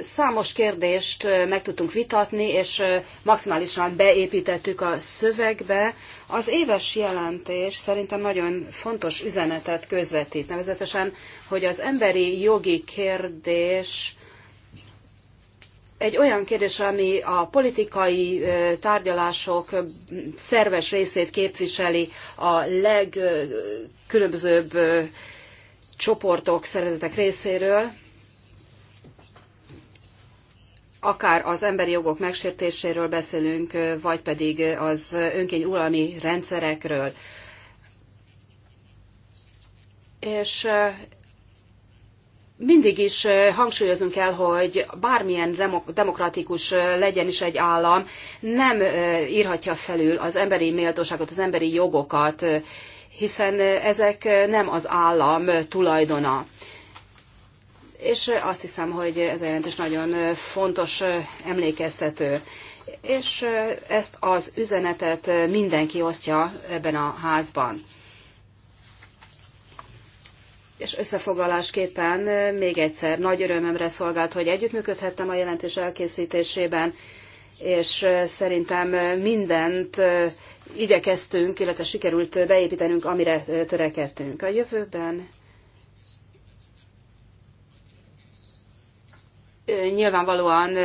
Számos kérdést meg tudtunk vitatni, és maximálisan beépítettük a szövegbe. Az éves jelentés szerintem nagyon fontos üzenetet közvetít, nevezetesen, hogy az emberi jogi kérdés egy olyan kérdés, ami a politikai tárgyalások szerves részét képviseli a legkülönbözőbb csoportok, szervezetek részéről, akár az emberi jogok megsértéséről beszélünk, vagy pedig az uralmi rendszerekről. És mindig is hangsúlyoznunk kell, hogy bármilyen demokratikus legyen is egy állam, nem írhatja felül az emberi méltóságot, az emberi jogokat, hiszen ezek nem az állam tulajdona és azt hiszem, hogy ez a jelentés nagyon fontos emlékeztető. És ezt az üzenetet mindenki osztja ebben a házban. És összefoglalásképpen még egyszer nagy örömömre szolgált, hogy együttműködhettem a jelentés elkészítésében, és szerintem mindent igyekeztünk, illetve sikerült beépítenünk, amire törekedtünk. A jövőben nyilvánvalóan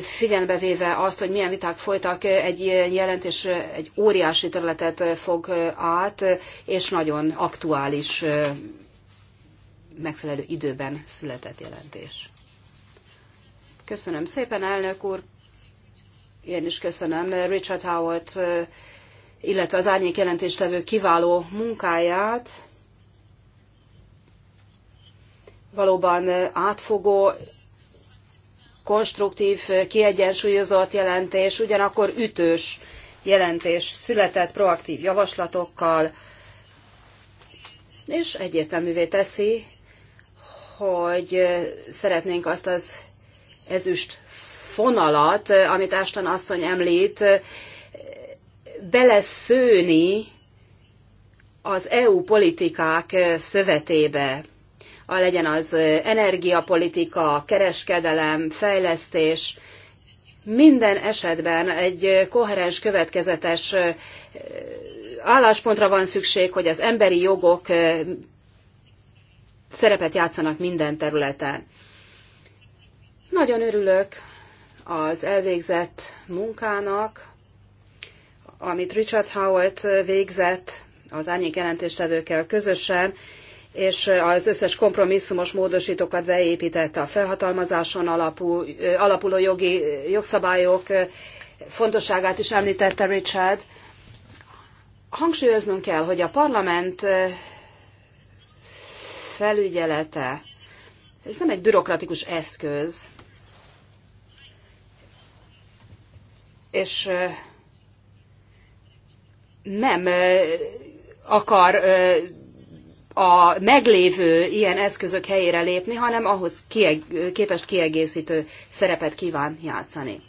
figyelembe véve azt, hogy milyen viták folytak, egy jelentés egy óriási területet fog át, és nagyon aktuális, megfelelő időben született jelentés. Köszönöm szépen, elnök úr! Én is köszönöm Richard Howard, illetve az árnyék jelentéstevő kiváló munkáját. Valóban átfogó konstruktív, kiegyensúlyozott jelentés, ugyanakkor ütős jelentés született proaktív javaslatokkal, és egyértelművé teszi, hogy szeretnénk azt az ezüst fonalat, amit Ástan asszony említ, beleszőni az EU politikák szövetébe a legyen az energiapolitika, kereskedelem, fejlesztés, minden esetben egy koherens, következetes álláspontra van szükség, hogy az emberi jogok szerepet játszanak minden területen. Nagyon örülök az elvégzett munkának, amit Richard Howard végzett az árnyék jelentéstevőkkel közösen, és az összes kompromisszumos módosítókat beépítette a felhatalmazáson alapú, alapuló jogi jogszabályok fontosságát is említette Richard. Hangsúlyoznunk kell, hogy a parlament felügyelete, ez nem egy bürokratikus eszköz, és nem akar a meglévő ilyen eszközök helyére lépni, hanem ahhoz kieg- képest kiegészítő szerepet kíván játszani.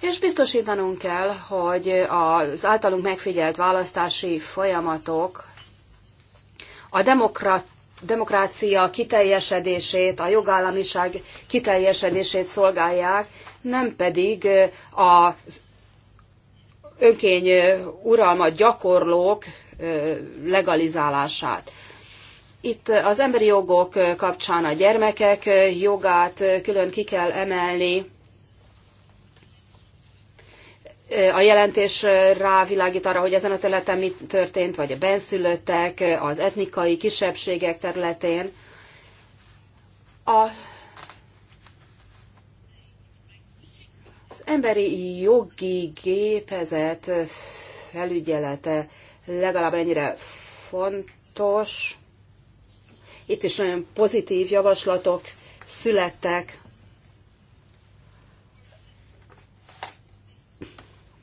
És biztosítanunk kell, hogy az általunk megfigyelt választási folyamatok a demokrat demokrácia kiteljesedését, a jogállamiság kiteljesedését szolgálják, nem pedig az önkény uralmat gyakorlók legalizálását. Itt az emberi jogok kapcsán a gyermekek jogát külön ki kell emelni. A jelentés rávilágít arra, hogy ezen a területen mi történt, vagy a benszülöttek, az etnikai kisebbségek területén. A az emberi jogi gépezet felügyelete legalább ennyire fontos, itt is nagyon pozitív javaslatok születtek.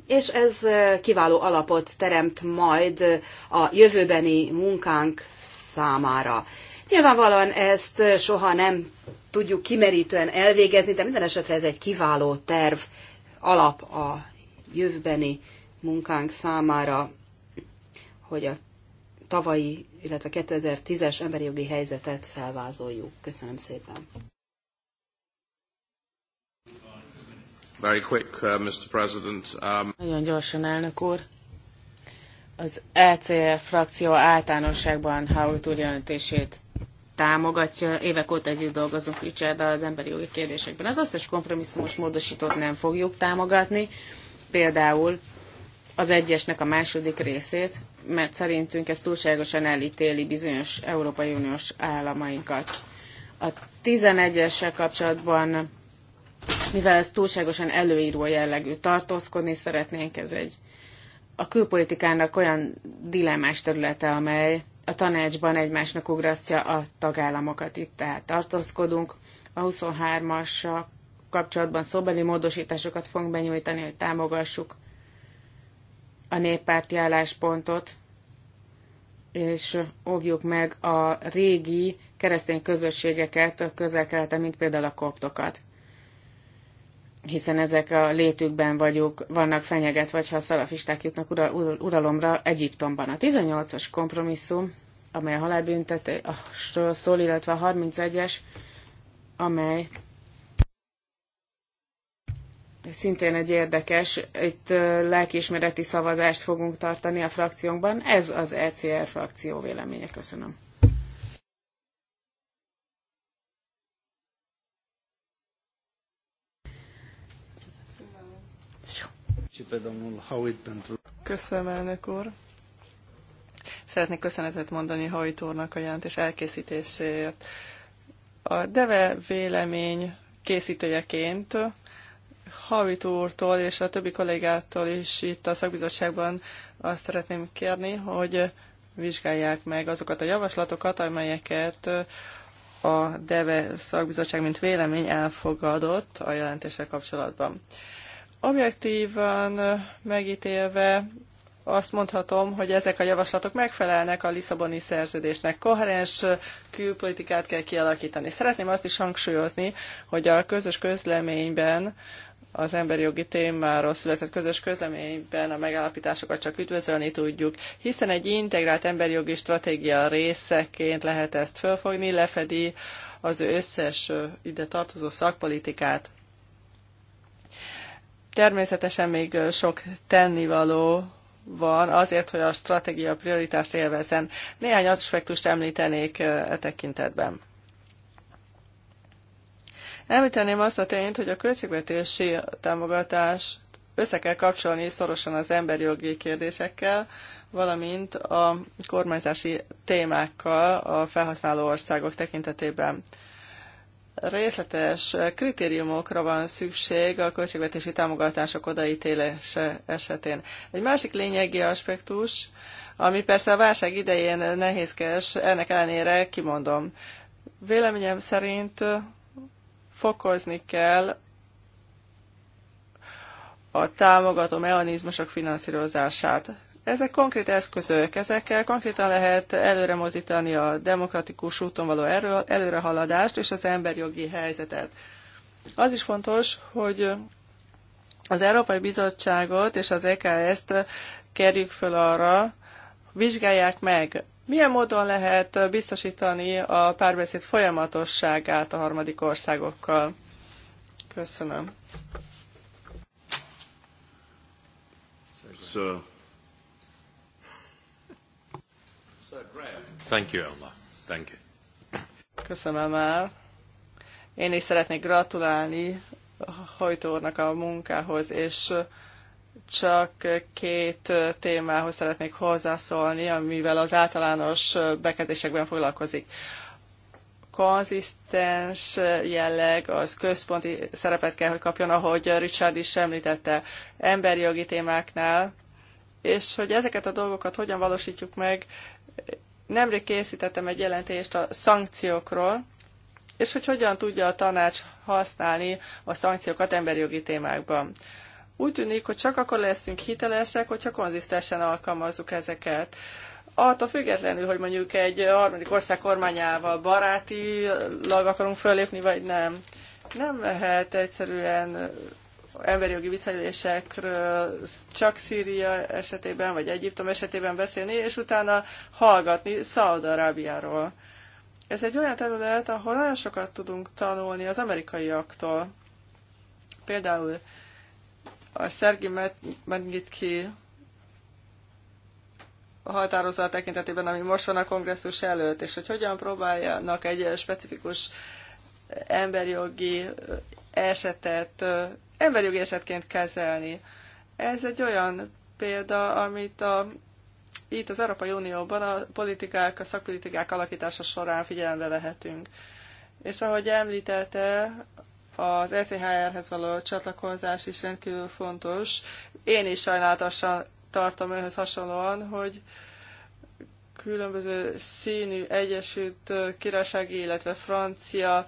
És ez eh, kiváló alapot teremt majd eh, a jövőbeni munkánk számára. Nyilvánvalóan ezt eh, soha nem tudjuk kimerítően elvégezni, de minden esetre ez egy kiváló terv, alap a jövőbeni munkánk számára, hogy a tavalyi illetve 2010-es emberi jogi helyzetet felvázoljuk. Köszönöm szépen. Very quick, uh, Mr. President. Um... Nagyon gyorsan, elnök úr. Az ECR frakció általánosságban Howitt jelentését támogatja. Évek óta együtt dolgozunk richard az emberi jogi kérdésekben. Az összes kompromisszumos módosítót nem fogjuk támogatni, például az egyesnek a második részét, mert szerintünk ez túlságosan elítéli bizonyos Európai Uniós államainkat. A 11-essel kapcsolatban, mivel ez túlságosan előíró jellegű, tartózkodni szeretnénk, ez egy a külpolitikának olyan dilemmás területe, amely a tanácsban egymásnak ugrasztja a tagállamokat itt, tehát tartózkodunk. A 23-as kapcsolatban szóbeli módosításokat fogunk benyújtani, hogy támogassuk a néppárti álláspontot, és óvjuk meg a régi keresztény közösségeket a közelkeleten, mint például a koptokat. Hiszen ezek a létükben vagyunk, vannak fenyeget, vagy ha a szalafisták jutnak ura, ura, uralomra Egyiptomban. A 18-as kompromisszum, amely a halálbüntetésről szól, illetve a 31-es, amely szintén egy érdekes, itt lelkiismereti szavazást fogunk tartani a frakciónkban. Ez az ECR frakció véleménye. Köszönöm. Köszönöm, elnök úr. Szeretnék köszönetet mondani Hajtórnak a jelentés elkészítéséért. A DEVE vélemény készítőjeként Havit úrtól és a többi kollégától is itt a szakbizottságban azt szeretném kérni, hogy vizsgálják meg azokat a javaslatokat, amelyeket a DEVE szakbizottság, mint vélemény elfogadott a jelentéssel kapcsolatban. Objektívan megítélve azt mondhatom, hogy ezek a javaslatok megfelelnek a Lisszaboni szerződésnek. Koherens külpolitikát kell kialakítani. Szeretném azt is hangsúlyozni, hogy a közös közleményben az emberi jogi témáról született közös közleményben a megállapításokat csak üdvözölni tudjuk, hiszen egy integrált emberi jogi stratégia részeként lehet ezt fölfogni, lefedi az összes ide tartozó szakpolitikát. Természetesen még sok tennivaló van azért, hogy a stratégia prioritást élvezzen. Néhány aspektust említenék e tekintetben. Említeném azt a tényt, hogy a költségvetési támogatás össze kell kapcsolni szorosan az emberi jogi kérdésekkel, valamint a kormányzási témákkal a felhasználó országok tekintetében. Részletes kritériumokra van szükség a költségvetési támogatások odaítélése esetén. Egy másik lényegi aspektus, ami persze a válság idején nehézkes, ennek ellenére kimondom. Véleményem szerint fokozni kell a támogató mechanizmusok finanszírozását. Ezek konkrét eszközök, ezekkel konkrétan lehet előre mozítani a demokratikus úton való erő, előrehaladást és az emberjogi helyzetet. Az is fontos, hogy az Európai Bizottságot és az EKS-t kerjük föl arra, vizsgálják meg milyen módon lehet biztosítani a párbeszéd folyamatosságát a harmadik országokkal? Köszönöm. Sir. Thank you, Elmar. Thank you. Köszönöm már. Én is szeretnék gratulálni Hajtórnak a munkához, és csak két témához szeretnék hozzászólni, amivel az általános bekezdésekben foglalkozik. Konzisztens jelleg, az központi szerepet kell, hogy kapjon, ahogy Richard is említette, emberi jogi témáknál, és hogy ezeket a dolgokat hogyan valósítjuk meg, nemrég készítettem egy jelentést a szankciókról, és hogy hogyan tudja a tanács használni a szankciókat emberi jogi témákban. Úgy tűnik, hogy csak akkor leszünk hitelesek, hogyha konzisztensen alkalmazzuk ezeket. Attól függetlenül, hogy mondjuk egy harmadik ország kormányával barátilag akarunk fölépni, vagy nem. Nem lehet egyszerűen emberi jogi visszaélésekről csak Szíria esetében, vagy Egyiptom esetében beszélni, és utána hallgatni Szaud-Arábiáról. Ez egy olyan terület, ahol nagyon sokat tudunk tanulni az amerikaiaktól. Például a Szergi Magnitki a határozat tekintetében, ami most van a kongresszus előtt, és hogy hogyan próbáljanak egy specifikus emberjogi esetet, emberjogi esetként kezelni. Ez egy olyan példa, amit a, itt az Európai Unióban a politikák, a szakpolitikák alakítása során figyelembe vehetünk. És ahogy említette, az ECHR-hez való csatlakozás is rendkívül fontos. Én is sajnálatosan tartom önhöz hasonlóan, hogy különböző színű Egyesült Királysági, illetve francia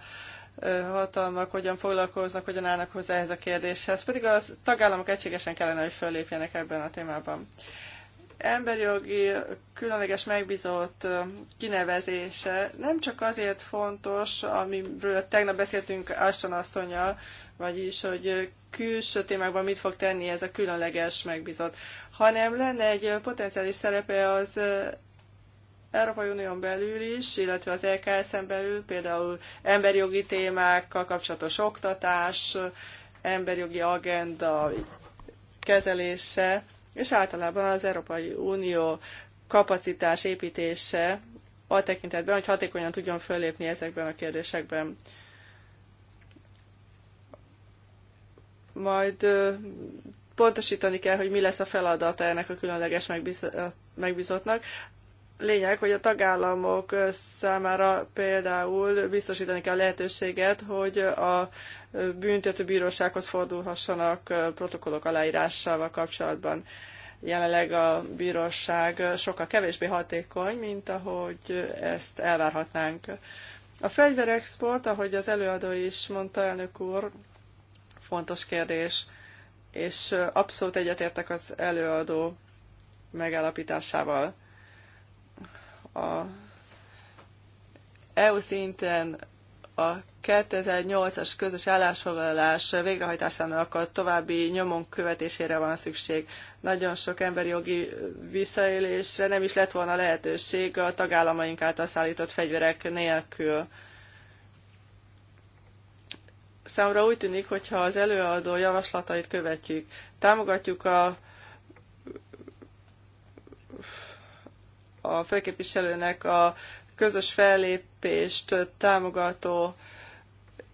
hatalmak hogyan foglalkoznak, hogyan állnak hozzá ehhez a kérdéshez, pedig a tagállamok egységesen kellene, hogy fölépjenek ebben a témában emberjogi különleges megbízott kinevezése nem csak azért fontos, amiről tegnap beszéltünk Ashton asszonyjal, vagyis, hogy külső témákban mit fog tenni ez a különleges megbízott, hanem lenne egy potenciális szerepe az Európai Unión belül is, illetve az EKS-en belül, például emberjogi témákkal kapcsolatos oktatás, emberjogi agenda kezelése, és általában az Európai Unió kapacitás építése a tekintetben, hogy hatékonyan tudjon fölépni ezekben a kérdésekben. Majd pontosítani kell, hogy mi lesz a feladata ennek a különleges megbizottnak lényeg, hogy a tagállamok számára például biztosítani kell lehetőséget, hogy a büntetőbírósághoz fordulhassanak protokollok aláírásával kapcsolatban. Jelenleg a bíróság sokkal kevésbé hatékony, mint ahogy ezt elvárhatnánk. A fegyverexport, ahogy az előadó is mondta, elnök úr, fontos kérdés, és abszolút egyetértek az előadó megállapításával a EU szinten a 2008-as közös állásfoglalás végrehajtásának a további nyomon követésére van szükség. Nagyon sok emberi jogi visszaélésre nem is lett volna lehetőség a tagállamaink által szállított fegyverek nélkül. Számomra úgy tűnik, hogyha az előadó javaslatait követjük, támogatjuk a a főképviselőnek a közös fellépést támogató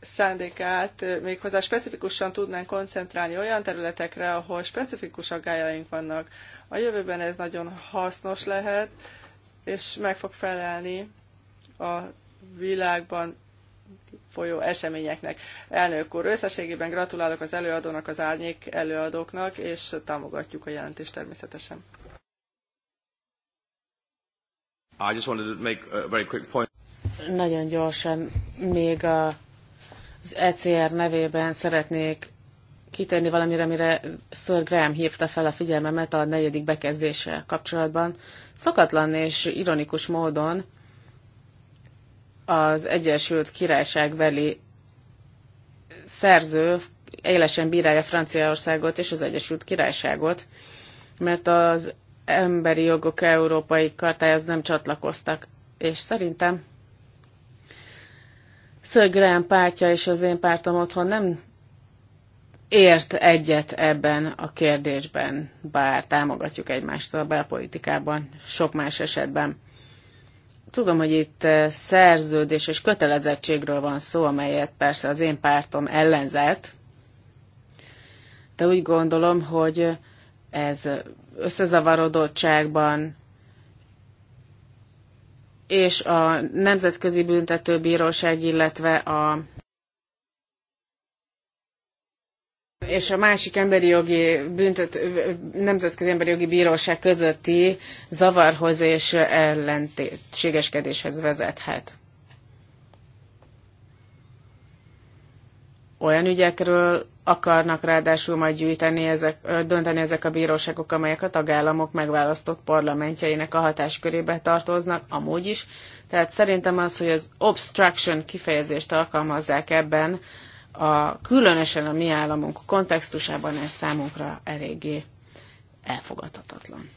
szándékát méghozzá specifikusan tudnánk koncentrálni olyan területekre, ahol specifikus aggájaink vannak. A jövőben ez nagyon hasznos lehet, és meg fog felelni a világban folyó eseményeknek. Elnök úr, összességében gratulálok az előadónak, az árnyék előadóknak, és támogatjuk a jelentést természetesen. I just wanted to make a very quick point. Nagyon gyorsan még a, az ECR nevében szeretnék kitérni valamire, amire Sir Graham hívta fel a figyelmemet a negyedik bekezdéssel kapcsolatban. Szokatlan és ironikus módon az Egyesült Királyságbeli szerző élesen bírálja Franciaországot és az Egyesült Királyságot, mert az emberi jogok európai kartájához nem csatlakoztak. És szerintem Szögrán pártja és az én pártom otthon nem ért egyet ebben a kérdésben, bár támogatjuk egymást a belpolitikában, sok más esetben. Tudom, hogy itt eh, szerződés és kötelezettségről van szó, amelyet persze az én pártom ellenzett, de úgy gondolom, hogy ez összezavarodottságban és a Nemzetközi Büntetőbíróság, illetve a és a másik emberi jogi büntet, nemzetközi emberi jogi bíróság közötti zavarhoz és ellentétségeskedéshez vezethet. olyan ügyekről akarnak ráadásul majd gyűjteni ezek, dönteni ezek a bíróságok, amelyek a tagállamok megválasztott parlamentjeinek a hatáskörébe tartoznak, amúgy is. Tehát szerintem az, hogy az obstruction kifejezést alkalmazzák ebben, a, különösen a mi államunk kontextusában ez számunkra eléggé elfogadhatatlan.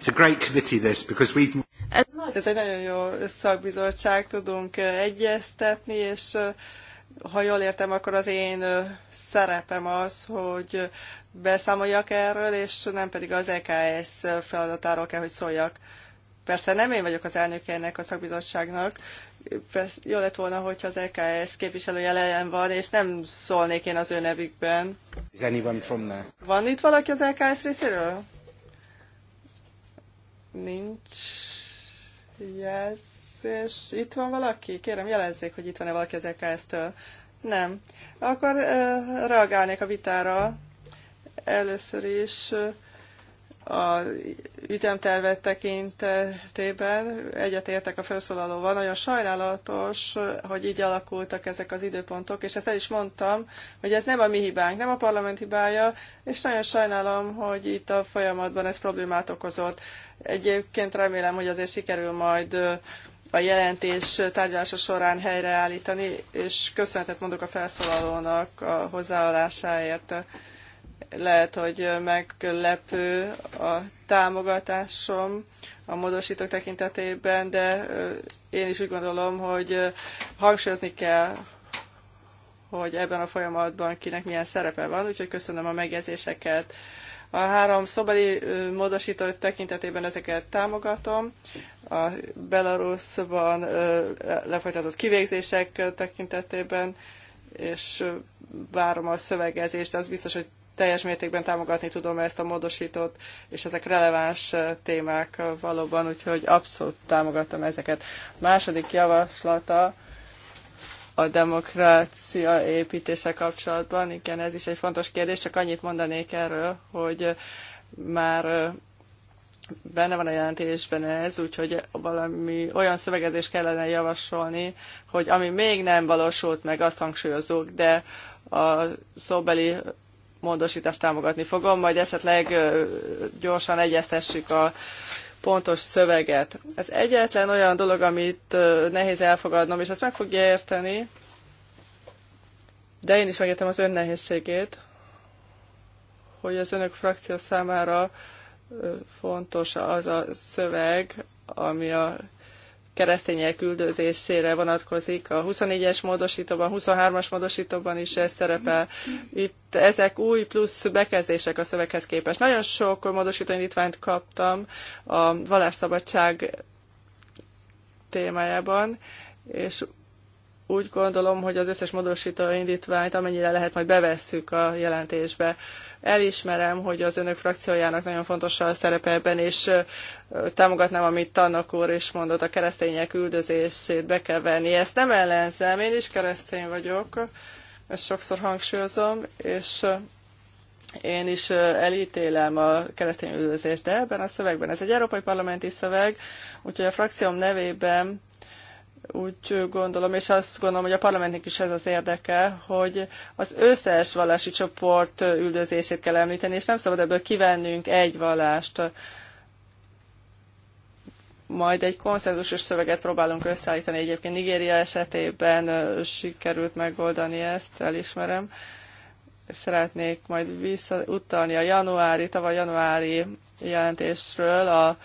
It's a great committee this because we've ez Tehát egy nagyon jó szakbizottság, tudunk egyeztetni, és ha jól értem, akkor az én szerepem az, hogy beszámoljak erről, és nem pedig az EKS feladatáról kell, hogy szóljak. Persze nem én vagyok az elnök ennek a szakbizottságnak, Persze, jó lett volna, hogyha az EKS képviselője jelen van, és nem szólnék én az ő nevükben. Van itt valaki az EKS részéről? Nincs és Itt van valaki? Kérem, jelezzék, hogy itt van-e valaki az EKS-től. Nem. Akkor uh, reagálnék a vitára. Először is uh, a ütemtervet tekintetében egyetértek a felszólalóval. Nagyon sajnálatos, hogy így alakultak ezek az időpontok, és ezt el is mondtam, hogy ez nem a mi hibánk, nem a parlament hibája, és nagyon sajnálom, hogy itt a folyamatban ez problémát okozott. Egyébként remélem, hogy azért sikerül majd a jelentés tárgyalása során helyreállítani, és köszönetet mondok a felszólalónak a hozzáállásáért. Lehet, hogy meglepő a támogatásom a módosítók tekintetében, de én is úgy gondolom, hogy hangsúlyozni kell, hogy ebben a folyamatban kinek milyen szerepe van, úgyhogy köszönöm a megjegyzéseket. A három szobeli módosító tekintetében ezeket támogatom. A Belarusban lefolytatott kivégzések tekintetében, és várom a szövegezést, az biztos, hogy teljes mértékben támogatni tudom ezt a módosítót, és ezek releváns témák valóban, úgyhogy abszolút támogatom ezeket. Második javaslata a demokrácia építése kapcsolatban, igen, ez is egy fontos kérdés, csak annyit mondanék erről, hogy már benne van a jelentésben ez, úgyhogy valami olyan szövegezést kellene javasolni, hogy ami még nem valósult meg, azt hangsúlyozunk, de a szóbeli módosítást támogatni fogom, majd esetleg gyorsan egyeztessük a pontos szöveget. Ez egyetlen olyan dolog, amit nehéz elfogadnom, és ezt meg fogja érteni, de én is megértem az ön nehézségét, hogy az önök frakció számára fontos az a szöveg, ami a keresztények üldözésére vonatkozik. A 24-es módosítóban, 23-as módosítóban is ez szerepel. Itt ezek új plusz bekezdések a szöveghez képest. Nagyon sok módosító indítványt kaptam a vallásszabadság témájában, és úgy gondolom, hogy az összes módosító indítványt, amennyire lehet, majd bevesszük a jelentésbe. Elismerem, hogy az önök frakciójának nagyon fontos a szerepe ebben, és támogatnám, amit Tannak úr is mondott, a keresztények üldözését be kell venni. Ezt nem ellenzem, én is keresztény vagyok, ezt sokszor hangsúlyozom, és én is elítélem a keresztény üldözést, de ebben a szövegben, ez egy európai parlamenti szöveg, úgyhogy a frakcióm nevében úgy gondolom, és azt gondolom, hogy a parlamentnek is ez az érdeke, hogy az összes vallási csoport üldözését kell említeni, és nem szabad ebből kivennünk egy vallást. Majd egy konszenzusos szöveget próbálunk összeállítani. Egyébként Nigéria esetében sikerült megoldani ezt, elismerem. Szeretnék majd visszautalni a januári, tavaly januári jelentésről a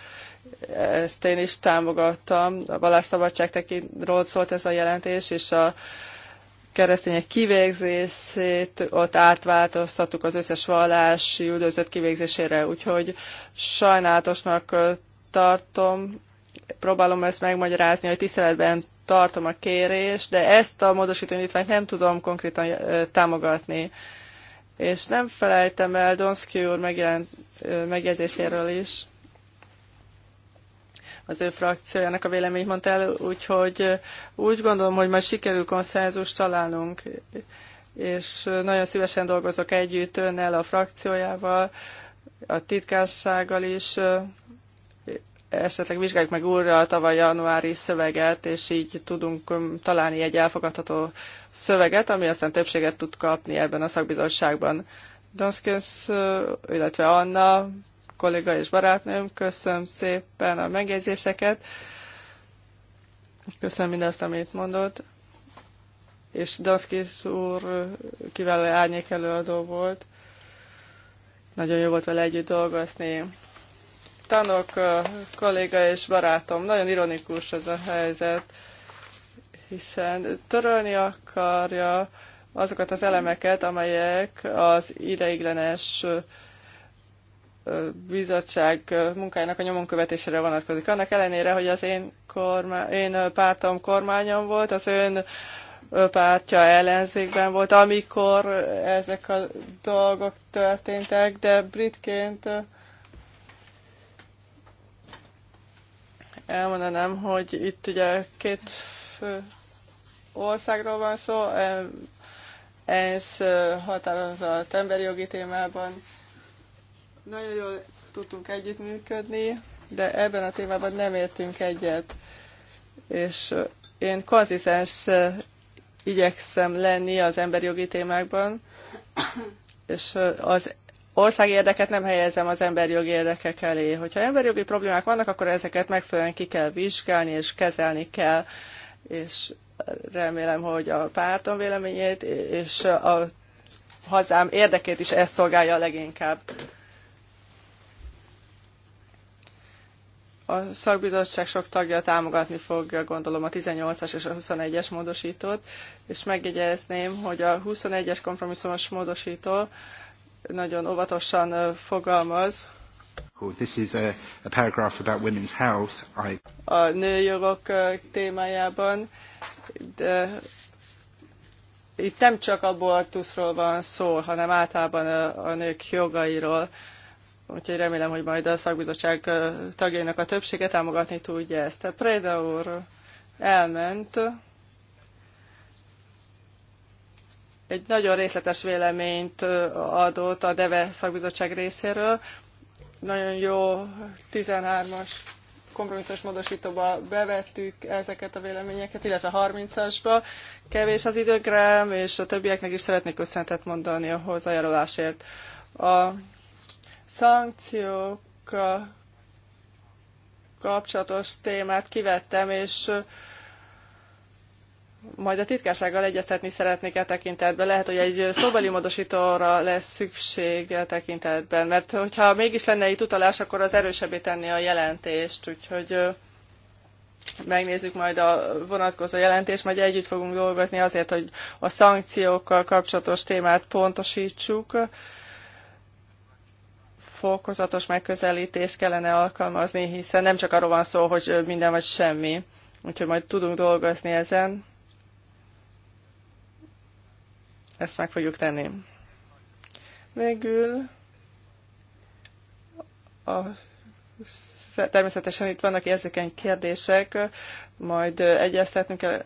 ezt én is támogattam. A vallásszabadság tekintről szólt ez a jelentés, és a keresztények kivégzését, ott átváltoztattuk az összes vallási üldözött kivégzésére, úgyhogy sajnálatosnak tartom, próbálom ezt megmagyarázni, hogy tiszteletben tartom a kérést, de ezt a módosító indítványt nem tudom konkrétan támogatni. És nem felejtem el Donszki úr megjegyzéséről is, az ő frakciójának a véleményt mondta el, úgyhogy úgy gondolom, hogy majd sikerül konszenzus találnunk, és nagyon szívesen dolgozok együtt önnel, a frakciójával, a titkársággal is, esetleg vizsgáljuk meg újra a tavaly januári szöveget, és így tudunk találni egy elfogadható szöveget, ami aztán többséget tud kapni ebben a szakbizottságban. Donskens, illetve Anna kolléga és barátnőm. Köszönöm szépen a megjegyzéseket. Köszönöm mindazt, amit mondott. És Daszkis úr kiváló árnyék előadó volt. Nagyon jó volt vele együtt dolgozni. Tanok kolléga és barátom, nagyon ironikus ez a helyzet, hiszen törölni akarja azokat az elemeket, amelyek az ideiglenes bizottság munkájának a nyomon követésére vonatkozik. Annak ellenére, hogy az én, kormány, én pártom kormányon volt, az ön pártja ellenzékben volt, amikor ezek a dolgok történtek, de britként elmondanám, hogy itt ugye két fő országról van szó, ez határozott emberi jogi témában, nagyon jól tudtunk együttműködni, de ebben a témában nem értünk egyet. És én konzisztens igyekszem lenni az emberjogi témákban, és az ország érdeket nem helyezem az emberjogi érdekek elé. Hogyha emberjogi problémák vannak, akkor ezeket megfelelően ki kell vizsgálni és kezelni kell, és remélem, hogy a pártom véleményét és a hazám érdekét is ezt szolgálja leginkább. A szakbizottság sok tagja támogatni fogja, gondolom, a 18-as és a 21-es módosítót, és megjegyezném, hogy a 21-es kompromisszumos módosító nagyon óvatosan fogalmaz, This is a, a paragraph about women's health. I... A nőjogok témájában, de itt nem csak abortuszról van szó, hanem általában a, a nők jogairól. Úgyhogy remélem, hogy majd a szakbizottság tagjainak a többsége támogatni tudja ezt. A Preda úr elment. Egy nagyon részletes véleményt adott a DEVE szakbizottság részéről. Nagyon jó 13-as kompromisszós módosítóba bevettük ezeket a véleményeket, illetve 30-asba. Kevés az időgrám, és a többieknek is szeretnék köszönetet mondani a hozzájárulásért. A szankciókkal kapcsolatos témát kivettem, és majd a titkársággal egyeztetni szeretnék e tekintetben. Lehet, hogy egy szóbeli módosítóra lesz szükség e tekintetben, mert hogyha mégis lenne itt utalás, akkor az erősebbé tenni a jelentést, úgyhogy megnézzük majd a vonatkozó jelentést, majd együtt fogunk dolgozni azért, hogy a szankciókkal kapcsolatos témát pontosítsuk fokozatos megközelítést kellene alkalmazni, hiszen nem csak arról van szó, hogy minden vagy semmi. Úgyhogy majd tudunk dolgozni ezen. Ezt meg fogjuk tenni. Végül a, természetesen itt vannak érzékeny kérdések, majd egyeztetnünk kell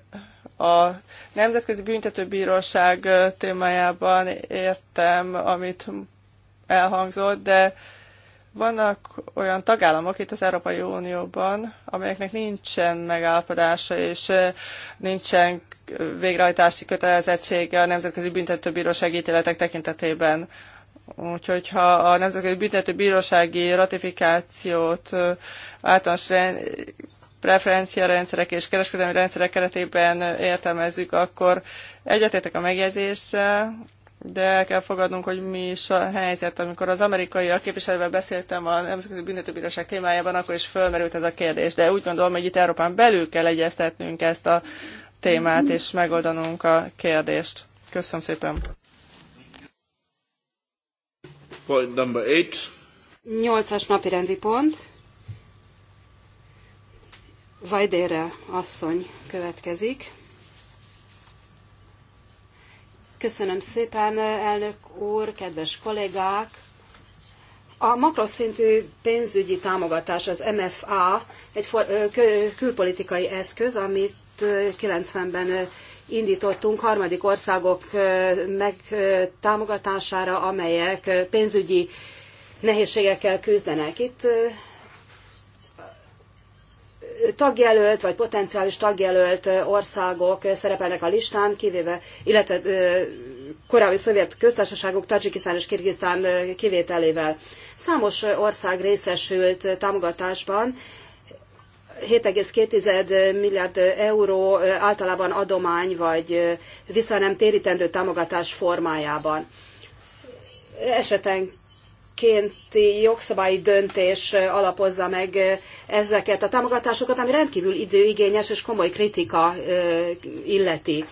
a Nemzetközi Büntetőbíróság témájában értem, amit elhangzott, de vannak olyan tagállamok itt az Európai Unióban, amelyeknek nincsen megállapodása és nincsen végrehajtási kötelezettsége a Nemzetközi Büntetőbíróság ítéletek tekintetében. Úgyhogy ha a Nemzetközi Büntetőbírósági ratifikációt általános preferencia rendszerek és kereskedelmi rendszerek keretében értelmezzük, akkor egyetértek a megjegyzéssel, de el kell fogadnunk, hogy mi is a helyzet. Amikor az amerikai a képviselővel beszéltem a Nemzetközi Büntetőbíróság témájában, akkor is fölmerült ez a kérdés, de úgy gondolom, hogy itt Európán belül kell egyeztetnünk ezt a témát, és megoldanunk a kérdést. Köszönöm szépen. Point number eight. Nyolcas napi rendi pont. Vajdére asszony következik. Köszönöm szépen, elnök úr, kedves kollégák! A makroszintű pénzügyi támogatás, az MFA, egy külpolitikai eszköz, amit 90-ben indítottunk harmadik országok megtámogatására, amelyek pénzügyi nehézségekkel küzdenek. Itt tagjelölt vagy potenciális tagjelölt országok szerepelnek a listán, kivéve, illetve korábbi szovjet köztársaságok, Tadzsikisztán és Kirgisztán kivételével. Számos ország részesült támogatásban, 7,2 milliárd euró általában adomány vagy vissza nem térítendő támogatás formájában. Esetenként kénti jogszabályi döntés alapozza meg ezeket a támogatásokat, ami rendkívül időigényes és komoly kritika illeti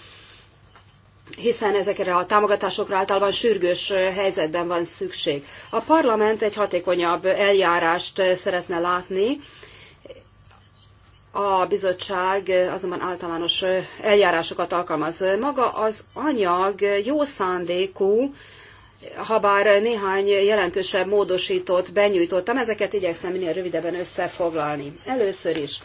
hiszen ezekre a támogatásokra általában sürgős helyzetben van szükség. A parlament egy hatékonyabb eljárást szeretne látni, a bizottság azonban általános eljárásokat alkalmaz. Maga az anyag jó szándékú, habár néhány jelentősebb módosítót benyújtottam, ezeket igyekszem minél rövidebben összefoglalni. Először is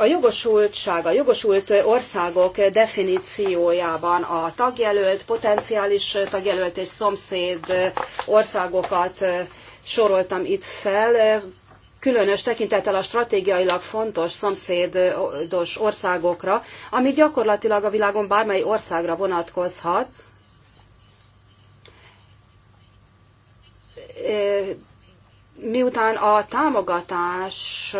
a jogosultság, a jogosult országok definíciójában a tagjelölt, potenciális tagjelölt és szomszéd országokat soroltam itt fel, különös tekintettel a stratégiailag fontos szomszédos országokra, ami gyakorlatilag a világon bármely országra vonatkozhat, miután a támogatás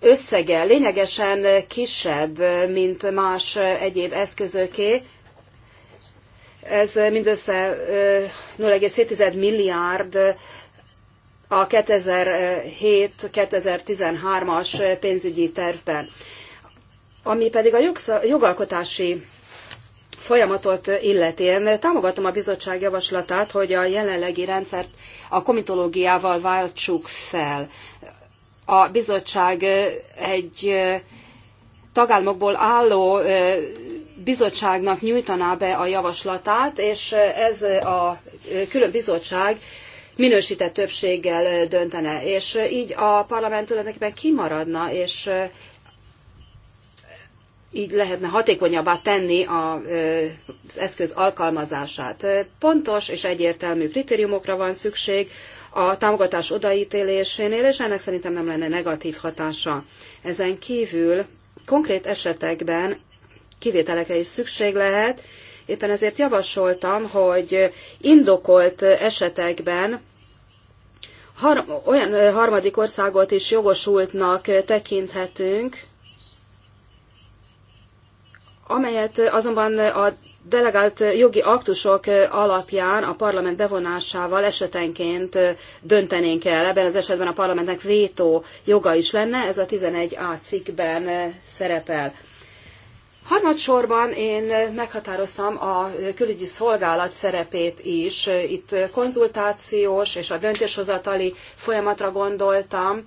összege lényegesen kisebb, mint más egyéb eszközöké, ez mindössze 0,7 milliárd a 2007-2013-as pénzügyi tervben. Ami pedig a jogalkotási folyamatot illeti. Én támogatom a bizottság javaslatát, hogy a jelenlegi rendszert a komitológiával váltsuk fel. A bizottság egy tagállamokból álló bizottságnak nyújtaná be a javaslatát, és ez a külön bizottság minősített többséggel döntene. És így a parlament tulajdonképpen kimaradna, és így lehetne hatékonyabbá tenni az eszköz alkalmazását. Pontos és egyértelmű kritériumokra van szükség a támogatás odaítélésénél, és ennek szerintem nem lenne negatív hatása. Ezen kívül konkrét esetekben kivételekre is szükség lehet, éppen ezért javasoltam, hogy indokolt esetekben olyan harmadik országot is jogosultnak tekinthetünk, amelyet azonban a delegált jogi aktusok alapján a parlament bevonásával esetenként döntenénk el. Ebben az esetben a parlamentnek vétó joga is lenne, ez a 11A cikkben szerepel. Harmadsorban én meghatároztam a külügyi szolgálat szerepét is. Itt konzultációs és a döntéshozatali folyamatra gondoltam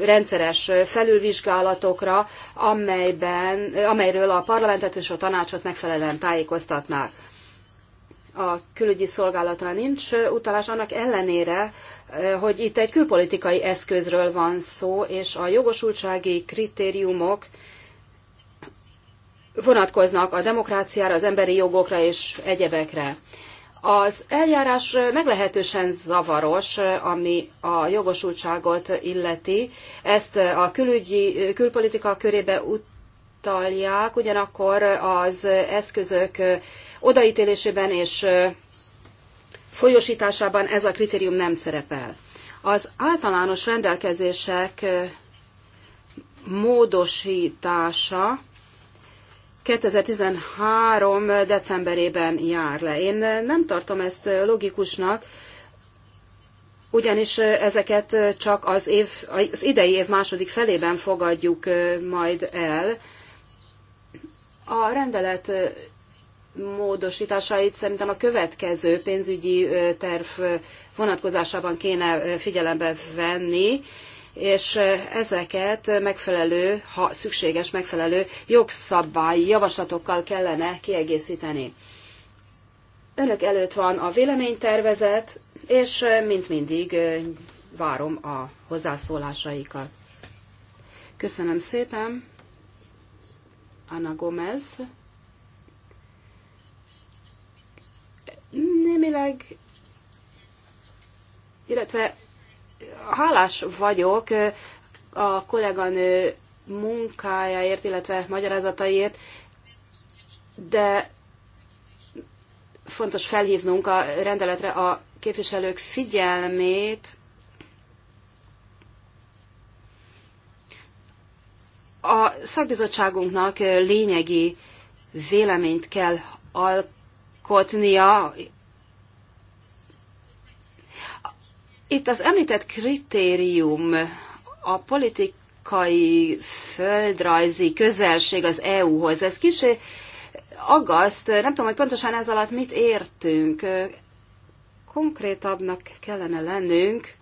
rendszeres felülvizsgálatokra, amelyben, amelyről a parlamentet és a tanácsot megfelelően tájékoztatnák. A külügyi szolgálatra nincs utalás, annak ellenére, hogy itt egy külpolitikai eszközről van szó, és a jogosultsági kritériumok vonatkoznak a demokráciára, az emberi jogokra és egyebekre. Az eljárás meglehetősen zavaros, ami a jogosultságot illeti. Ezt a külügyi, külpolitika körébe utalják, ugyanakkor az eszközök odaítélésében és folyosításában ez a kritérium nem szerepel. Az általános rendelkezések módosítása 2013. decemberében jár le. Én nem tartom ezt logikusnak, ugyanis ezeket csak az, év, az idei év második felében fogadjuk majd el. A rendelet módosításait szerintem a következő pénzügyi terv vonatkozásában kéne figyelembe venni, és ezeket megfelelő, ha szükséges, megfelelő jogszabályi javaslatokkal kellene kiegészíteni. Önök előtt van a véleménytervezet, és mint mindig várom a hozzászólásaikat. Köszönöm szépen. Anna Gomez. Némileg, illetve hálás vagyok a kolléganő munkájáért, illetve magyarázataiért, de fontos felhívnunk a rendeletre a képviselők figyelmét, A szakbizottságunknak lényegi véleményt kell alkotnia, Itt az említett kritérium a politikai földrajzi közelség az EU-hoz. Ez kicsi agaszt. nem tudom, hogy pontosan ez alatt mit értünk. Konkrétabbnak kellene lennünk,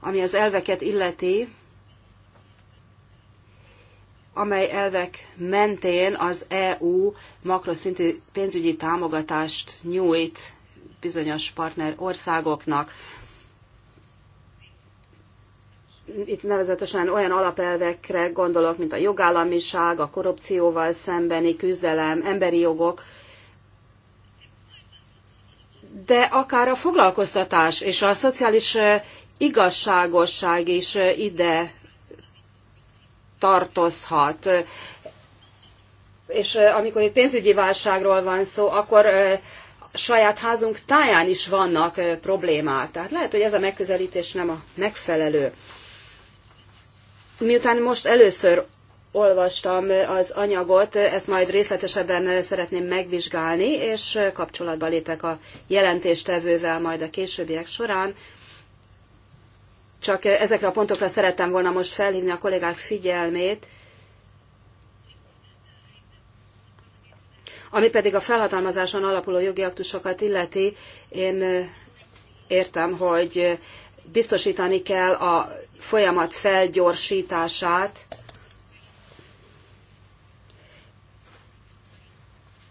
ami az elveket illeti, amely elvek mentén az EU makroszintű pénzügyi támogatást nyújt bizonyos partner országoknak itt nevezetesen olyan alapelvekre gondolok, mint a jogállamiság, a korrupcióval szembeni küzdelem, emberi jogok, de akár a foglalkoztatás és a szociális igazságosság is ide tartozhat. És amikor itt pénzügyi válságról van szó, akkor saját házunk táján is vannak problémák. Tehát lehet, hogy ez a megközelítés nem a megfelelő. Miután most először olvastam az anyagot, ezt majd részletesebben szeretném megvizsgálni, és kapcsolatba lépek a jelentéstevővel majd a későbbiek során. Csak ezekre a pontokra szerettem volna most felhívni a kollégák figyelmét, Ami pedig a felhatalmazáson alapuló jogi aktusokat illeti, én értem, hogy biztosítani kell a folyamat felgyorsítását,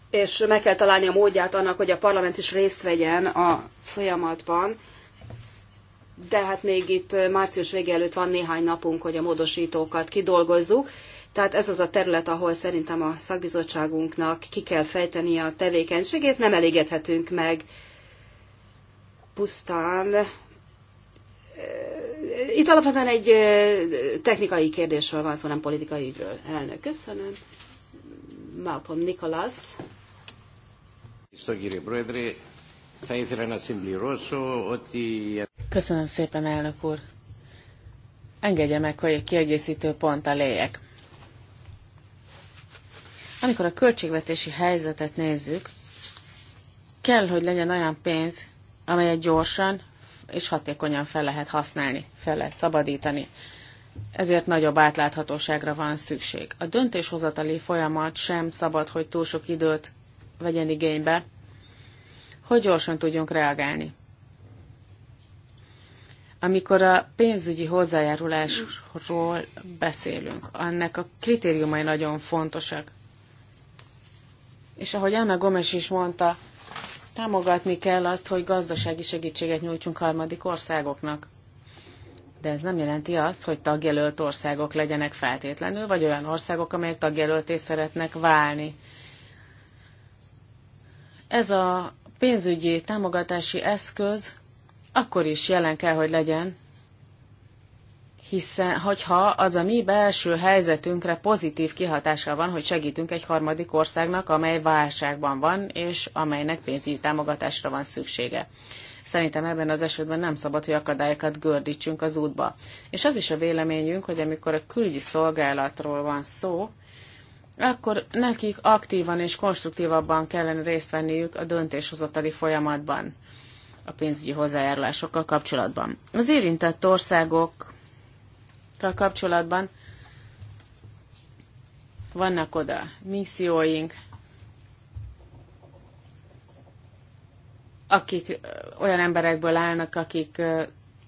és meg kell találni a módját annak, hogy a parlament is részt vegyen a folyamatban. De hát még itt március vége előtt van néhány napunk, hogy a módosítókat kidolgozzuk. Tehát ez az a terület, ahol szerintem a szakbizottságunknak ki kell fejteni a tevékenységét, nem elégedhetünk meg pusztán itt alapvetően egy technikai kérdésről van szó, nem politikai ügyről. Elnök, köszönöm. Malcolm Nicholas. Köszönöm szépen, elnök úr. Engedje meg, hogy egy kiegészítő pont léjek. Amikor a költségvetési helyzetet nézzük, kell, hogy legyen olyan pénz, amelyet gyorsan, és hatékonyan fel lehet használni, fel lehet szabadítani. Ezért nagyobb átláthatóságra van szükség. A döntéshozatali folyamat sem szabad, hogy túl sok időt vegyen igénybe, hogy gyorsan tudjunk reagálni. Amikor a pénzügyi hozzájárulásról beszélünk, annak a kritériumai nagyon fontosak. És ahogy Anna Gomes is mondta, Támogatni kell azt, hogy gazdasági segítséget nyújtsunk harmadik országoknak. De ez nem jelenti azt, hogy tagjelölt országok legyenek feltétlenül, vagy olyan országok, amelyek tagjelölté szeretnek válni. Ez a pénzügyi támogatási eszköz akkor is jelen kell, hogy legyen, hiszen hogyha az a mi belső helyzetünkre pozitív kihatással van, hogy segítünk egy harmadik országnak, amely válságban van, és amelynek pénzügyi támogatásra van szüksége. Szerintem ebben az esetben nem szabad, hogy akadályokat gördítsünk az útba. És az is a véleményünk, hogy amikor a külügyi szolgálatról van szó, akkor nekik aktívan és konstruktívabban kellene részt venniük a döntéshozatali folyamatban a pénzügyi hozzájárulásokkal kapcsolatban. Az érintett országok kapcsolatban vannak oda misszióink, akik olyan emberekből állnak, akik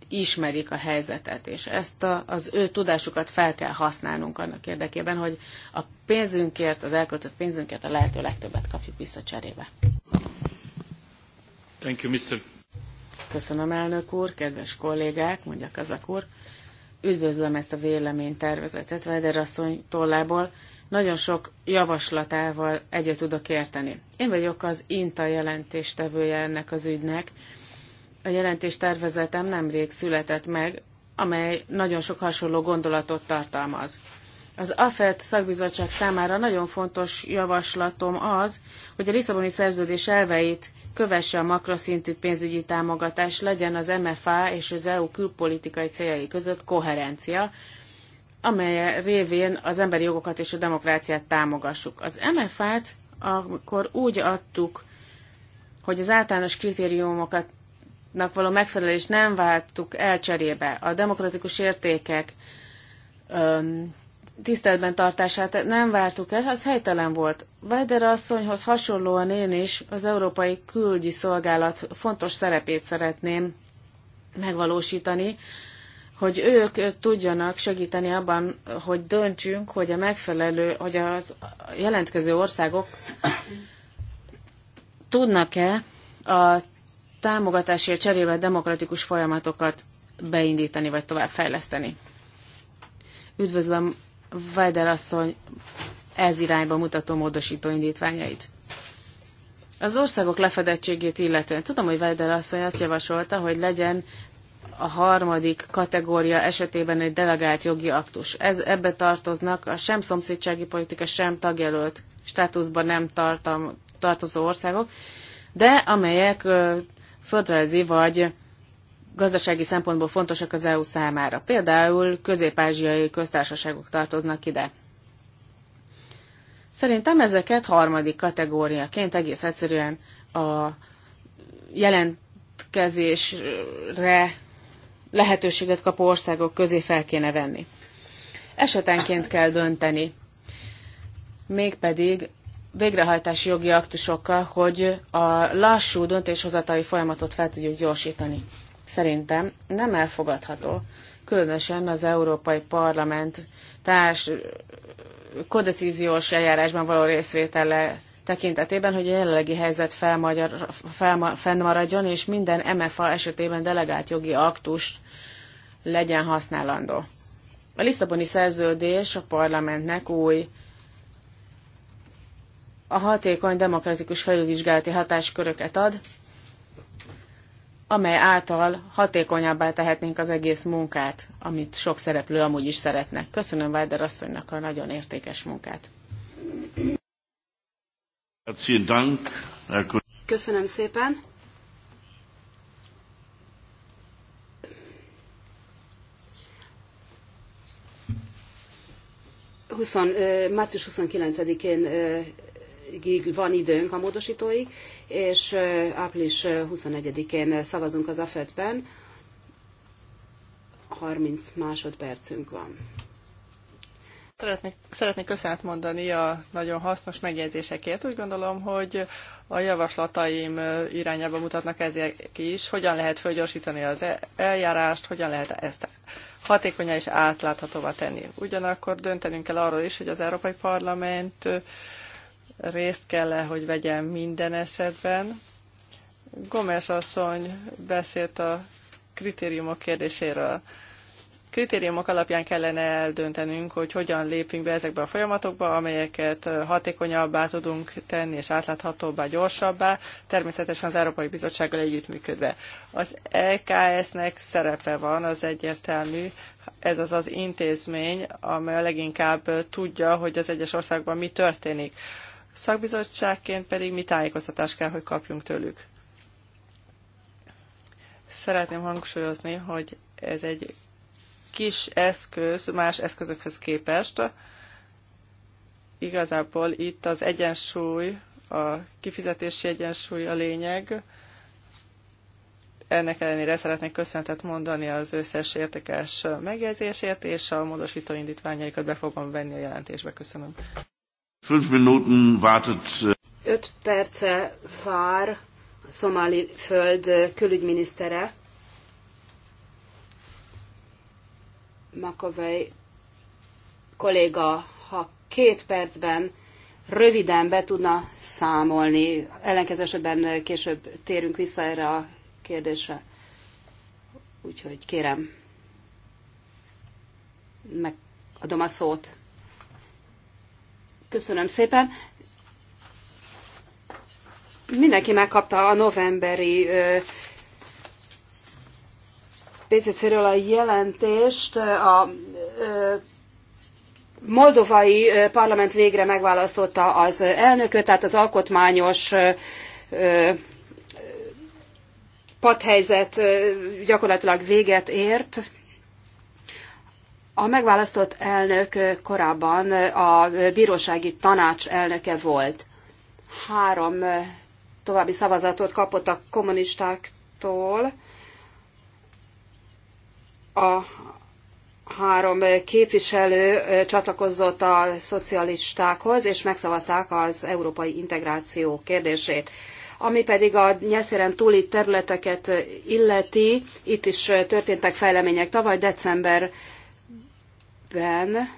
ismerik a helyzetet, és ezt a, az ő tudásukat fel kell használnunk annak érdekében, hogy a pénzünkért, az elköltött pénzünkért a lehető legtöbbet kapjuk vissza cserébe. Thank you, Mr. Köszönöm, elnök úr, kedves kollégák, mondja Kazak úr. Üdvözlöm ezt a véleménytervezetet Veder asszony tollából. Nagyon sok javaslatával egyet tudok érteni. Én vagyok az INTA jelentéstevője ennek az ügynek. A jelentéstervezetem nemrég született meg, amely nagyon sok hasonló gondolatot tartalmaz. Az AFET szakbizottság számára nagyon fontos javaslatom az, hogy a Lisszaboni szerződés elveit kövesse a makroszintű pénzügyi támogatás, legyen az MFA és az EU külpolitikai céljai között koherencia, amely révén az emberi jogokat és a demokráciát támogassuk. Az MFA-t akkor úgy adtuk, hogy az általános kritériumokat való megfelelés nem váltuk el cserébe. A demokratikus értékek öm, tiszteletben tartását nem vártuk el, az helytelen volt. Weider asszonyhoz hasonlóan én is az Európai Külügyi Szolgálat fontos szerepét szeretném megvalósítani, hogy ők tudjanak segíteni abban, hogy döntsünk, hogy a megfelelő, hogy az jelentkező országok tudnak-e a támogatásért cserébe demokratikus folyamatokat beindítani vagy továbbfejleszteni. Üdvözlöm Vajder asszony ez irányba mutató módosító indítványait. Az országok lefedettségét illetően tudom, hogy Vajder asszony azt javasolta, hogy legyen a harmadik kategória esetében egy delegált jogi aktus. Ez, ebbe tartoznak a sem szomszédsági politika, sem tagjelölt státuszban nem tartam, tartozó országok, de amelyek földrajzi vagy gazdasági szempontból fontosak az EU számára. Például közép-ázsiai köztársaságok tartoznak ide. Szerintem ezeket harmadik kategóriaként egész egyszerűen a jelentkezésre lehetőséget kapó országok közé fel kéne venni. Esetenként kell dönteni, mégpedig végrehajtási jogi aktusokkal, hogy a lassú döntéshozatai folyamatot fel tudjuk gyorsítani szerintem nem elfogadható, különösen az Európai Parlament társ kodecíziós eljárásban való részvétele tekintetében, hogy a jelenlegi helyzet felmagyar, felma, fennmaradjon, és minden MFA esetében delegált jogi aktus legyen használandó. A Lisszaboni szerződés a parlamentnek új a hatékony demokratikus felülvizsgálati hatásköröket ad, amely által hatékonyabbá tehetnénk az egész munkát, amit sok szereplő amúgy is szeretne. Köszönöm Vájder asszonynak a nagyon értékes munkát. Köszönöm szépen. Huszon, március 29-én van időnk a módosítóig, és április 21-én szavazunk az AFED-ben. 30 másodpercünk van. Szeretnék, szeretnék köszönet mondani a nagyon hasznos megjegyzésekért. Úgy gondolom, hogy a javaslataim irányába mutatnak ezek is, hogyan lehet fölgyorsítani az e- eljárást, hogyan lehet ezt hatékonyan és átláthatóvá tenni. Ugyanakkor döntenünk kell arról is, hogy az Európai Parlament részt kell -e, hogy vegyen minden esetben. Gomes asszony beszélt a kritériumok kérdéséről. Kritériumok alapján kellene eldöntenünk, hogy hogyan lépünk be ezekbe a folyamatokba, amelyeket hatékonyabbá tudunk tenni, és átláthatóbbá, gyorsabbá, természetesen az Európai Bizottsággal együttműködve. Az EKS-nek szerepe van, az egyértelmű, ez az az intézmény, amely a leginkább tudja, hogy az egyes országban mi történik szakbizottságként pedig mi tájékoztatást kell, hogy kapjunk tőlük. Szeretném hangsúlyozni, hogy ez egy kis eszköz más eszközökhöz képest. Igazából itt az egyensúly, a kifizetési egyensúly a lényeg. Ennek ellenére szeretnék köszöntet mondani az összes értékes megjegyzésért, és a módosító indítványaikat be fogom venni a jelentésbe. Köszönöm. Fünf Minuten wartet. Äh, Öt perce vár a szomáli föld äh, külügyminisztere. Makovej kolléga, ha két percben röviden be tudna számolni, ellenkező esetben äh, később térünk vissza erre a kérdésre. Úgyhogy kérem, megadom a szót. Köszönöm szépen. Mindenki megkapta a novemberi PCC-ről a jelentést. A moldovai parlament végre megválasztotta az elnököt, tehát az alkotmányos padhelyzet gyakorlatilag véget ért. A megválasztott elnök korábban a bírósági tanács elnöke volt. Három további szavazatot kapott a kommunistáktól. A három képviselő csatlakozott a szocialistákhoz, és megszavazták az európai integráció kérdését. Ami pedig a nyeszeren túli területeket illeti, itt is történtek fejlemények. Tavaly december évben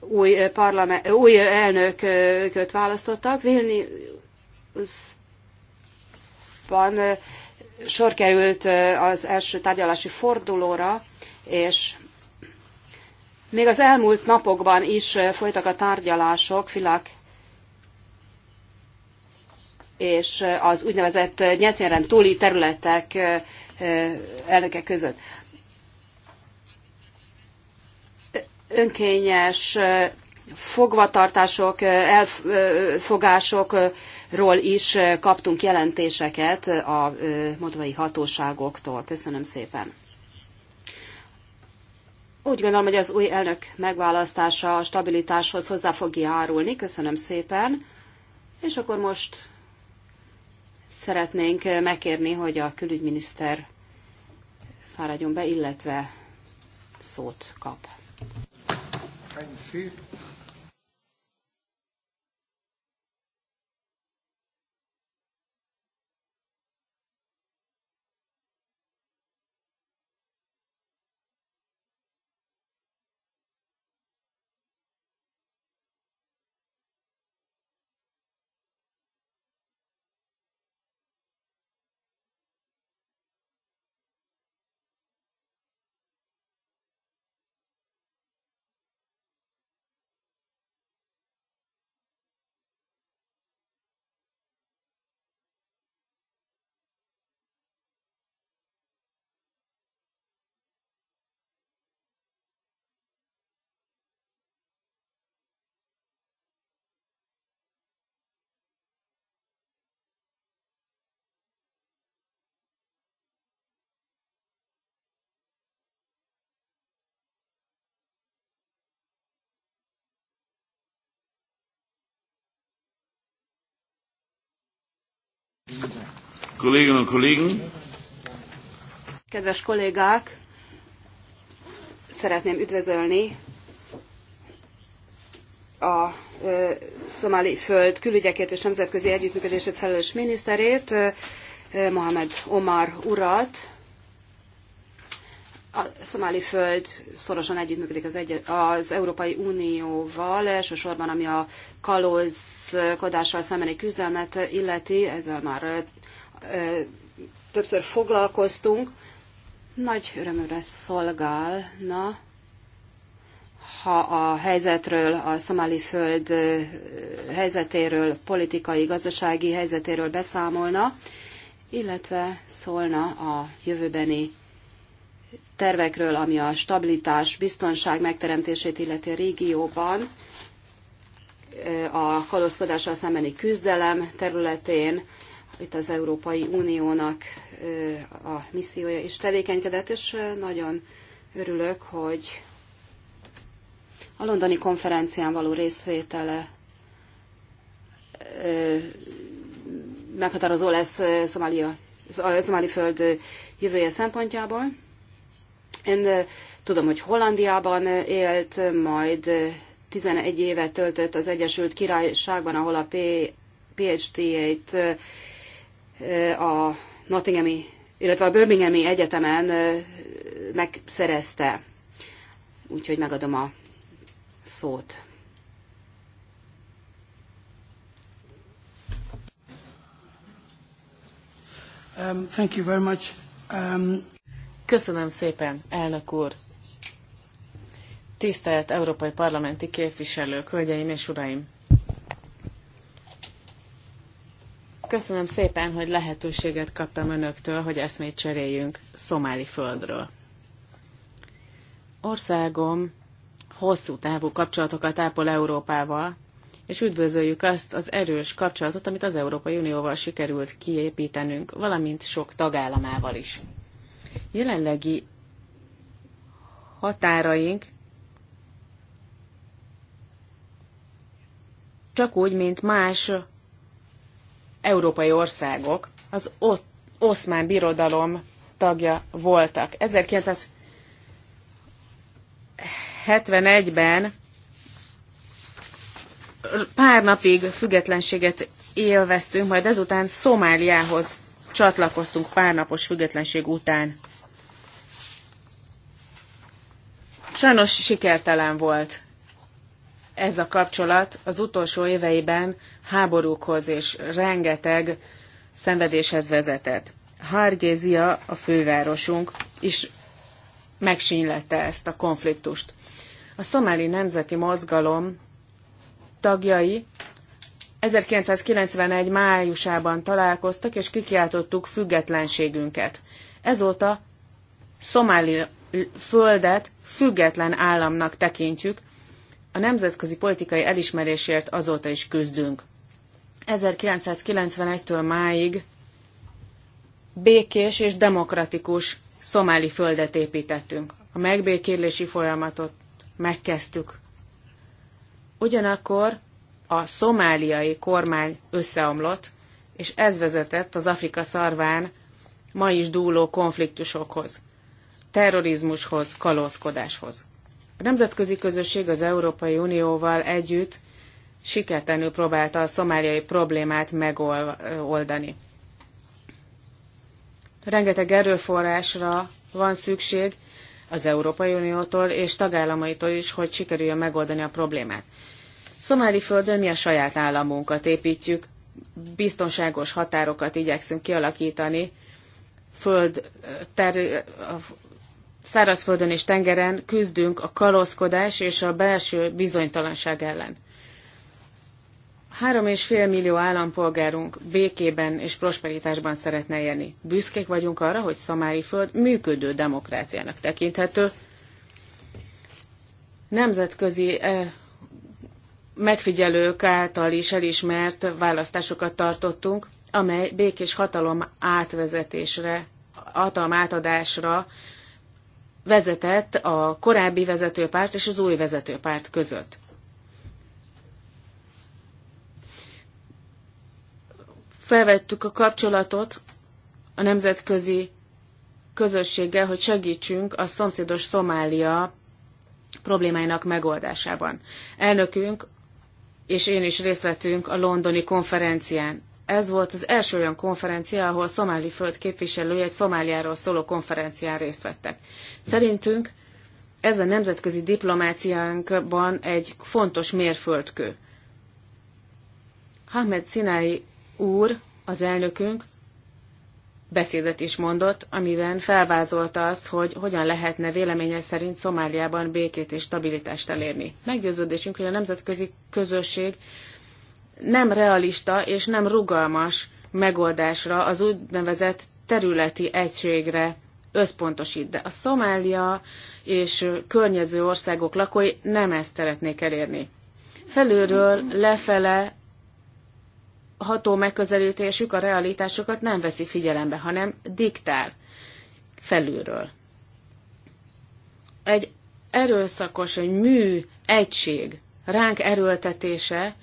új, eh, parlament, eh, új elnököt választottak. Vilniusban eh, sor került az első tárgyalási fordulóra, és még az elmúlt napokban is folytak a tárgyalások, Filak és az úgynevezett nyeszéren túli területek elnöke között. önkényes fogvatartások, elfogásokról is kaptunk jelentéseket a moldovai hatóságoktól. Köszönöm szépen. Úgy gondolom, hogy az új elnök megválasztása a stabilitáshoz hozzá fog járulni. Köszönöm szépen. És akkor most szeretnénk megkérni, hogy a külügyminiszter fáradjon be, illetve szót kap. Merci. Kolleginnen und Kollegen! Kedves kollégák! Szeretném üdvözölni a szomáli föld külügyekért és nemzetközi együttműködését felelős miniszterét, Mohamed Omar urat, a szomáli föld szorosan együttműködik az, egy, az Európai Unióval, elsősorban ami a kalózkodással szembeni küzdelmet illeti, ezzel már ö, ö, többször foglalkoztunk. Nagy örömömre szolgálna, ha a helyzetről, a szomáli föld helyzetéről, politikai, gazdasági helyzetéről beszámolna, illetve szólna a jövőbeni tervekről, ami a stabilitás, biztonság megteremtését illeti a régióban, a kalózkodással szembeni küzdelem területén, itt az Európai Uniónak a missziója is tevékenykedett, és nagyon örülök, hogy a londoni konferencián való részvétele meghatározó lesz Szomália, Szomáli föld jövője szempontjából. Én tudom, hogy Hollandiában élt, majd 11 évet töltött az Egyesült Királyságban, ahol a PhD-jét a Nottinghami, illetve a Birminghami Egyetemen megszerezte. Úgyhogy megadom a szót. Um, thank you very much. Um, Köszönöm szépen, elnök úr! Tisztelt Európai Parlamenti képviselők, hölgyeim és uraim! Köszönöm szépen, hogy lehetőséget kaptam önöktől, hogy eszmét cseréljünk szomáli földről. Országom hosszú távú kapcsolatokat ápol Európával, és üdvözöljük azt az erős kapcsolatot, amit az Európai Unióval sikerült kiépítenünk, valamint sok tagállamával is jelenlegi határaink csak úgy, mint más európai országok, az oszmán birodalom tagja voltak. 1971-ben pár napig függetlenséget élveztünk, majd ezután Szomáliához csatlakoztunk pár napos függetlenség után. Sajnos sikertelen volt ez a kapcsolat. Az utolsó éveiben háborúkhoz és rengeteg szenvedéshez vezetett. Hargézia, a fővárosunk, is megsínylette ezt a konfliktust. A szomáli nemzeti mozgalom tagjai 1991 májusában találkoztak, és kikiáltottuk függetlenségünket. Ezóta szomáli földet független államnak tekintjük, a nemzetközi politikai elismerésért azóta is küzdünk. 1991-től máig békés és demokratikus szomáli földet építettünk. A megbékélési folyamatot megkezdtük. Ugyanakkor a szomáliai kormány összeomlott, és ez vezetett az Afrika szarván ma is dúló konfliktusokhoz terrorizmushoz, kalózkodáshoz. A nemzetközi közösség az Európai Unióval együtt sikertelenül próbálta a szomáliai problémát megoldani. Rengeteg erőforrásra van szükség az Európai Uniótól és tagállamaitól is, hogy sikerüljön megoldani a problémát. Szomáli földön mi a saját államunkat építjük, biztonságos határokat igyekszünk kialakítani, föld ter- szárazföldön és tengeren küzdünk a kalózkodás és a belső bizonytalanság ellen. Három és fél millió állampolgárunk békében és prosperitásban szeretne élni. Büszkék vagyunk arra, hogy föld működő demokráciának tekinthető. Nemzetközi eh, megfigyelők által is elismert választásokat tartottunk, amely békés hatalom átvezetésre, hatalom átadásra vezetett a korábbi vezetőpárt és az új vezetőpárt között. Felvettük a kapcsolatot a nemzetközi közösséggel, hogy segítsünk a szomszédos Szomália problémáinak megoldásában. Elnökünk és én is részt vettünk a londoni konferencián ez volt az első olyan konferencia, ahol szomáli föld képviselői egy Szomáliáról szóló konferencián részt vettek. Szerintünk ez a nemzetközi diplomáciánkban egy fontos mérföldkő. Hamed Sinai úr, az elnökünk, beszédet is mondott, amiben felvázolta azt, hogy hogyan lehetne véleménye szerint Szomáliában békét és stabilitást elérni. Meggyőződésünk, hogy a nemzetközi közösség nem realista és nem rugalmas megoldásra, az úgynevezett területi egységre összpontosít. De a Szomália és környező országok lakói nem ezt szeretnék elérni. Felülről lefele ható megközelítésük a realitásokat nem veszi figyelembe, hanem diktál felülről. Egy erőszakos, egy mű egység ránk erőltetése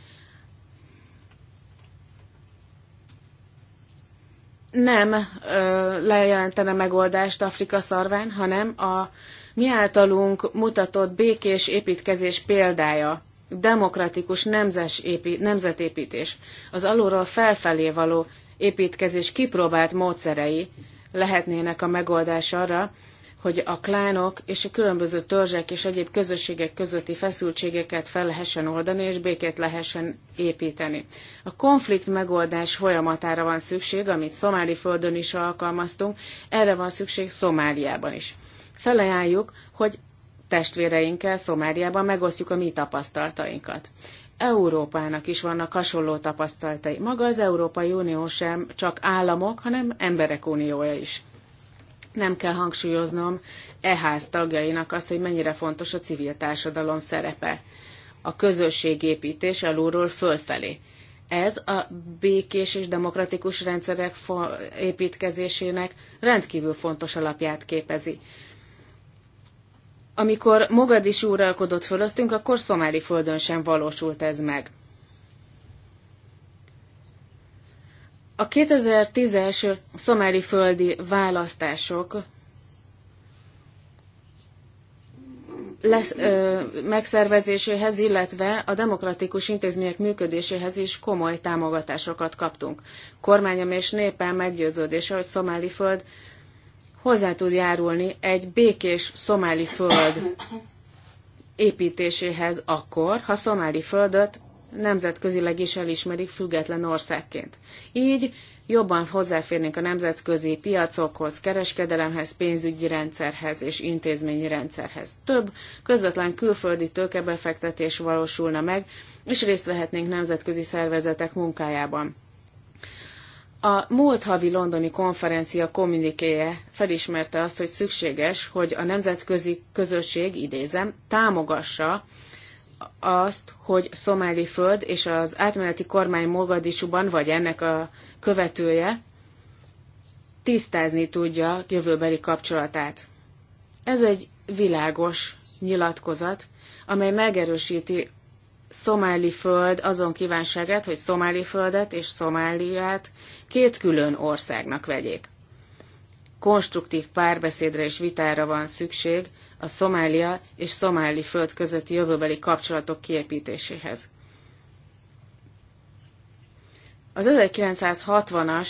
nem ö, lejelentene megoldást Afrika szarván, hanem a mi általunk mutatott békés építkezés példája, demokratikus nemzes épi, nemzetépítés, az alulról felfelé való építkezés kipróbált módszerei lehetnének a megoldás arra, hogy a klánok és a különböző törzsek és egyéb közösségek közötti feszültségeket fel lehessen oldani, és békét lehessen építeni. A konflikt megoldás folyamatára van szükség, amit szomáli földön is alkalmaztunk, erre van szükség Szomáliában is. Felajánljuk, hogy testvéreinkkel Szomáliában megosztjuk a mi tapasztalatainkat. Európának is vannak hasonló tapasztalatai. Maga az Európai Unió sem csak államok, hanem emberek uniója is nem kell hangsúlyoznom e ház tagjainak azt, hogy mennyire fontos a civil társadalom szerepe, a közösségépítés alulról fölfelé. Ez a békés és demokratikus rendszerek építkezésének rendkívül fontos alapját képezi. Amikor Mogadis uralkodott fölöttünk, akkor szomáli földön sem valósult ez meg. A 2010-es szomáli földi választások lesz, ö, megszervezéséhez, illetve a demokratikus intézmények működéséhez is komoly támogatásokat kaptunk. Kormányom és népem meggyőződése, hogy szomáli föld hozzá tud járulni egy békés szomáli föld építéséhez akkor, ha szomáli földet nemzetközileg is elismerik független országként. Így jobban hozzáférnénk a nemzetközi piacokhoz, kereskedelemhez, pénzügyi rendszerhez és intézményi rendszerhez. Több közvetlen külföldi tőkebefektetés valósulna meg, és részt vehetnénk nemzetközi szervezetek munkájában. A múlt havi londoni konferencia kommunikéje felismerte azt, hogy szükséges, hogy a nemzetközi közösség, idézem, támogassa azt, hogy szomáli föld és az átmeneti kormány Mogadisúban, vagy ennek a követője tisztázni tudja jövőbeli kapcsolatát. Ez egy világos nyilatkozat, amely megerősíti szomáli föld azon kívánságát, hogy szomáli földet és Szomáliát két külön országnak vegyék. Konstruktív párbeszédre és vitára van szükség a Szomália és Szomáli föld közötti jövőbeli kapcsolatok kiépítéséhez. Az 1960-as,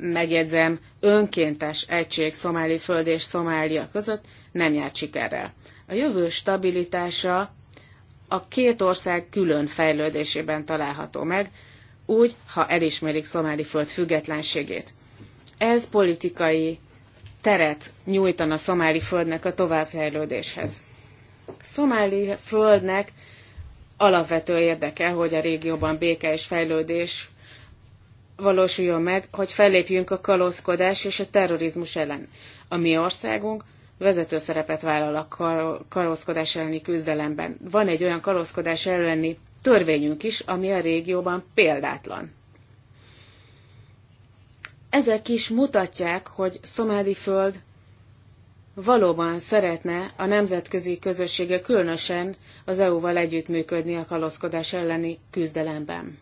megjegyzem, önkéntes egység Szomáli föld és Szomália között nem járt sikerrel. A jövő stabilitása a két ország külön fejlődésében található meg, úgy, ha elismerik Szomáli föld függetlenségét. Ez politikai teret nyújtan a szomáli földnek a továbbfejlődéshez. Szomáli földnek alapvető érdeke, hogy a régióban béke és fejlődés valósuljon meg, hogy fellépjünk a kalózkodás és a terrorizmus ellen. A mi országunk vezető szerepet vállal a kalózkodás elleni küzdelemben. Van egy olyan kalózkodás elleni törvényünk is, ami a régióban példátlan. Ezek is mutatják, hogy Szomáli föld valóban szeretne a nemzetközi közössége különösen az EU-val együttműködni a kalózkodás elleni küzdelemben.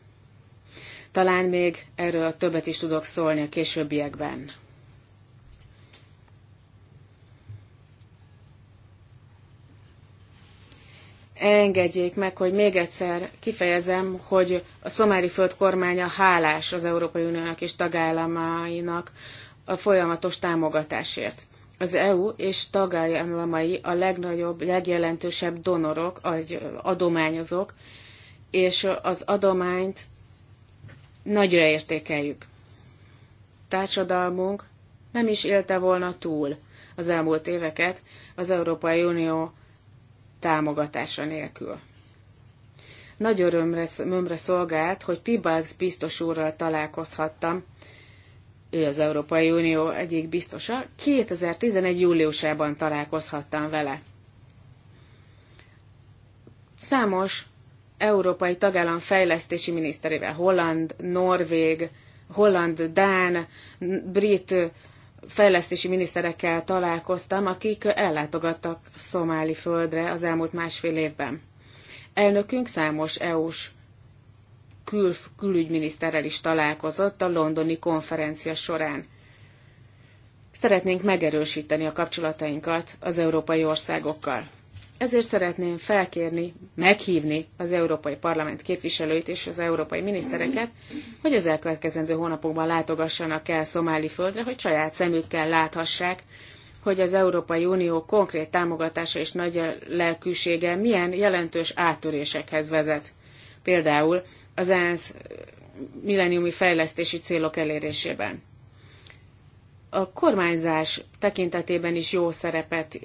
Talán még erről többet is tudok szólni a későbbiekben. engedjék meg, hogy még egyszer kifejezem, hogy a szomári föld kormánya hálás az Európai Uniónak és tagállamainak a folyamatos támogatásért. Az EU és tagállamai a legnagyobb, legjelentősebb donorok, adományozók, és az adományt nagyra értékeljük. Társadalmunk nem is élte volna túl az elmúlt éveket az Európai Unió támogatása nélkül. Nagy örömre, örömre szolgált, hogy Pibalx biztos úrral találkozhattam, ő az Európai Unió egyik biztosa, 2011. júliusában találkozhattam vele. Számos európai tagállam fejlesztési miniszterével, holland, norvég, holland, dán, brit, fejlesztési miniszterekkel találkoztam, akik ellátogattak szomáli földre az elmúlt másfél évben. Elnökünk számos EU-s kül, külügyminiszterrel is találkozott a londoni konferencia során. Szeretnénk megerősíteni a kapcsolatainkat az európai országokkal. Ezért szeretném felkérni, meghívni az Európai Parlament képviselőit és az európai minisztereket, hogy az elkövetkezendő hónapokban látogassanak el Szomáli földre, hogy saját szemükkel láthassák, hogy az Európai Unió konkrét támogatása és nagy lelkűsége milyen jelentős áttörésekhez vezet. Például az ENSZ milleniumi fejlesztési célok elérésében a kormányzás tekintetében is jó szerepet,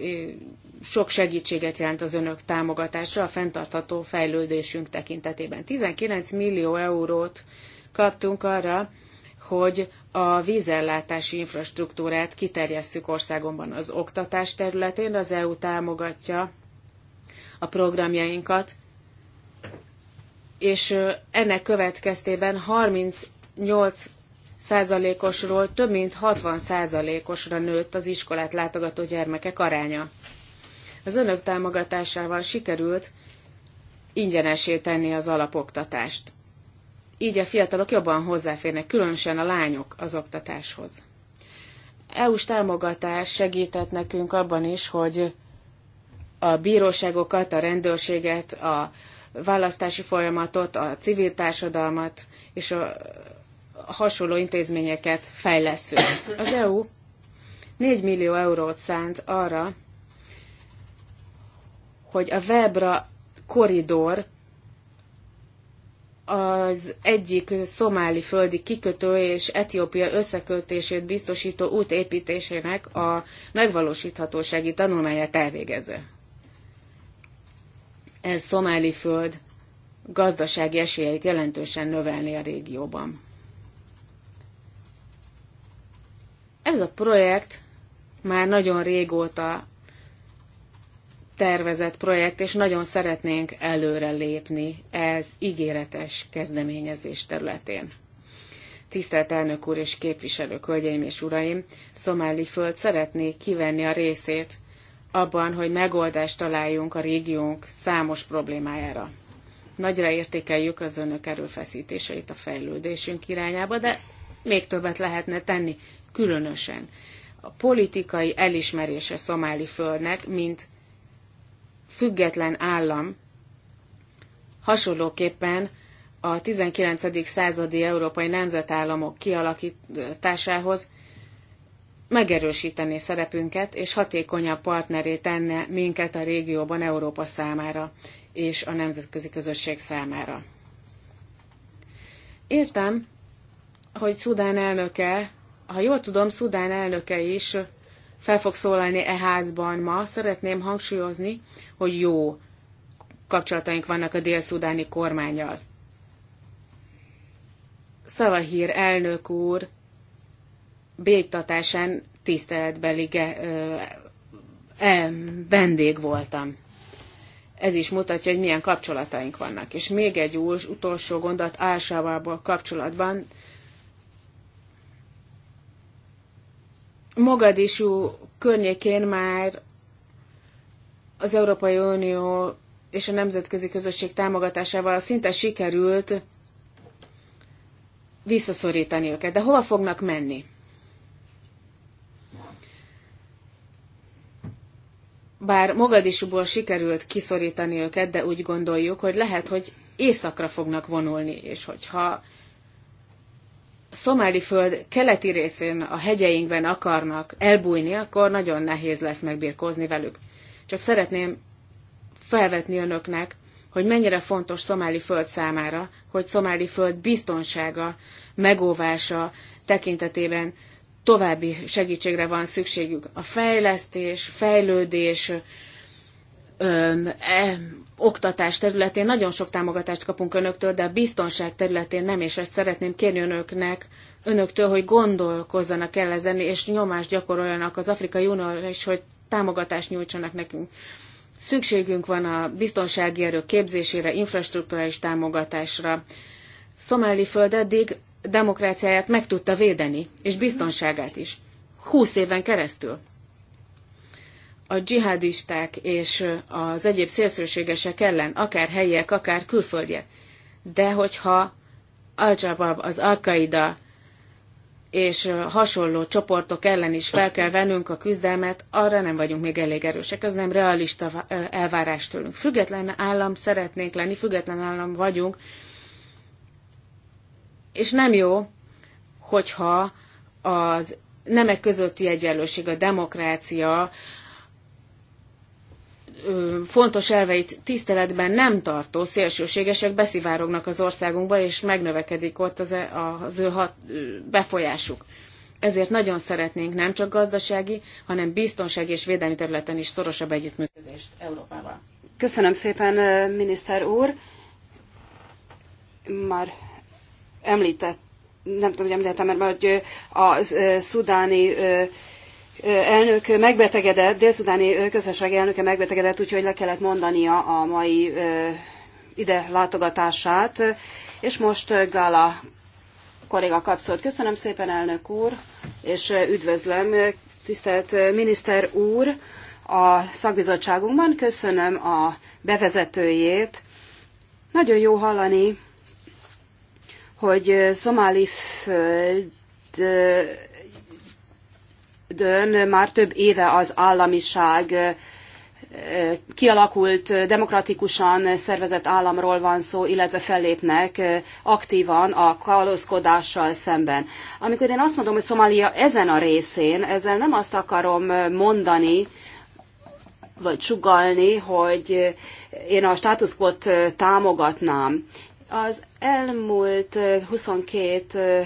sok segítséget jelent az önök támogatása a fenntartható fejlődésünk tekintetében. 19 millió eurót kaptunk arra, hogy a vízellátási infrastruktúrát kiterjesszük országomban az oktatás területén. Az EU támogatja a programjainkat, és ennek következtében 38 százalékosról több mint 60 százalékosra nőtt az iskolát látogató gyermekek aránya. Az önök támogatásával sikerült ingyenesé tenni az alapoktatást. Így a fiatalok jobban hozzáférnek, különösen a lányok az oktatáshoz. EU-s támogatás segített nekünk abban is, hogy a bíróságokat, a rendőrséget, a választási folyamatot, a civil társadalmat és a hasonló intézményeket fejleszünk. Az EU 4 millió eurót szánt arra, hogy a Webra koridor az egyik szomáli földi kikötő és Etiópia összekötését biztosító út építésének a megvalósíthatósági tanulmányát elvégezze. Ez szomáli föld gazdasági esélyeit jelentősen növelni a régióban. Ez a projekt már nagyon régóta tervezett projekt, és nagyon szeretnénk előre lépni ez ígéretes kezdeményezés területén. Tisztelt elnök úr és képviselők, hölgyeim és uraim, Szomáli föld szeretné kivenni a részét abban, hogy megoldást találjunk a régiónk számos problémájára. Nagyra értékeljük az önök erőfeszítéseit a fejlődésünk irányába, de még többet lehetne tenni különösen a politikai elismerése szomáli földnek, mint független állam, hasonlóképpen a 19. századi európai nemzetállamok kialakításához megerősíteni szerepünket, és hatékonyabb partneré tenne minket a régióban Európa számára és a nemzetközi közösség számára. Értem, hogy Szudán elnöke ha jól tudom, Szudán elnöke is fel fog szólalni e házban ma. Szeretném hangsúlyozni, hogy jó kapcsolataink vannak a dél-szudáni kormányjal. Szavahír elnök úr béktatásán tiszteletbeli e, vendég voltam. Ez is mutatja, hogy milyen kapcsolataink vannak. És még egy új, utolsó gondot Álsával kapcsolatban Mogadisú környékén már az Európai Unió és a nemzetközi közösség támogatásával szinte sikerült visszaszorítani őket. De hova fognak menni? Bár Mogadisúból sikerült kiszorítani őket, de úgy gondoljuk, hogy lehet, hogy északra fognak vonulni, és hogyha szomáli föld keleti részén, a hegyeinkben akarnak elbújni, akkor nagyon nehéz lesz megbirkózni velük. Csak szeretném felvetni önöknek, hogy mennyire fontos szomáli föld számára, hogy szomáli föld biztonsága, megóvása tekintetében további segítségre van szükségük. A fejlesztés, fejlődés, öm, oktatás területén nagyon sok támogatást kapunk önöktől, de a biztonság területén nem, és ezt szeretném kérni önöknek, önöktől, hogy gondolkozzanak el ezen, és nyomást gyakoroljanak az Afrikai Unióra is, hogy támogatást nyújtsanak nekünk. Szükségünk van a biztonsági erők képzésére, infrastruktúrális támogatásra. Szomáli föld eddig demokráciáját meg tudta védeni, és biztonságát is. Húsz éven keresztül a dzsihadisták és az egyéb szélsőségesek ellen, akár helyiek, akár külföldiek. De hogyha al az al és hasonló csoportok ellen is fel kell vennünk a küzdelmet, arra nem vagyunk még elég erősek. Ez nem realista elvárás tőlünk. Független állam szeretnénk lenni, független állam vagyunk, és nem jó, hogyha az nemek közötti egyenlőség, a demokrácia, fontos elveit tiszteletben nem tartó szélsőségesek beszivárognak az országunkba, és megnövekedik ott az, e, az ő hat, befolyásuk. Ezért nagyon szeretnénk nem csak gazdasági, hanem biztonsági és védelmi területen is szorosabb együttműködést Európával. Köszönöm szépen, miniszter úr. Már említett, nem tudom, hogy említettem, mert hogy a szudáni elnök megbetegedett, dél-szudáni közösség elnöke megbetegedett, úgyhogy le kellett mondania a mai ide látogatását, és most Gala kolléga kap szót. Köszönöm szépen, elnök úr, és üdvözlöm, tisztelt miniszter úr, a szakbizottságunkban. Köszönöm a bevezetőjét. Nagyon jó hallani, hogy szomáli föld dön már több éve az államiság kialakult, demokratikusan szervezett államról van szó, illetve fellépnek aktívan a kalózkodással szemben. Amikor én azt mondom, hogy Szomália ezen a részén, ezzel nem azt akarom mondani, vagy sugalni, hogy én a státuszkot támogatnám. Az elmúlt 22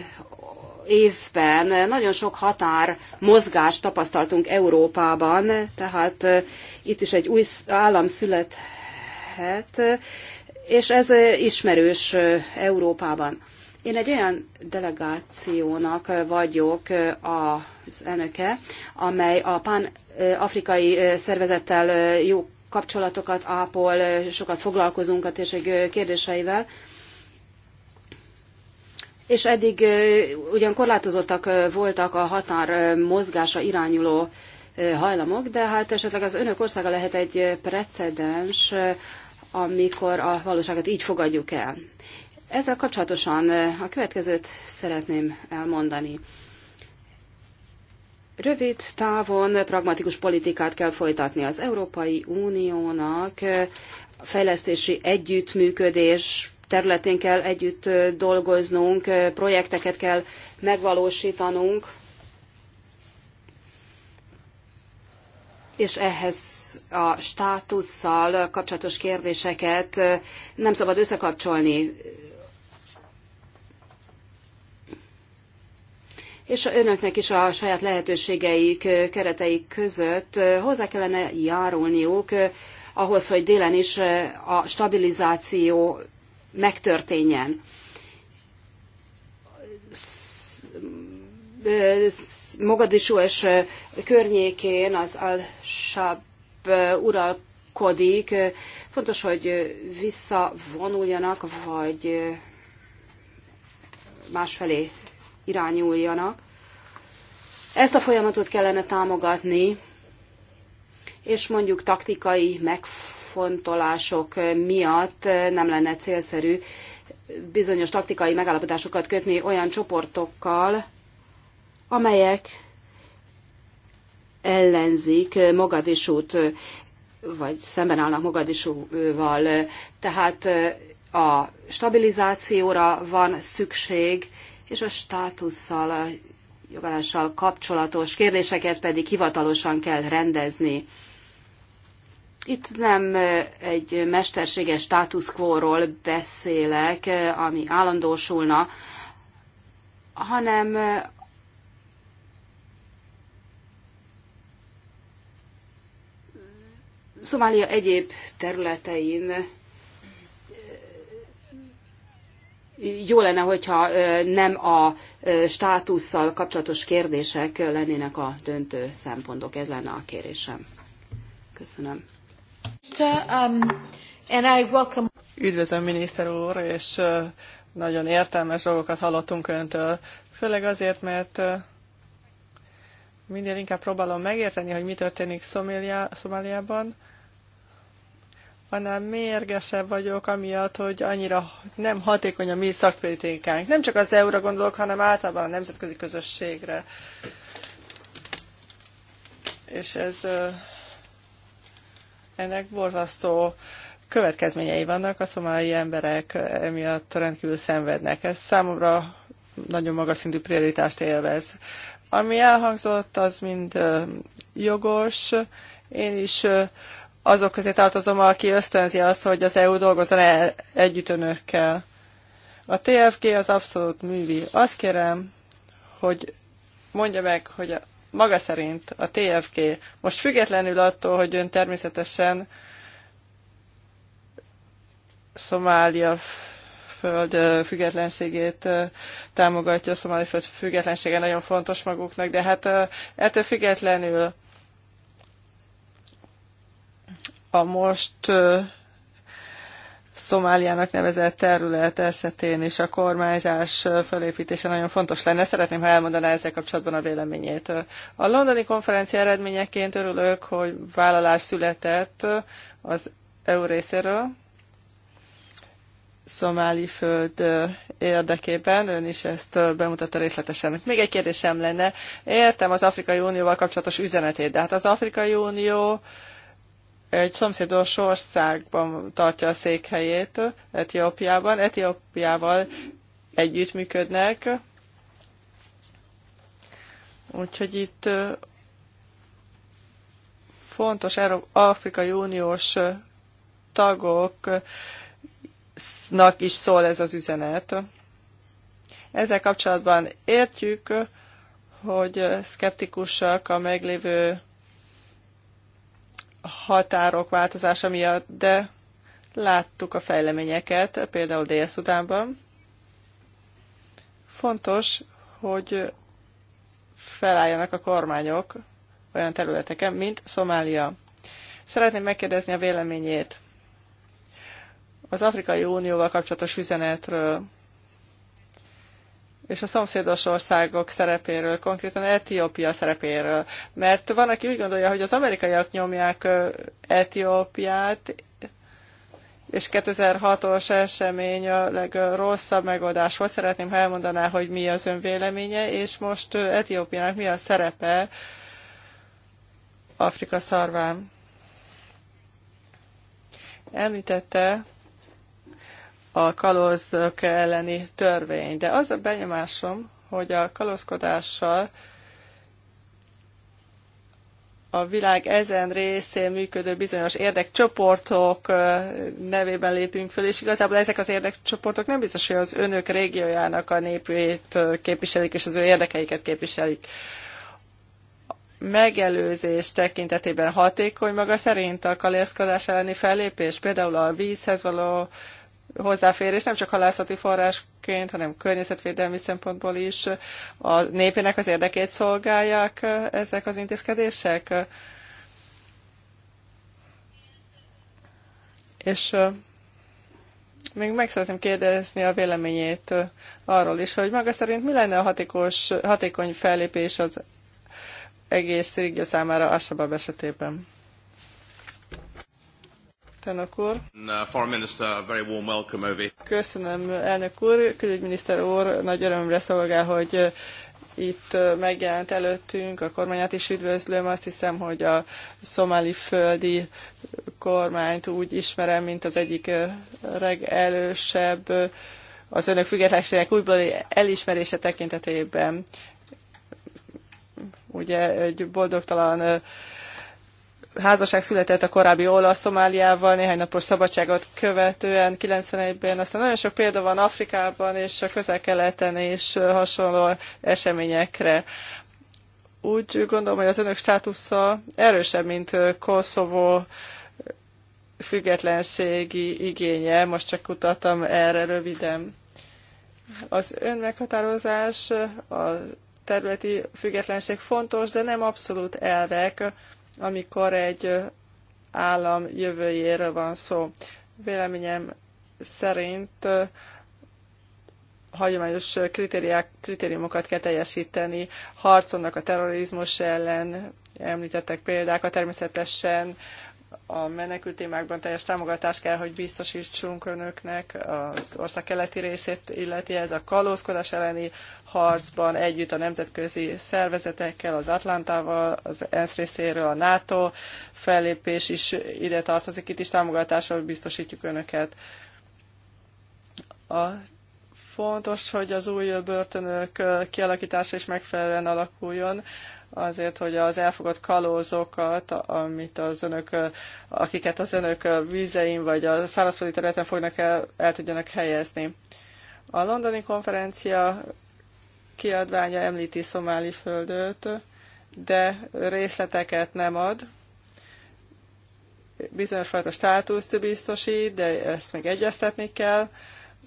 évben nagyon sok határ mozgást tapasztaltunk Európában, tehát itt is egy új állam születhet, és ez ismerős Európában. Én egy olyan delegációnak vagyok az elnöke, amely a pán-afrikai szervezettel jó kapcsolatokat ápol, sokat foglalkozunk a térség kérdéseivel, és eddig ugyan korlátozottak voltak a határ mozgása irányuló hajlamok, de hát esetleg az önök országa lehet egy precedens, amikor a valóságot így fogadjuk el. Ezzel kapcsolatosan a következőt szeretném elmondani. Rövid távon pragmatikus politikát kell folytatni az Európai Uniónak, fejlesztési együttműködés területén kell együtt dolgoznunk, projekteket kell megvalósítanunk, és ehhez a státusszal kapcsolatos kérdéseket nem szabad összekapcsolni. És önöknek is a saját lehetőségeik, kereteik között hozzá kellene járulniuk ahhoz, hogy délen is a stabilizáció megtörténjen. Mogadisú és környékén az al-Shab uralkodik. Fontos, hogy visszavonuljanak, vagy másfelé irányuljanak. Ezt a folyamatot kellene támogatni, és mondjuk taktikai megfogni megfontolások miatt nem lenne célszerű bizonyos taktikai megállapodásokat kötni olyan csoportokkal, amelyek ellenzik Mogadisút, vagy szemben állnak Mogadisúval. Tehát a stabilizációra van szükség, és a státusszal, a jogállással kapcsolatos kérdéseket pedig hivatalosan kell rendezni. Itt nem egy mesterséges status quo-ról beszélek, ami állandósulna, hanem Szomália egyéb területein jó lenne, hogyha nem a státusszal kapcsolatos kérdések lennének a döntő szempontok. Ez lenne a kérésem. Köszönöm. Um, Üdvözlöm, miniszter úr, és nagyon értelmes dolgokat hallottunk öntől, főleg azért, mert minél inkább próbálom megérteni, hogy mi történik Szomália, Szomáliában, annál mérgesebb vagyok, amiatt, hogy annyira nem hatékony a mi szakpolitikánk. Nem csak az EU-ra gondolok, hanem általában a nemzetközi közösségre. És ez ennek borzasztó következményei vannak, a szomáli emberek emiatt rendkívül szenvednek. Ez számomra nagyon magas szintű prioritást élvez. Ami elhangzott, az mind jogos. Én is azok közé tartozom, aki ösztönzi azt, hogy az EU dolgozzon el együtt önökkel. A TFG az abszolút művi. Azt kérem, hogy mondja meg, hogy maga szerint, a TFG. Most függetlenül attól, hogy ön természetesen Szomália föld függetlenségét támogatja, a szomáli föld függetlensége nagyon fontos maguknak, de hát ettől függetlenül a most Szomáliának nevezett terület esetén is a kormányzás felépítése nagyon fontos lenne. Szeretném, ha elmondaná ezzel kapcsolatban a véleményét. A londoni konferencia eredményeként örülök, hogy vállalás született az EU részéről, szomáli föld érdekében. Ön is ezt bemutatta részletesen. Még egy kérdésem lenne. Értem az Afrikai Unióval kapcsolatos üzenetét, de hát az Afrikai Unió egy szomszédos országban tartja a székhelyét, Etiópiában. Etiópiával együttműködnek, úgyhogy itt fontos Afrikai Uniós tagoknak is szól ez az üzenet. Ezzel kapcsolatban értjük, hogy szkeptikusak a meglévő határok változása miatt, de láttuk a fejleményeket, például Dél-Szudánban. Fontos, hogy felálljanak a kormányok olyan területeken, mint Szomália. Szeretném megkérdezni a véleményét az Afrikai Unióval kapcsolatos üzenetről és a szomszédos országok szerepéről, konkrétan Etiópia szerepéről. Mert van, aki úgy gondolja, hogy az amerikaiak nyomják Etiópiát, és 2006-os esemény a legrosszabb megoldás volt. Szeretném, ha elmondaná, hogy mi az ön véleménye, és most Etiópiának mi a szerepe Afrika szarván. Említette a kalózok elleni törvény. De az a benyomásom, hogy a kalózkodással a világ ezen részén működő bizonyos érdekcsoportok nevében lépünk föl, és igazából ezek az érdekcsoportok nem biztos, hogy az önök régiójának a népét képviselik, és az ő érdekeiket képviselik. Megelőzés tekintetében hatékony maga szerint a kalészkodás elleni fellépés, például a vízhez való hozzáférés nem csak halászati forrásként, hanem környezetvédelmi szempontból is a népének az érdekét szolgálják ezek az intézkedések. És még meg szeretném kérdezni a véleményét arról is, hogy maga szerint mi lenne a hatékos, hatékony fellépés az egész régió számára Asabab esetében? Tanok uh, úr. Köszönöm, elnök úr. Külügyminiszter úr, nagy örömre szolgál, hogy uh, itt uh, megjelent előttünk, a kormányát is üdvözlöm, azt hiszem, hogy a szomáli földi kormányt úgy ismerem, mint az egyik legelősebb az önök függetlenségek újbóli elismerése tekintetében. Ugye egy boldogtalan házasság született a korábbi Olasz-Szomáliával néhány napos szabadságot követően 91-ben. Aztán nagyon sok példa van Afrikában és a közel-keleten is hasonló eseményekre. Úgy gondolom, hogy az önök státusza erősebb, mint Koszovó függetlenségi igénye. Most csak utaltam erre röviden. Az ön meghatározás, a területi függetlenség fontos, de nem abszolút elvek amikor egy állam jövőjéről van szó. Véleményem szerint hagyományos kritériák, kritériumokat kell teljesíteni, harcolnak a terrorizmus ellen, említettek példákat természetesen, a menekült témákban teljes támogatást kell, hogy biztosítsunk önöknek az ország keleti részét illeti ez a kalózkodás elleni harcban együtt a nemzetközi szervezetekkel, az Atlantával, az ENSZ részéről a NATO fellépés is ide tartozik, itt is támogatásról biztosítjuk önöket. A fontos, hogy az új börtönök kialakítása is megfelelően alakuljon azért, hogy az elfogott kalózokat, amit az önök, akiket az önök vízein vagy a szárazföldi területen fognak el, el tudjanak helyezni. A londoni konferencia kiadványa említi szomáli földöt, de részleteket nem ad. Bizonyos fajta státuszt biztosít, de ezt még egyeztetni kell.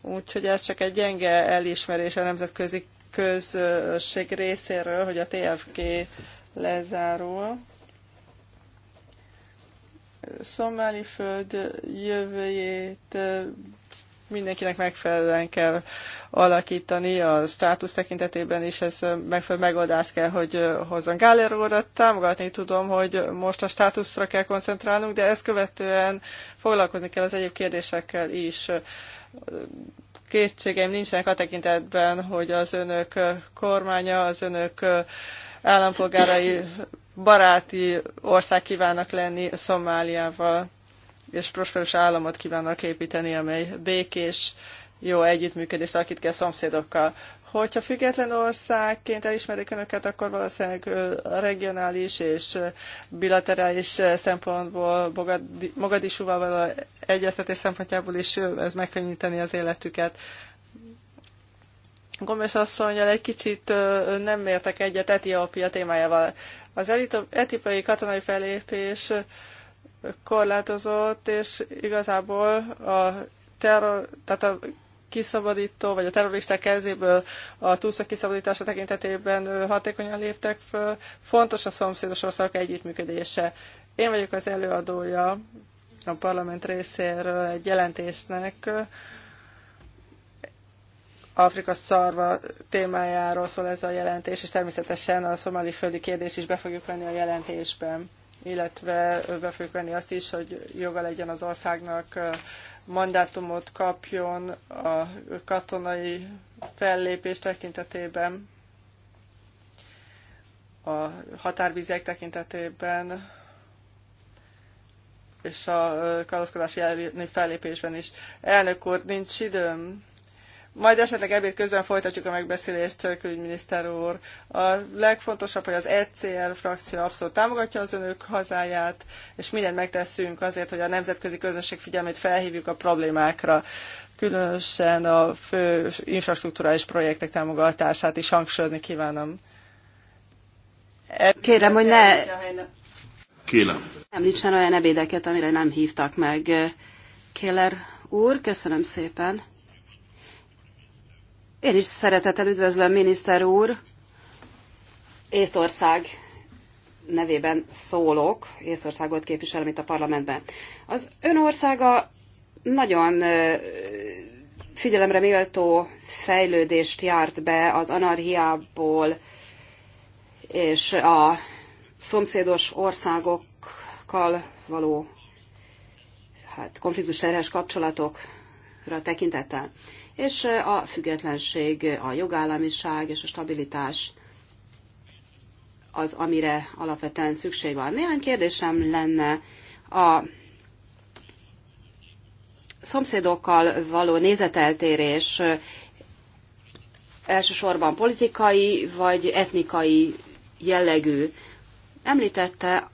Úgyhogy ez csak egy gyenge elismerés a nemzetközi közösség részéről, hogy a TFG lezárul. Szomáli föld jövőjét mindenkinek megfelelően kell alakítani, a státusz tekintetében is ez megfelelő megoldást kell, hogy hozzon. Gáler úrat támogatni tudom, hogy most a státuszra kell koncentrálnunk, de ezt követően foglalkozni kell az egyéb kérdésekkel is kétségeim nincsenek a tekintetben, hogy az önök kormánya, az önök állampolgárai baráti ország kívánnak lenni Szomáliával, és prosperus államot kívánnak építeni, amely békés, jó együttműködés alakít ki a szomszédokkal. Hogyha független országként elismerik önöket, akkor valószínűleg regionális és bilaterális szempontból, magadisúval való egyeztetés szempontjából is ez megkönnyíteni az életüket. Gomes asszonyjal egy kicsit nem értek egyet Etiópia témájával. Az etiópiai katonai felépés korlátozott, és igazából a terror, tehát a kiszabadító, vagy a terroristák kezéből a túlszak kiszabadítása tekintetében hatékonyan léptek föl. Fontos a szomszédos országok együttműködése. Én vagyok az előadója a parlament részéről egy jelentésnek, Afrika szarva témájáról szól ez a jelentés, és természetesen a szomali földi kérdés is be fogjuk venni a jelentésben, illetve be fogjuk venni azt is, hogy joga legyen az országnak mandátumot kapjon a katonai fellépés tekintetében, a határvizek tekintetében, és a kalózkodási fellépésben is. Elnök úr, nincs időm. Majd esetleg ebéd közben folytatjuk a megbeszélést, külügyminiszter úr. A legfontosabb, hogy az ECR frakció abszolút támogatja az önök hazáját, és mindent megteszünk azért, hogy a nemzetközi közösség figyelmét felhívjuk a problémákra különösen a fő infrastruktúrális projektek támogatását is hangsúlyozni kívánom. Ebéd Kérem, hogy ne... Kérem. Említsen olyan ebédeket, amire nem hívtak meg. Kéler úr, köszönöm szépen. Én is szeretettel üdvözlöm miniszter úr. Észtország nevében szólok, Észországot képviselem itt a parlamentben. Az ön országa nagyon figyelemre méltó fejlődést járt be az anarhiából és a szomszédos országokkal való hát, konfliktus terhes kapcsolatokra tekintettel és a függetlenség, a jogállamiság és a stabilitás az, amire alapvetően szükség van. Néhány kérdésem lenne a szomszédokkal való nézeteltérés elsősorban politikai vagy etnikai jellegű. Említette,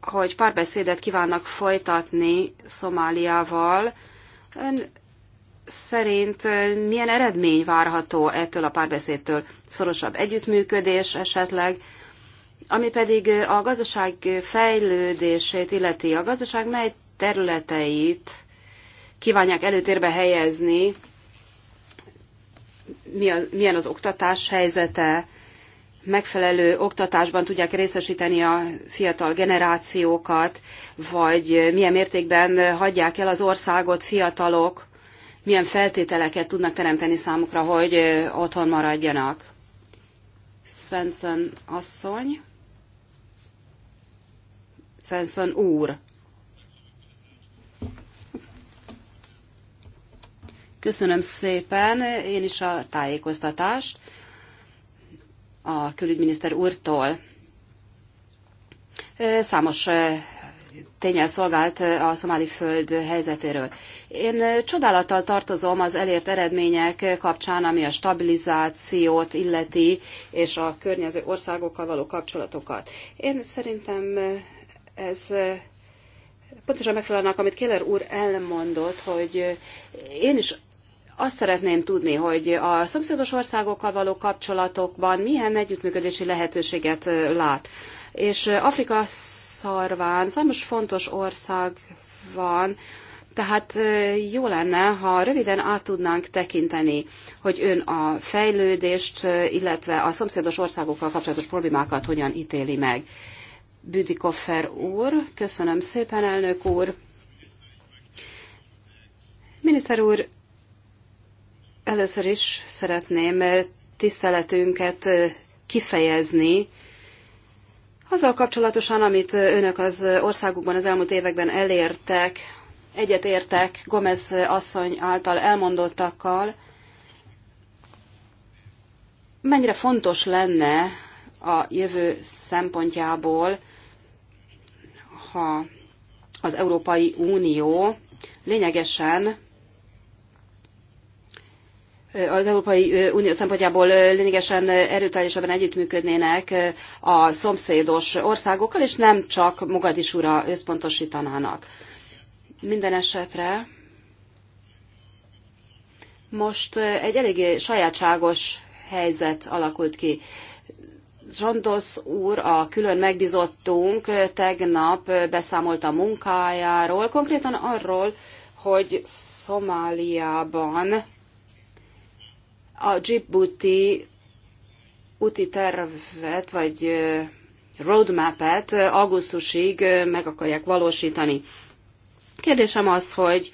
hogy párbeszédet kívánnak folytatni Szomáliával. Ön szerint milyen eredmény várható ettől a párbeszédtől? Szorosabb együttműködés esetleg, ami pedig a gazdaság fejlődését illeti. A gazdaság mely területeit kívánják előtérbe helyezni, milyen az oktatás helyzete, megfelelő oktatásban tudják részesíteni a fiatal generációkat, vagy milyen mértékben hagyják el az országot fiatalok, milyen feltételeket tudnak teremteni számukra, hogy otthon maradjanak. Svensson asszony. Svensson úr. Köszönöm szépen én is a tájékoztatást a külügyminiszter úrtól. Számos tényel szolgált a szomáli föld helyzetéről. Én csodálattal tartozom az elért eredmények kapcsán, ami a stabilizációt illeti, és a környező országokkal való kapcsolatokat. Én szerintem ez pontosan megfelel annak, amit Keller úr elmondott, hogy én is azt szeretném tudni, hogy a szomszédos országokkal való kapcsolatokban milyen együttműködési lehetőséget lát. És Afrika szarván számos fontos ország van, tehát jó lenne, ha röviden át tudnánk tekinteni, hogy ön a fejlődést, illetve a szomszédos országokkal kapcsolatos problémákat hogyan ítéli meg. Büdikoffer úr, köszönöm szépen, elnök úr. Miniszter úr, először is szeretném tiszteletünket kifejezni azzal kapcsolatosan, amit önök az országukban az elmúlt években elértek, egyetértek Gomez asszony által elmondottakkal, mennyire fontos lenne a jövő szempontjából, ha az Európai Unió lényegesen az Európai Unió szempontjából lényegesen erőteljesebben együttműködnének a szomszédos országokkal, és nem csak Mogadisúra összpontosítanának. Minden esetre most egy eléggé sajátságos helyzet alakult ki. Zsondosz úr, a külön megbizottunk tegnap beszámolt a munkájáról, konkrétan arról, hogy Szomáliában a Djibouti úti tervet, vagy roadmap-et augusztusig meg akarják valósítani. Kérdésem az, hogy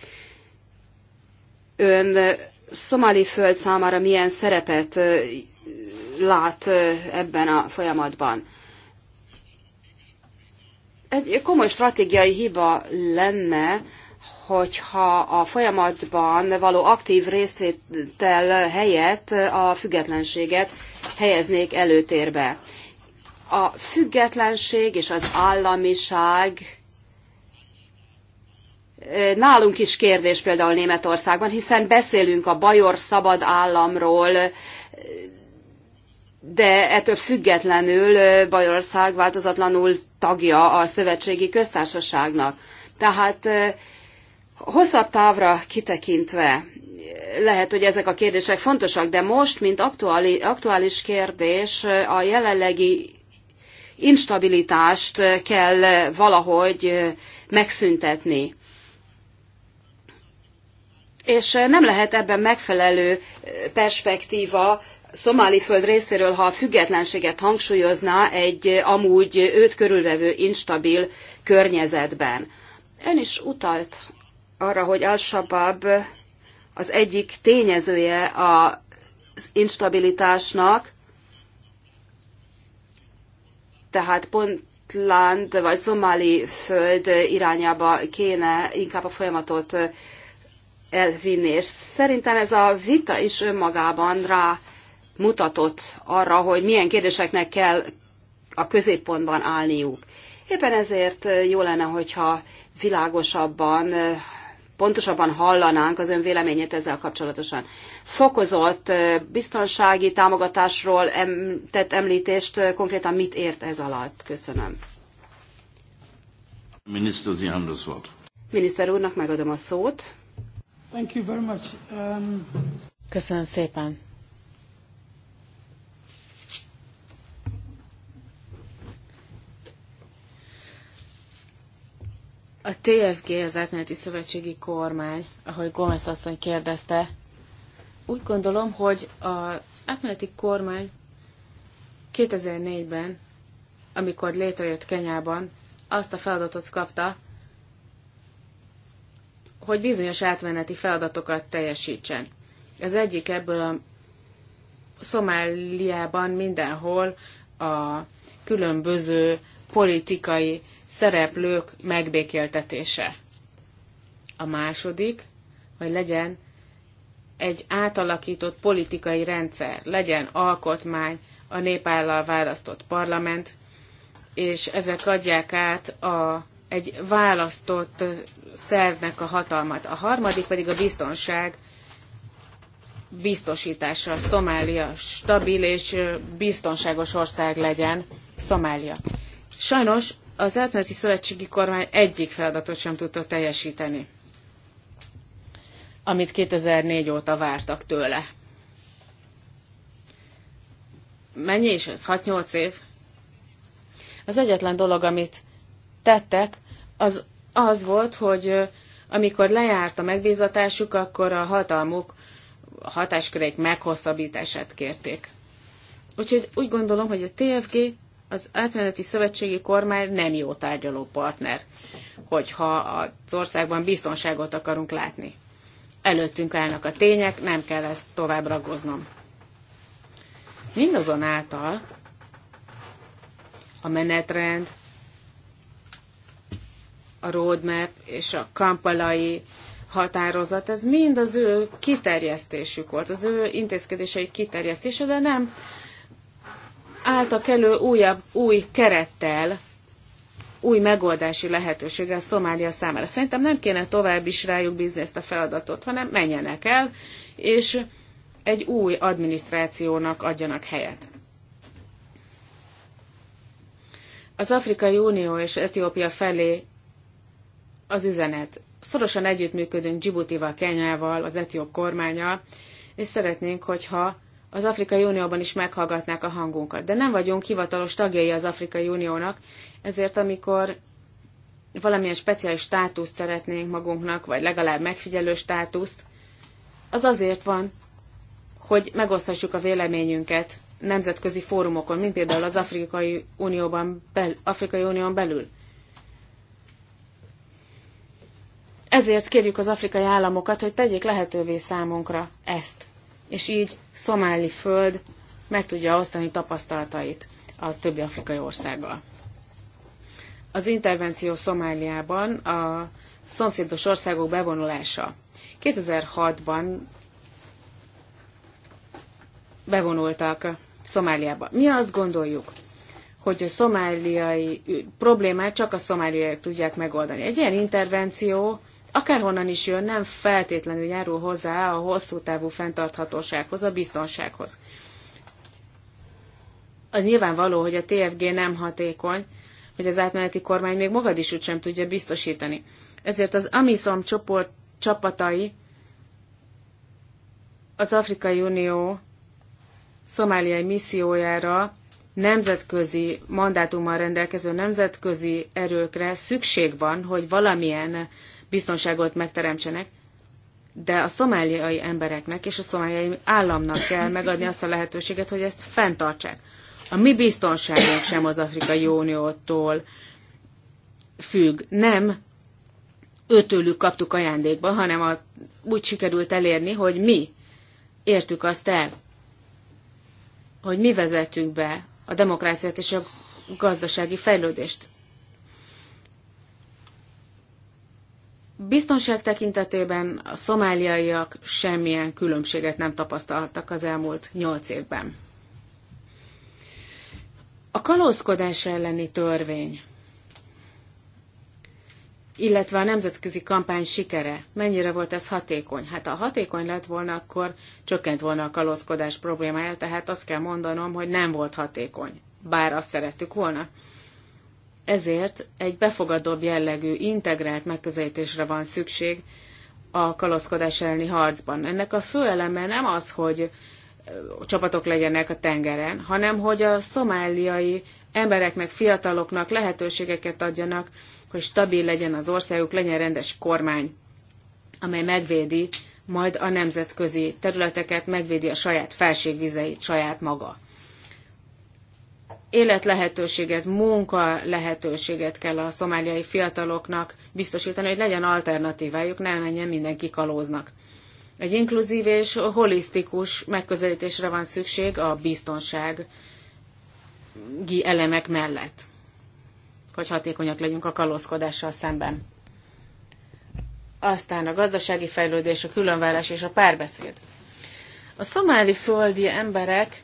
ön szomali föld számára milyen szerepet lát ebben a folyamatban? Egy komoly stratégiai hiba lenne, hogyha a folyamatban való aktív részvétel helyett a függetlenséget helyeznék előtérbe. A függetlenség és az államiság nálunk is kérdés például Németországban, hiszen beszélünk a Bajor szabad államról, de ettől függetlenül Bajorország változatlanul tagja a szövetségi köztársaságnak. Tehát Hosszabb távra kitekintve lehet, hogy ezek a kérdések fontosak, de most, mint aktuális, aktuális kérdés, a jelenlegi instabilitást kell valahogy megszüntetni. És nem lehet ebben megfelelő perspektíva szomáli föld részéről, ha a függetlenséget hangsúlyozná egy amúgy őt körülvevő instabil környezetben. Ön is utalt arra, hogy Al-Shabaab az egyik tényezője az instabilitásnak, tehát Puntland vagy Szomáli föld irányába kéne inkább a folyamatot elvinni. És szerintem ez a vita is önmagában rá mutatott arra, hogy milyen kérdéseknek kell a középpontban állniuk. Éppen ezért jó lenne, hogyha világosabban pontosabban hallanánk az ön véleményét ezzel kapcsolatosan. Fokozott biztonsági támogatásról em, tett említést, konkrétan mit ért ez alatt? Köszönöm. Minister, Sie haben das Wort. Miniszter úrnak megadom a szót. Thank you very much. Um... Köszönöm szépen. A TFG, az átmeneti szövetségi kormány, ahogy Gomez asszony kérdezte, úgy gondolom, hogy az átmeneti kormány 2004-ben, amikor létrejött Kenyában, azt a feladatot kapta, hogy bizonyos átmeneti feladatokat teljesítsen. Az egyik ebből a Szomáliában mindenhol a különböző politikai szereplők megbékéltetése. A második, hogy legyen egy átalakított politikai rendszer, legyen alkotmány, a népállal választott parlament, és ezek adják át a, egy választott szervnek a hatalmat. A harmadik pedig a biztonság biztosítása. Szomália stabil és biztonságos ország legyen. Szomália. Sajnos az átmeneti szövetségi kormány egyik feladatot sem tudta teljesíteni, amit 2004 óta vártak tőle. Mennyi is ez? 6-8 év? Az egyetlen dolog, amit tettek, az az volt, hogy amikor lejárt a megbízatásuk, akkor a hatalmuk a hatáskörék meghosszabbítását kérték. Úgyhogy úgy gondolom, hogy a TFG az átmeneti szövetségi kormány nem jó tárgyaló partner, hogyha az országban biztonságot akarunk látni. Előttünk állnak a tények, nem kell ezt tovább ragoznom. Mindazonáltal a menetrend, a roadmap és a kampalai határozat, ez mind az ő kiterjesztésük volt, az ő intézkedései kiterjesztése, de nem álltak elő újabb, új kerettel, új megoldási lehetőséggel Szomália számára. Szerintem nem kéne tovább is rájuk bízni ezt a feladatot, hanem menjenek el, és egy új adminisztrációnak adjanak helyet. Az Afrikai Unió és Etiópia felé az üzenet. Szorosan együttműködünk Djibouti-val, Kenyával, az etióp kormányal, és szeretnénk, hogyha az Afrikai Unióban is meghallgatnák a hangunkat. De nem vagyunk hivatalos tagjai az Afrikai Uniónak, ezért amikor valamilyen speciális státuszt szeretnénk magunknak, vagy legalább megfigyelő státuszt, az azért van, hogy megoszthassuk a véleményünket nemzetközi fórumokon, mint például az Afrikai, Unióban bel, Afrikai Unión belül. Ezért kérjük az afrikai államokat, hogy tegyék lehetővé számunkra ezt és így szomáli föld meg tudja osztani tapasztalatait a többi afrikai országgal. Az intervenció Szomáliában a szomszédos országok bevonulása. 2006-ban bevonultak Szomáliába. Mi azt gondoljuk, hogy a szomáliai problémát csak a szomáliai tudják megoldani. Egy ilyen intervenció akárhonnan is jön, nem feltétlenül járul hozzá a hosszú távú fenntarthatósághoz, a biztonsághoz. Az nyilvánvaló, hogy a TFG nem hatékony, hogy az átmeneti kormány még magad Mogadisút sem tudja biztosítani. Ezért az Amisom csoport csapatai az Afrikai Unió szomáliai missziójára nemzetközi mandátummal rendelkező nemzetközi erőkre szükség van, hogy valamilyen biztonságot megteremtsenek, de a szomáliai embereknek és a szomáliai államnak kell megadni azt a lehetőséget, hogy ezt fenntartsák. A mi biztonságunk sem az Afrikai Uniótól függ. Nem ötőlük kaptuk ajándékba, hanem a, úgy sikerült elérni, hogy mi értük azt el, hogy mi vezetünk be a demokráciát és a gazdasági fejlődést. Biztonság tekintetében a szomáliaiak semmilyen különbséget nem tapasztaltak az elmúlt nyolc évben. A kalózkodás elleni törvény, illetve a nemzetközi kampány sikere, mennyire volt ez hatékony? Hát ha hatékony lett volna, akkor csökkent volna a kalózkodás problémája, tehát azt kell mondanom, hogy nem volt hatékony, bár azt szerettük volna. Ezért egy befogadóbb jellegű, integrált megközelítésre van szükség a kalózkodás elleni harcban. Ennek a fő eleme nem az, hogy csapatok legyenek a tengeren, hanem hogy a szomáliai embereknek, fiataloknak lehetőségeket adjanak, hogy stabil legyen az országuk, legyen rendes kormány, amely megvédi majd a nemzetközi területeket, megvédi a saját felségvizeit, saját maga életlehetőséget, munka lehetőséget kell a szomáliai fiataloknak biztosítani, hogy legyen alternatívájuk, ne menjen mindenki kalóznak. Egy inkluzív és holisztikus megközelítésre van szükség a biztonsági elemek mellett, hogy hatékonyak legyünk a kalózkodással szemben. Aztán a gazdasági fejlődés, a különvállás és a párbeszéd. A szomáli földi emberek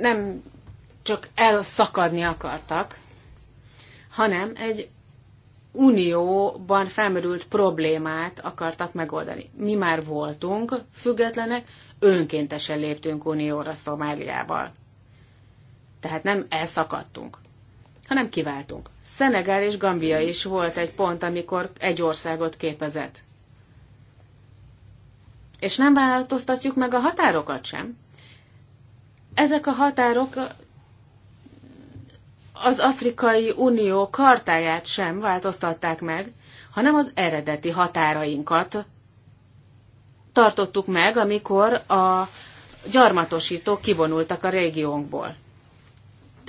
nem csak elszakadni akartak, hanem egy unióban felmerült problémát akartak megoldani. Mi már voltunk függetlenek, önkéntesen léptünk unióra Szomáliával. Tehát nem elszakadtunk, hanem kiváltunk. Szenegál és Gambia is volt egy pont, amikor egy országot képezett. És nem változtatjuk meg a határokat sem. Ezek a határok az Afrikai Unió kartáját sem változtatták meg, hanem az eredeti határainkat tartottuk meg, amikor a gyarmatosítók kivonultak a régiónkból.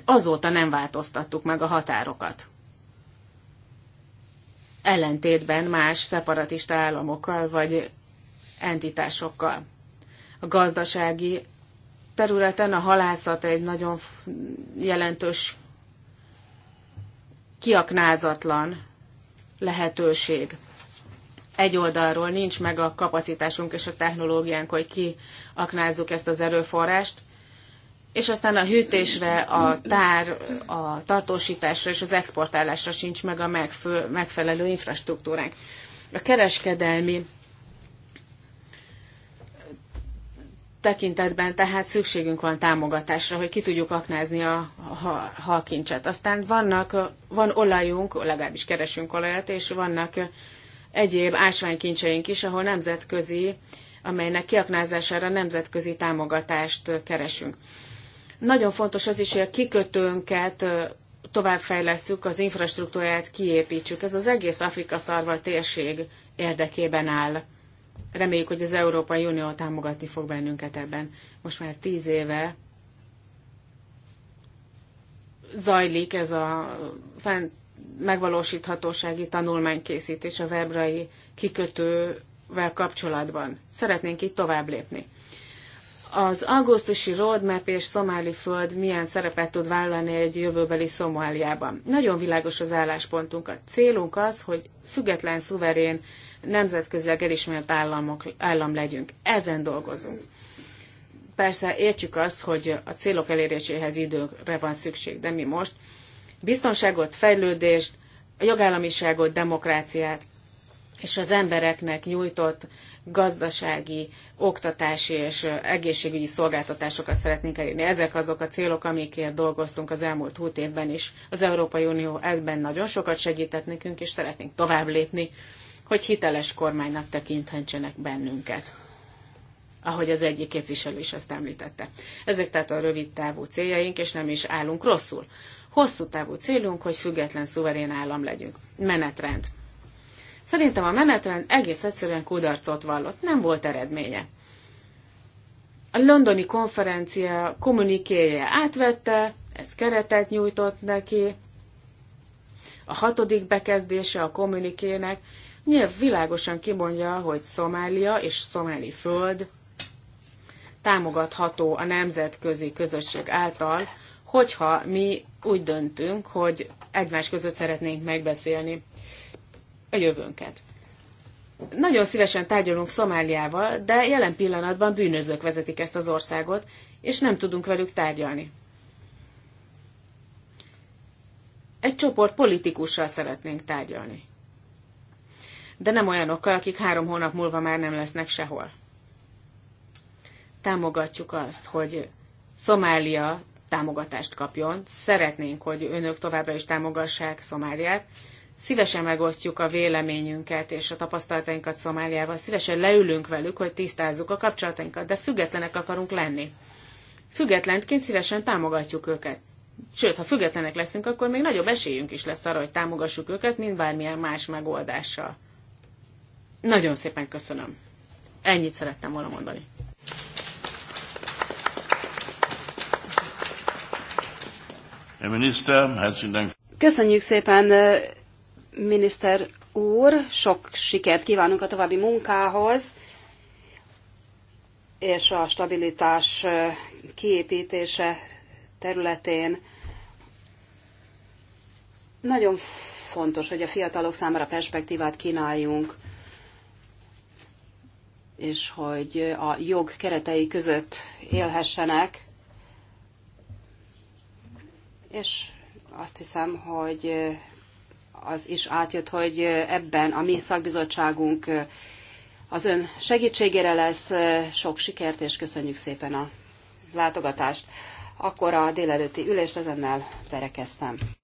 Azóta nem változtattuk meg a határokat. Ellentétben más szeparatista államokkal vagy entitásokkal. A gazdasági területen a halászat egy nagyon jelentős, kiaknázatlan lehetőség. Egy oldalról nincs meg a kapacitásunk és a technológiánk, hogy kiaknázzuk ezt az erőforrást, és aztán a hűtésre, a tár, a tartósításra és az exportálásra sincs meg a megfelelő infrastruktúránk. A kereskedelmi tekintetben tehát szükségünk van támogatásra, hogy ki tudjuk aknázni a halkincset. Aztán vannak, van olajunk, legalábbis keresünk olajat, és vannak egyéb ásványkincseink is, ahol nemzetközi, amelynek kiaknázására nemzetközi támogatást keresünk. Nagyon fontos az is, hogy a kikötőnket továbbfejlesszük, az infrastruktúráját kiépítsük. Ez az egész Afrika szarva térség érdekében áll Reméljük, hogy az Európai Unió támogatni fog bennünket ebben. Most már tíz éve zajlik ez a fent megvalósíthatósági tanulmánykészítés a webrai kikötővel kapcsolatban. Szeretnénk itt tovább lépni. Az augusztusi roadmap és szomáli föld milyen szerepet tud vállalni egy jövőbeli Szomáliában? Nagyon világos az álláspontunk. A célunk az, hogy független, szuverén nemzetközileg elismert államok, állam legyünk. Ezen dolgozunk. Persze értjük azt, hogy a célok eléréséhez időre van szükség, de mi most biztonságot, fejlődést, a jogállamiságot, demokráciát és az embereknek nyújtott gazdasági, oktatási és egészségügyi szolgáltatásokat szeretnénk elérni. Ezek azok a célok, amikért dolgoztunk az elmúlt húsz évben is. Az Európai Unió ebben nagyon sokat segített nekünk, és szeretnénk tovább lépni hogy hiteles kormánynak tekinthetsenek bennünket ahogy az egyik képviselő is azt említette. Ezek tehát a rövid távú céljaink, és nem is állunk rosszul. Hosszú távú célunk, hogy független, szuverén állam legyünk. Menetrend. Szerintem a menetrend egész egyszerűen kudarcot vallott, nem volt eredménye. A londoni konferencia kommunikéje átvette, ez keretet nyújtott neki, a hatodik bekezdése a kommunikének, nyilv világosan kimondja, hogy Szomália és szomáli föld támogatható a nemzetközi közösség által, hogyha mi úgy döntünk, hogy egymás között szeretnénk megbeszélni a jövőnket. Nagyon szívesen tárgyalunk Szomáliával, de jelen pillanatban bűnözők vezetik ezt az országot, és nem tudunk velük tárgyalni. Egy csoport politikussal szeretnénk tárgyalni de nem olyanokkal, akik három hónap múlva már nem lesznek sehol. Támogatjuk azt, hogy Szomália támogatást kapjon. Szeretnénk, hogy önök továbbra is támogassák Szomáliát. Szívesen megosztjuk a véleményünket és a tapasztalatainkat Szomáliával. Szívesen leülünk velük, hogy tisztázzuk a kapcsolatainkat, de függetlenek akarunk lenni. Függetlenként szívesen támogatjuk őket. Sőt, ha függetlenek leszünk, akkor még nagyobb esélyünk is lesz arra, hogy támogassuk őket, mint bármilyen más megoldással. Nagyon szépen köszönöm. Ennyit szerettem volna mondani. Köszönjük szépen, miniszter úr, sok sikert kívánunk a további munkához, és a stabilitás kiépítése területén. Nagyon fontos, hogy a fiatalok számára perspektívát kínáljunk és hogy a jog keretei között élhessenek. És azt hiszem, hogy az is átjött, hogy ebben a mi szakbizottságunk az ön segítségére lesz. Sok sikert, és köszönjük szépen a látogatást. Akkor a délelőtti ülést ezennel berekeztem.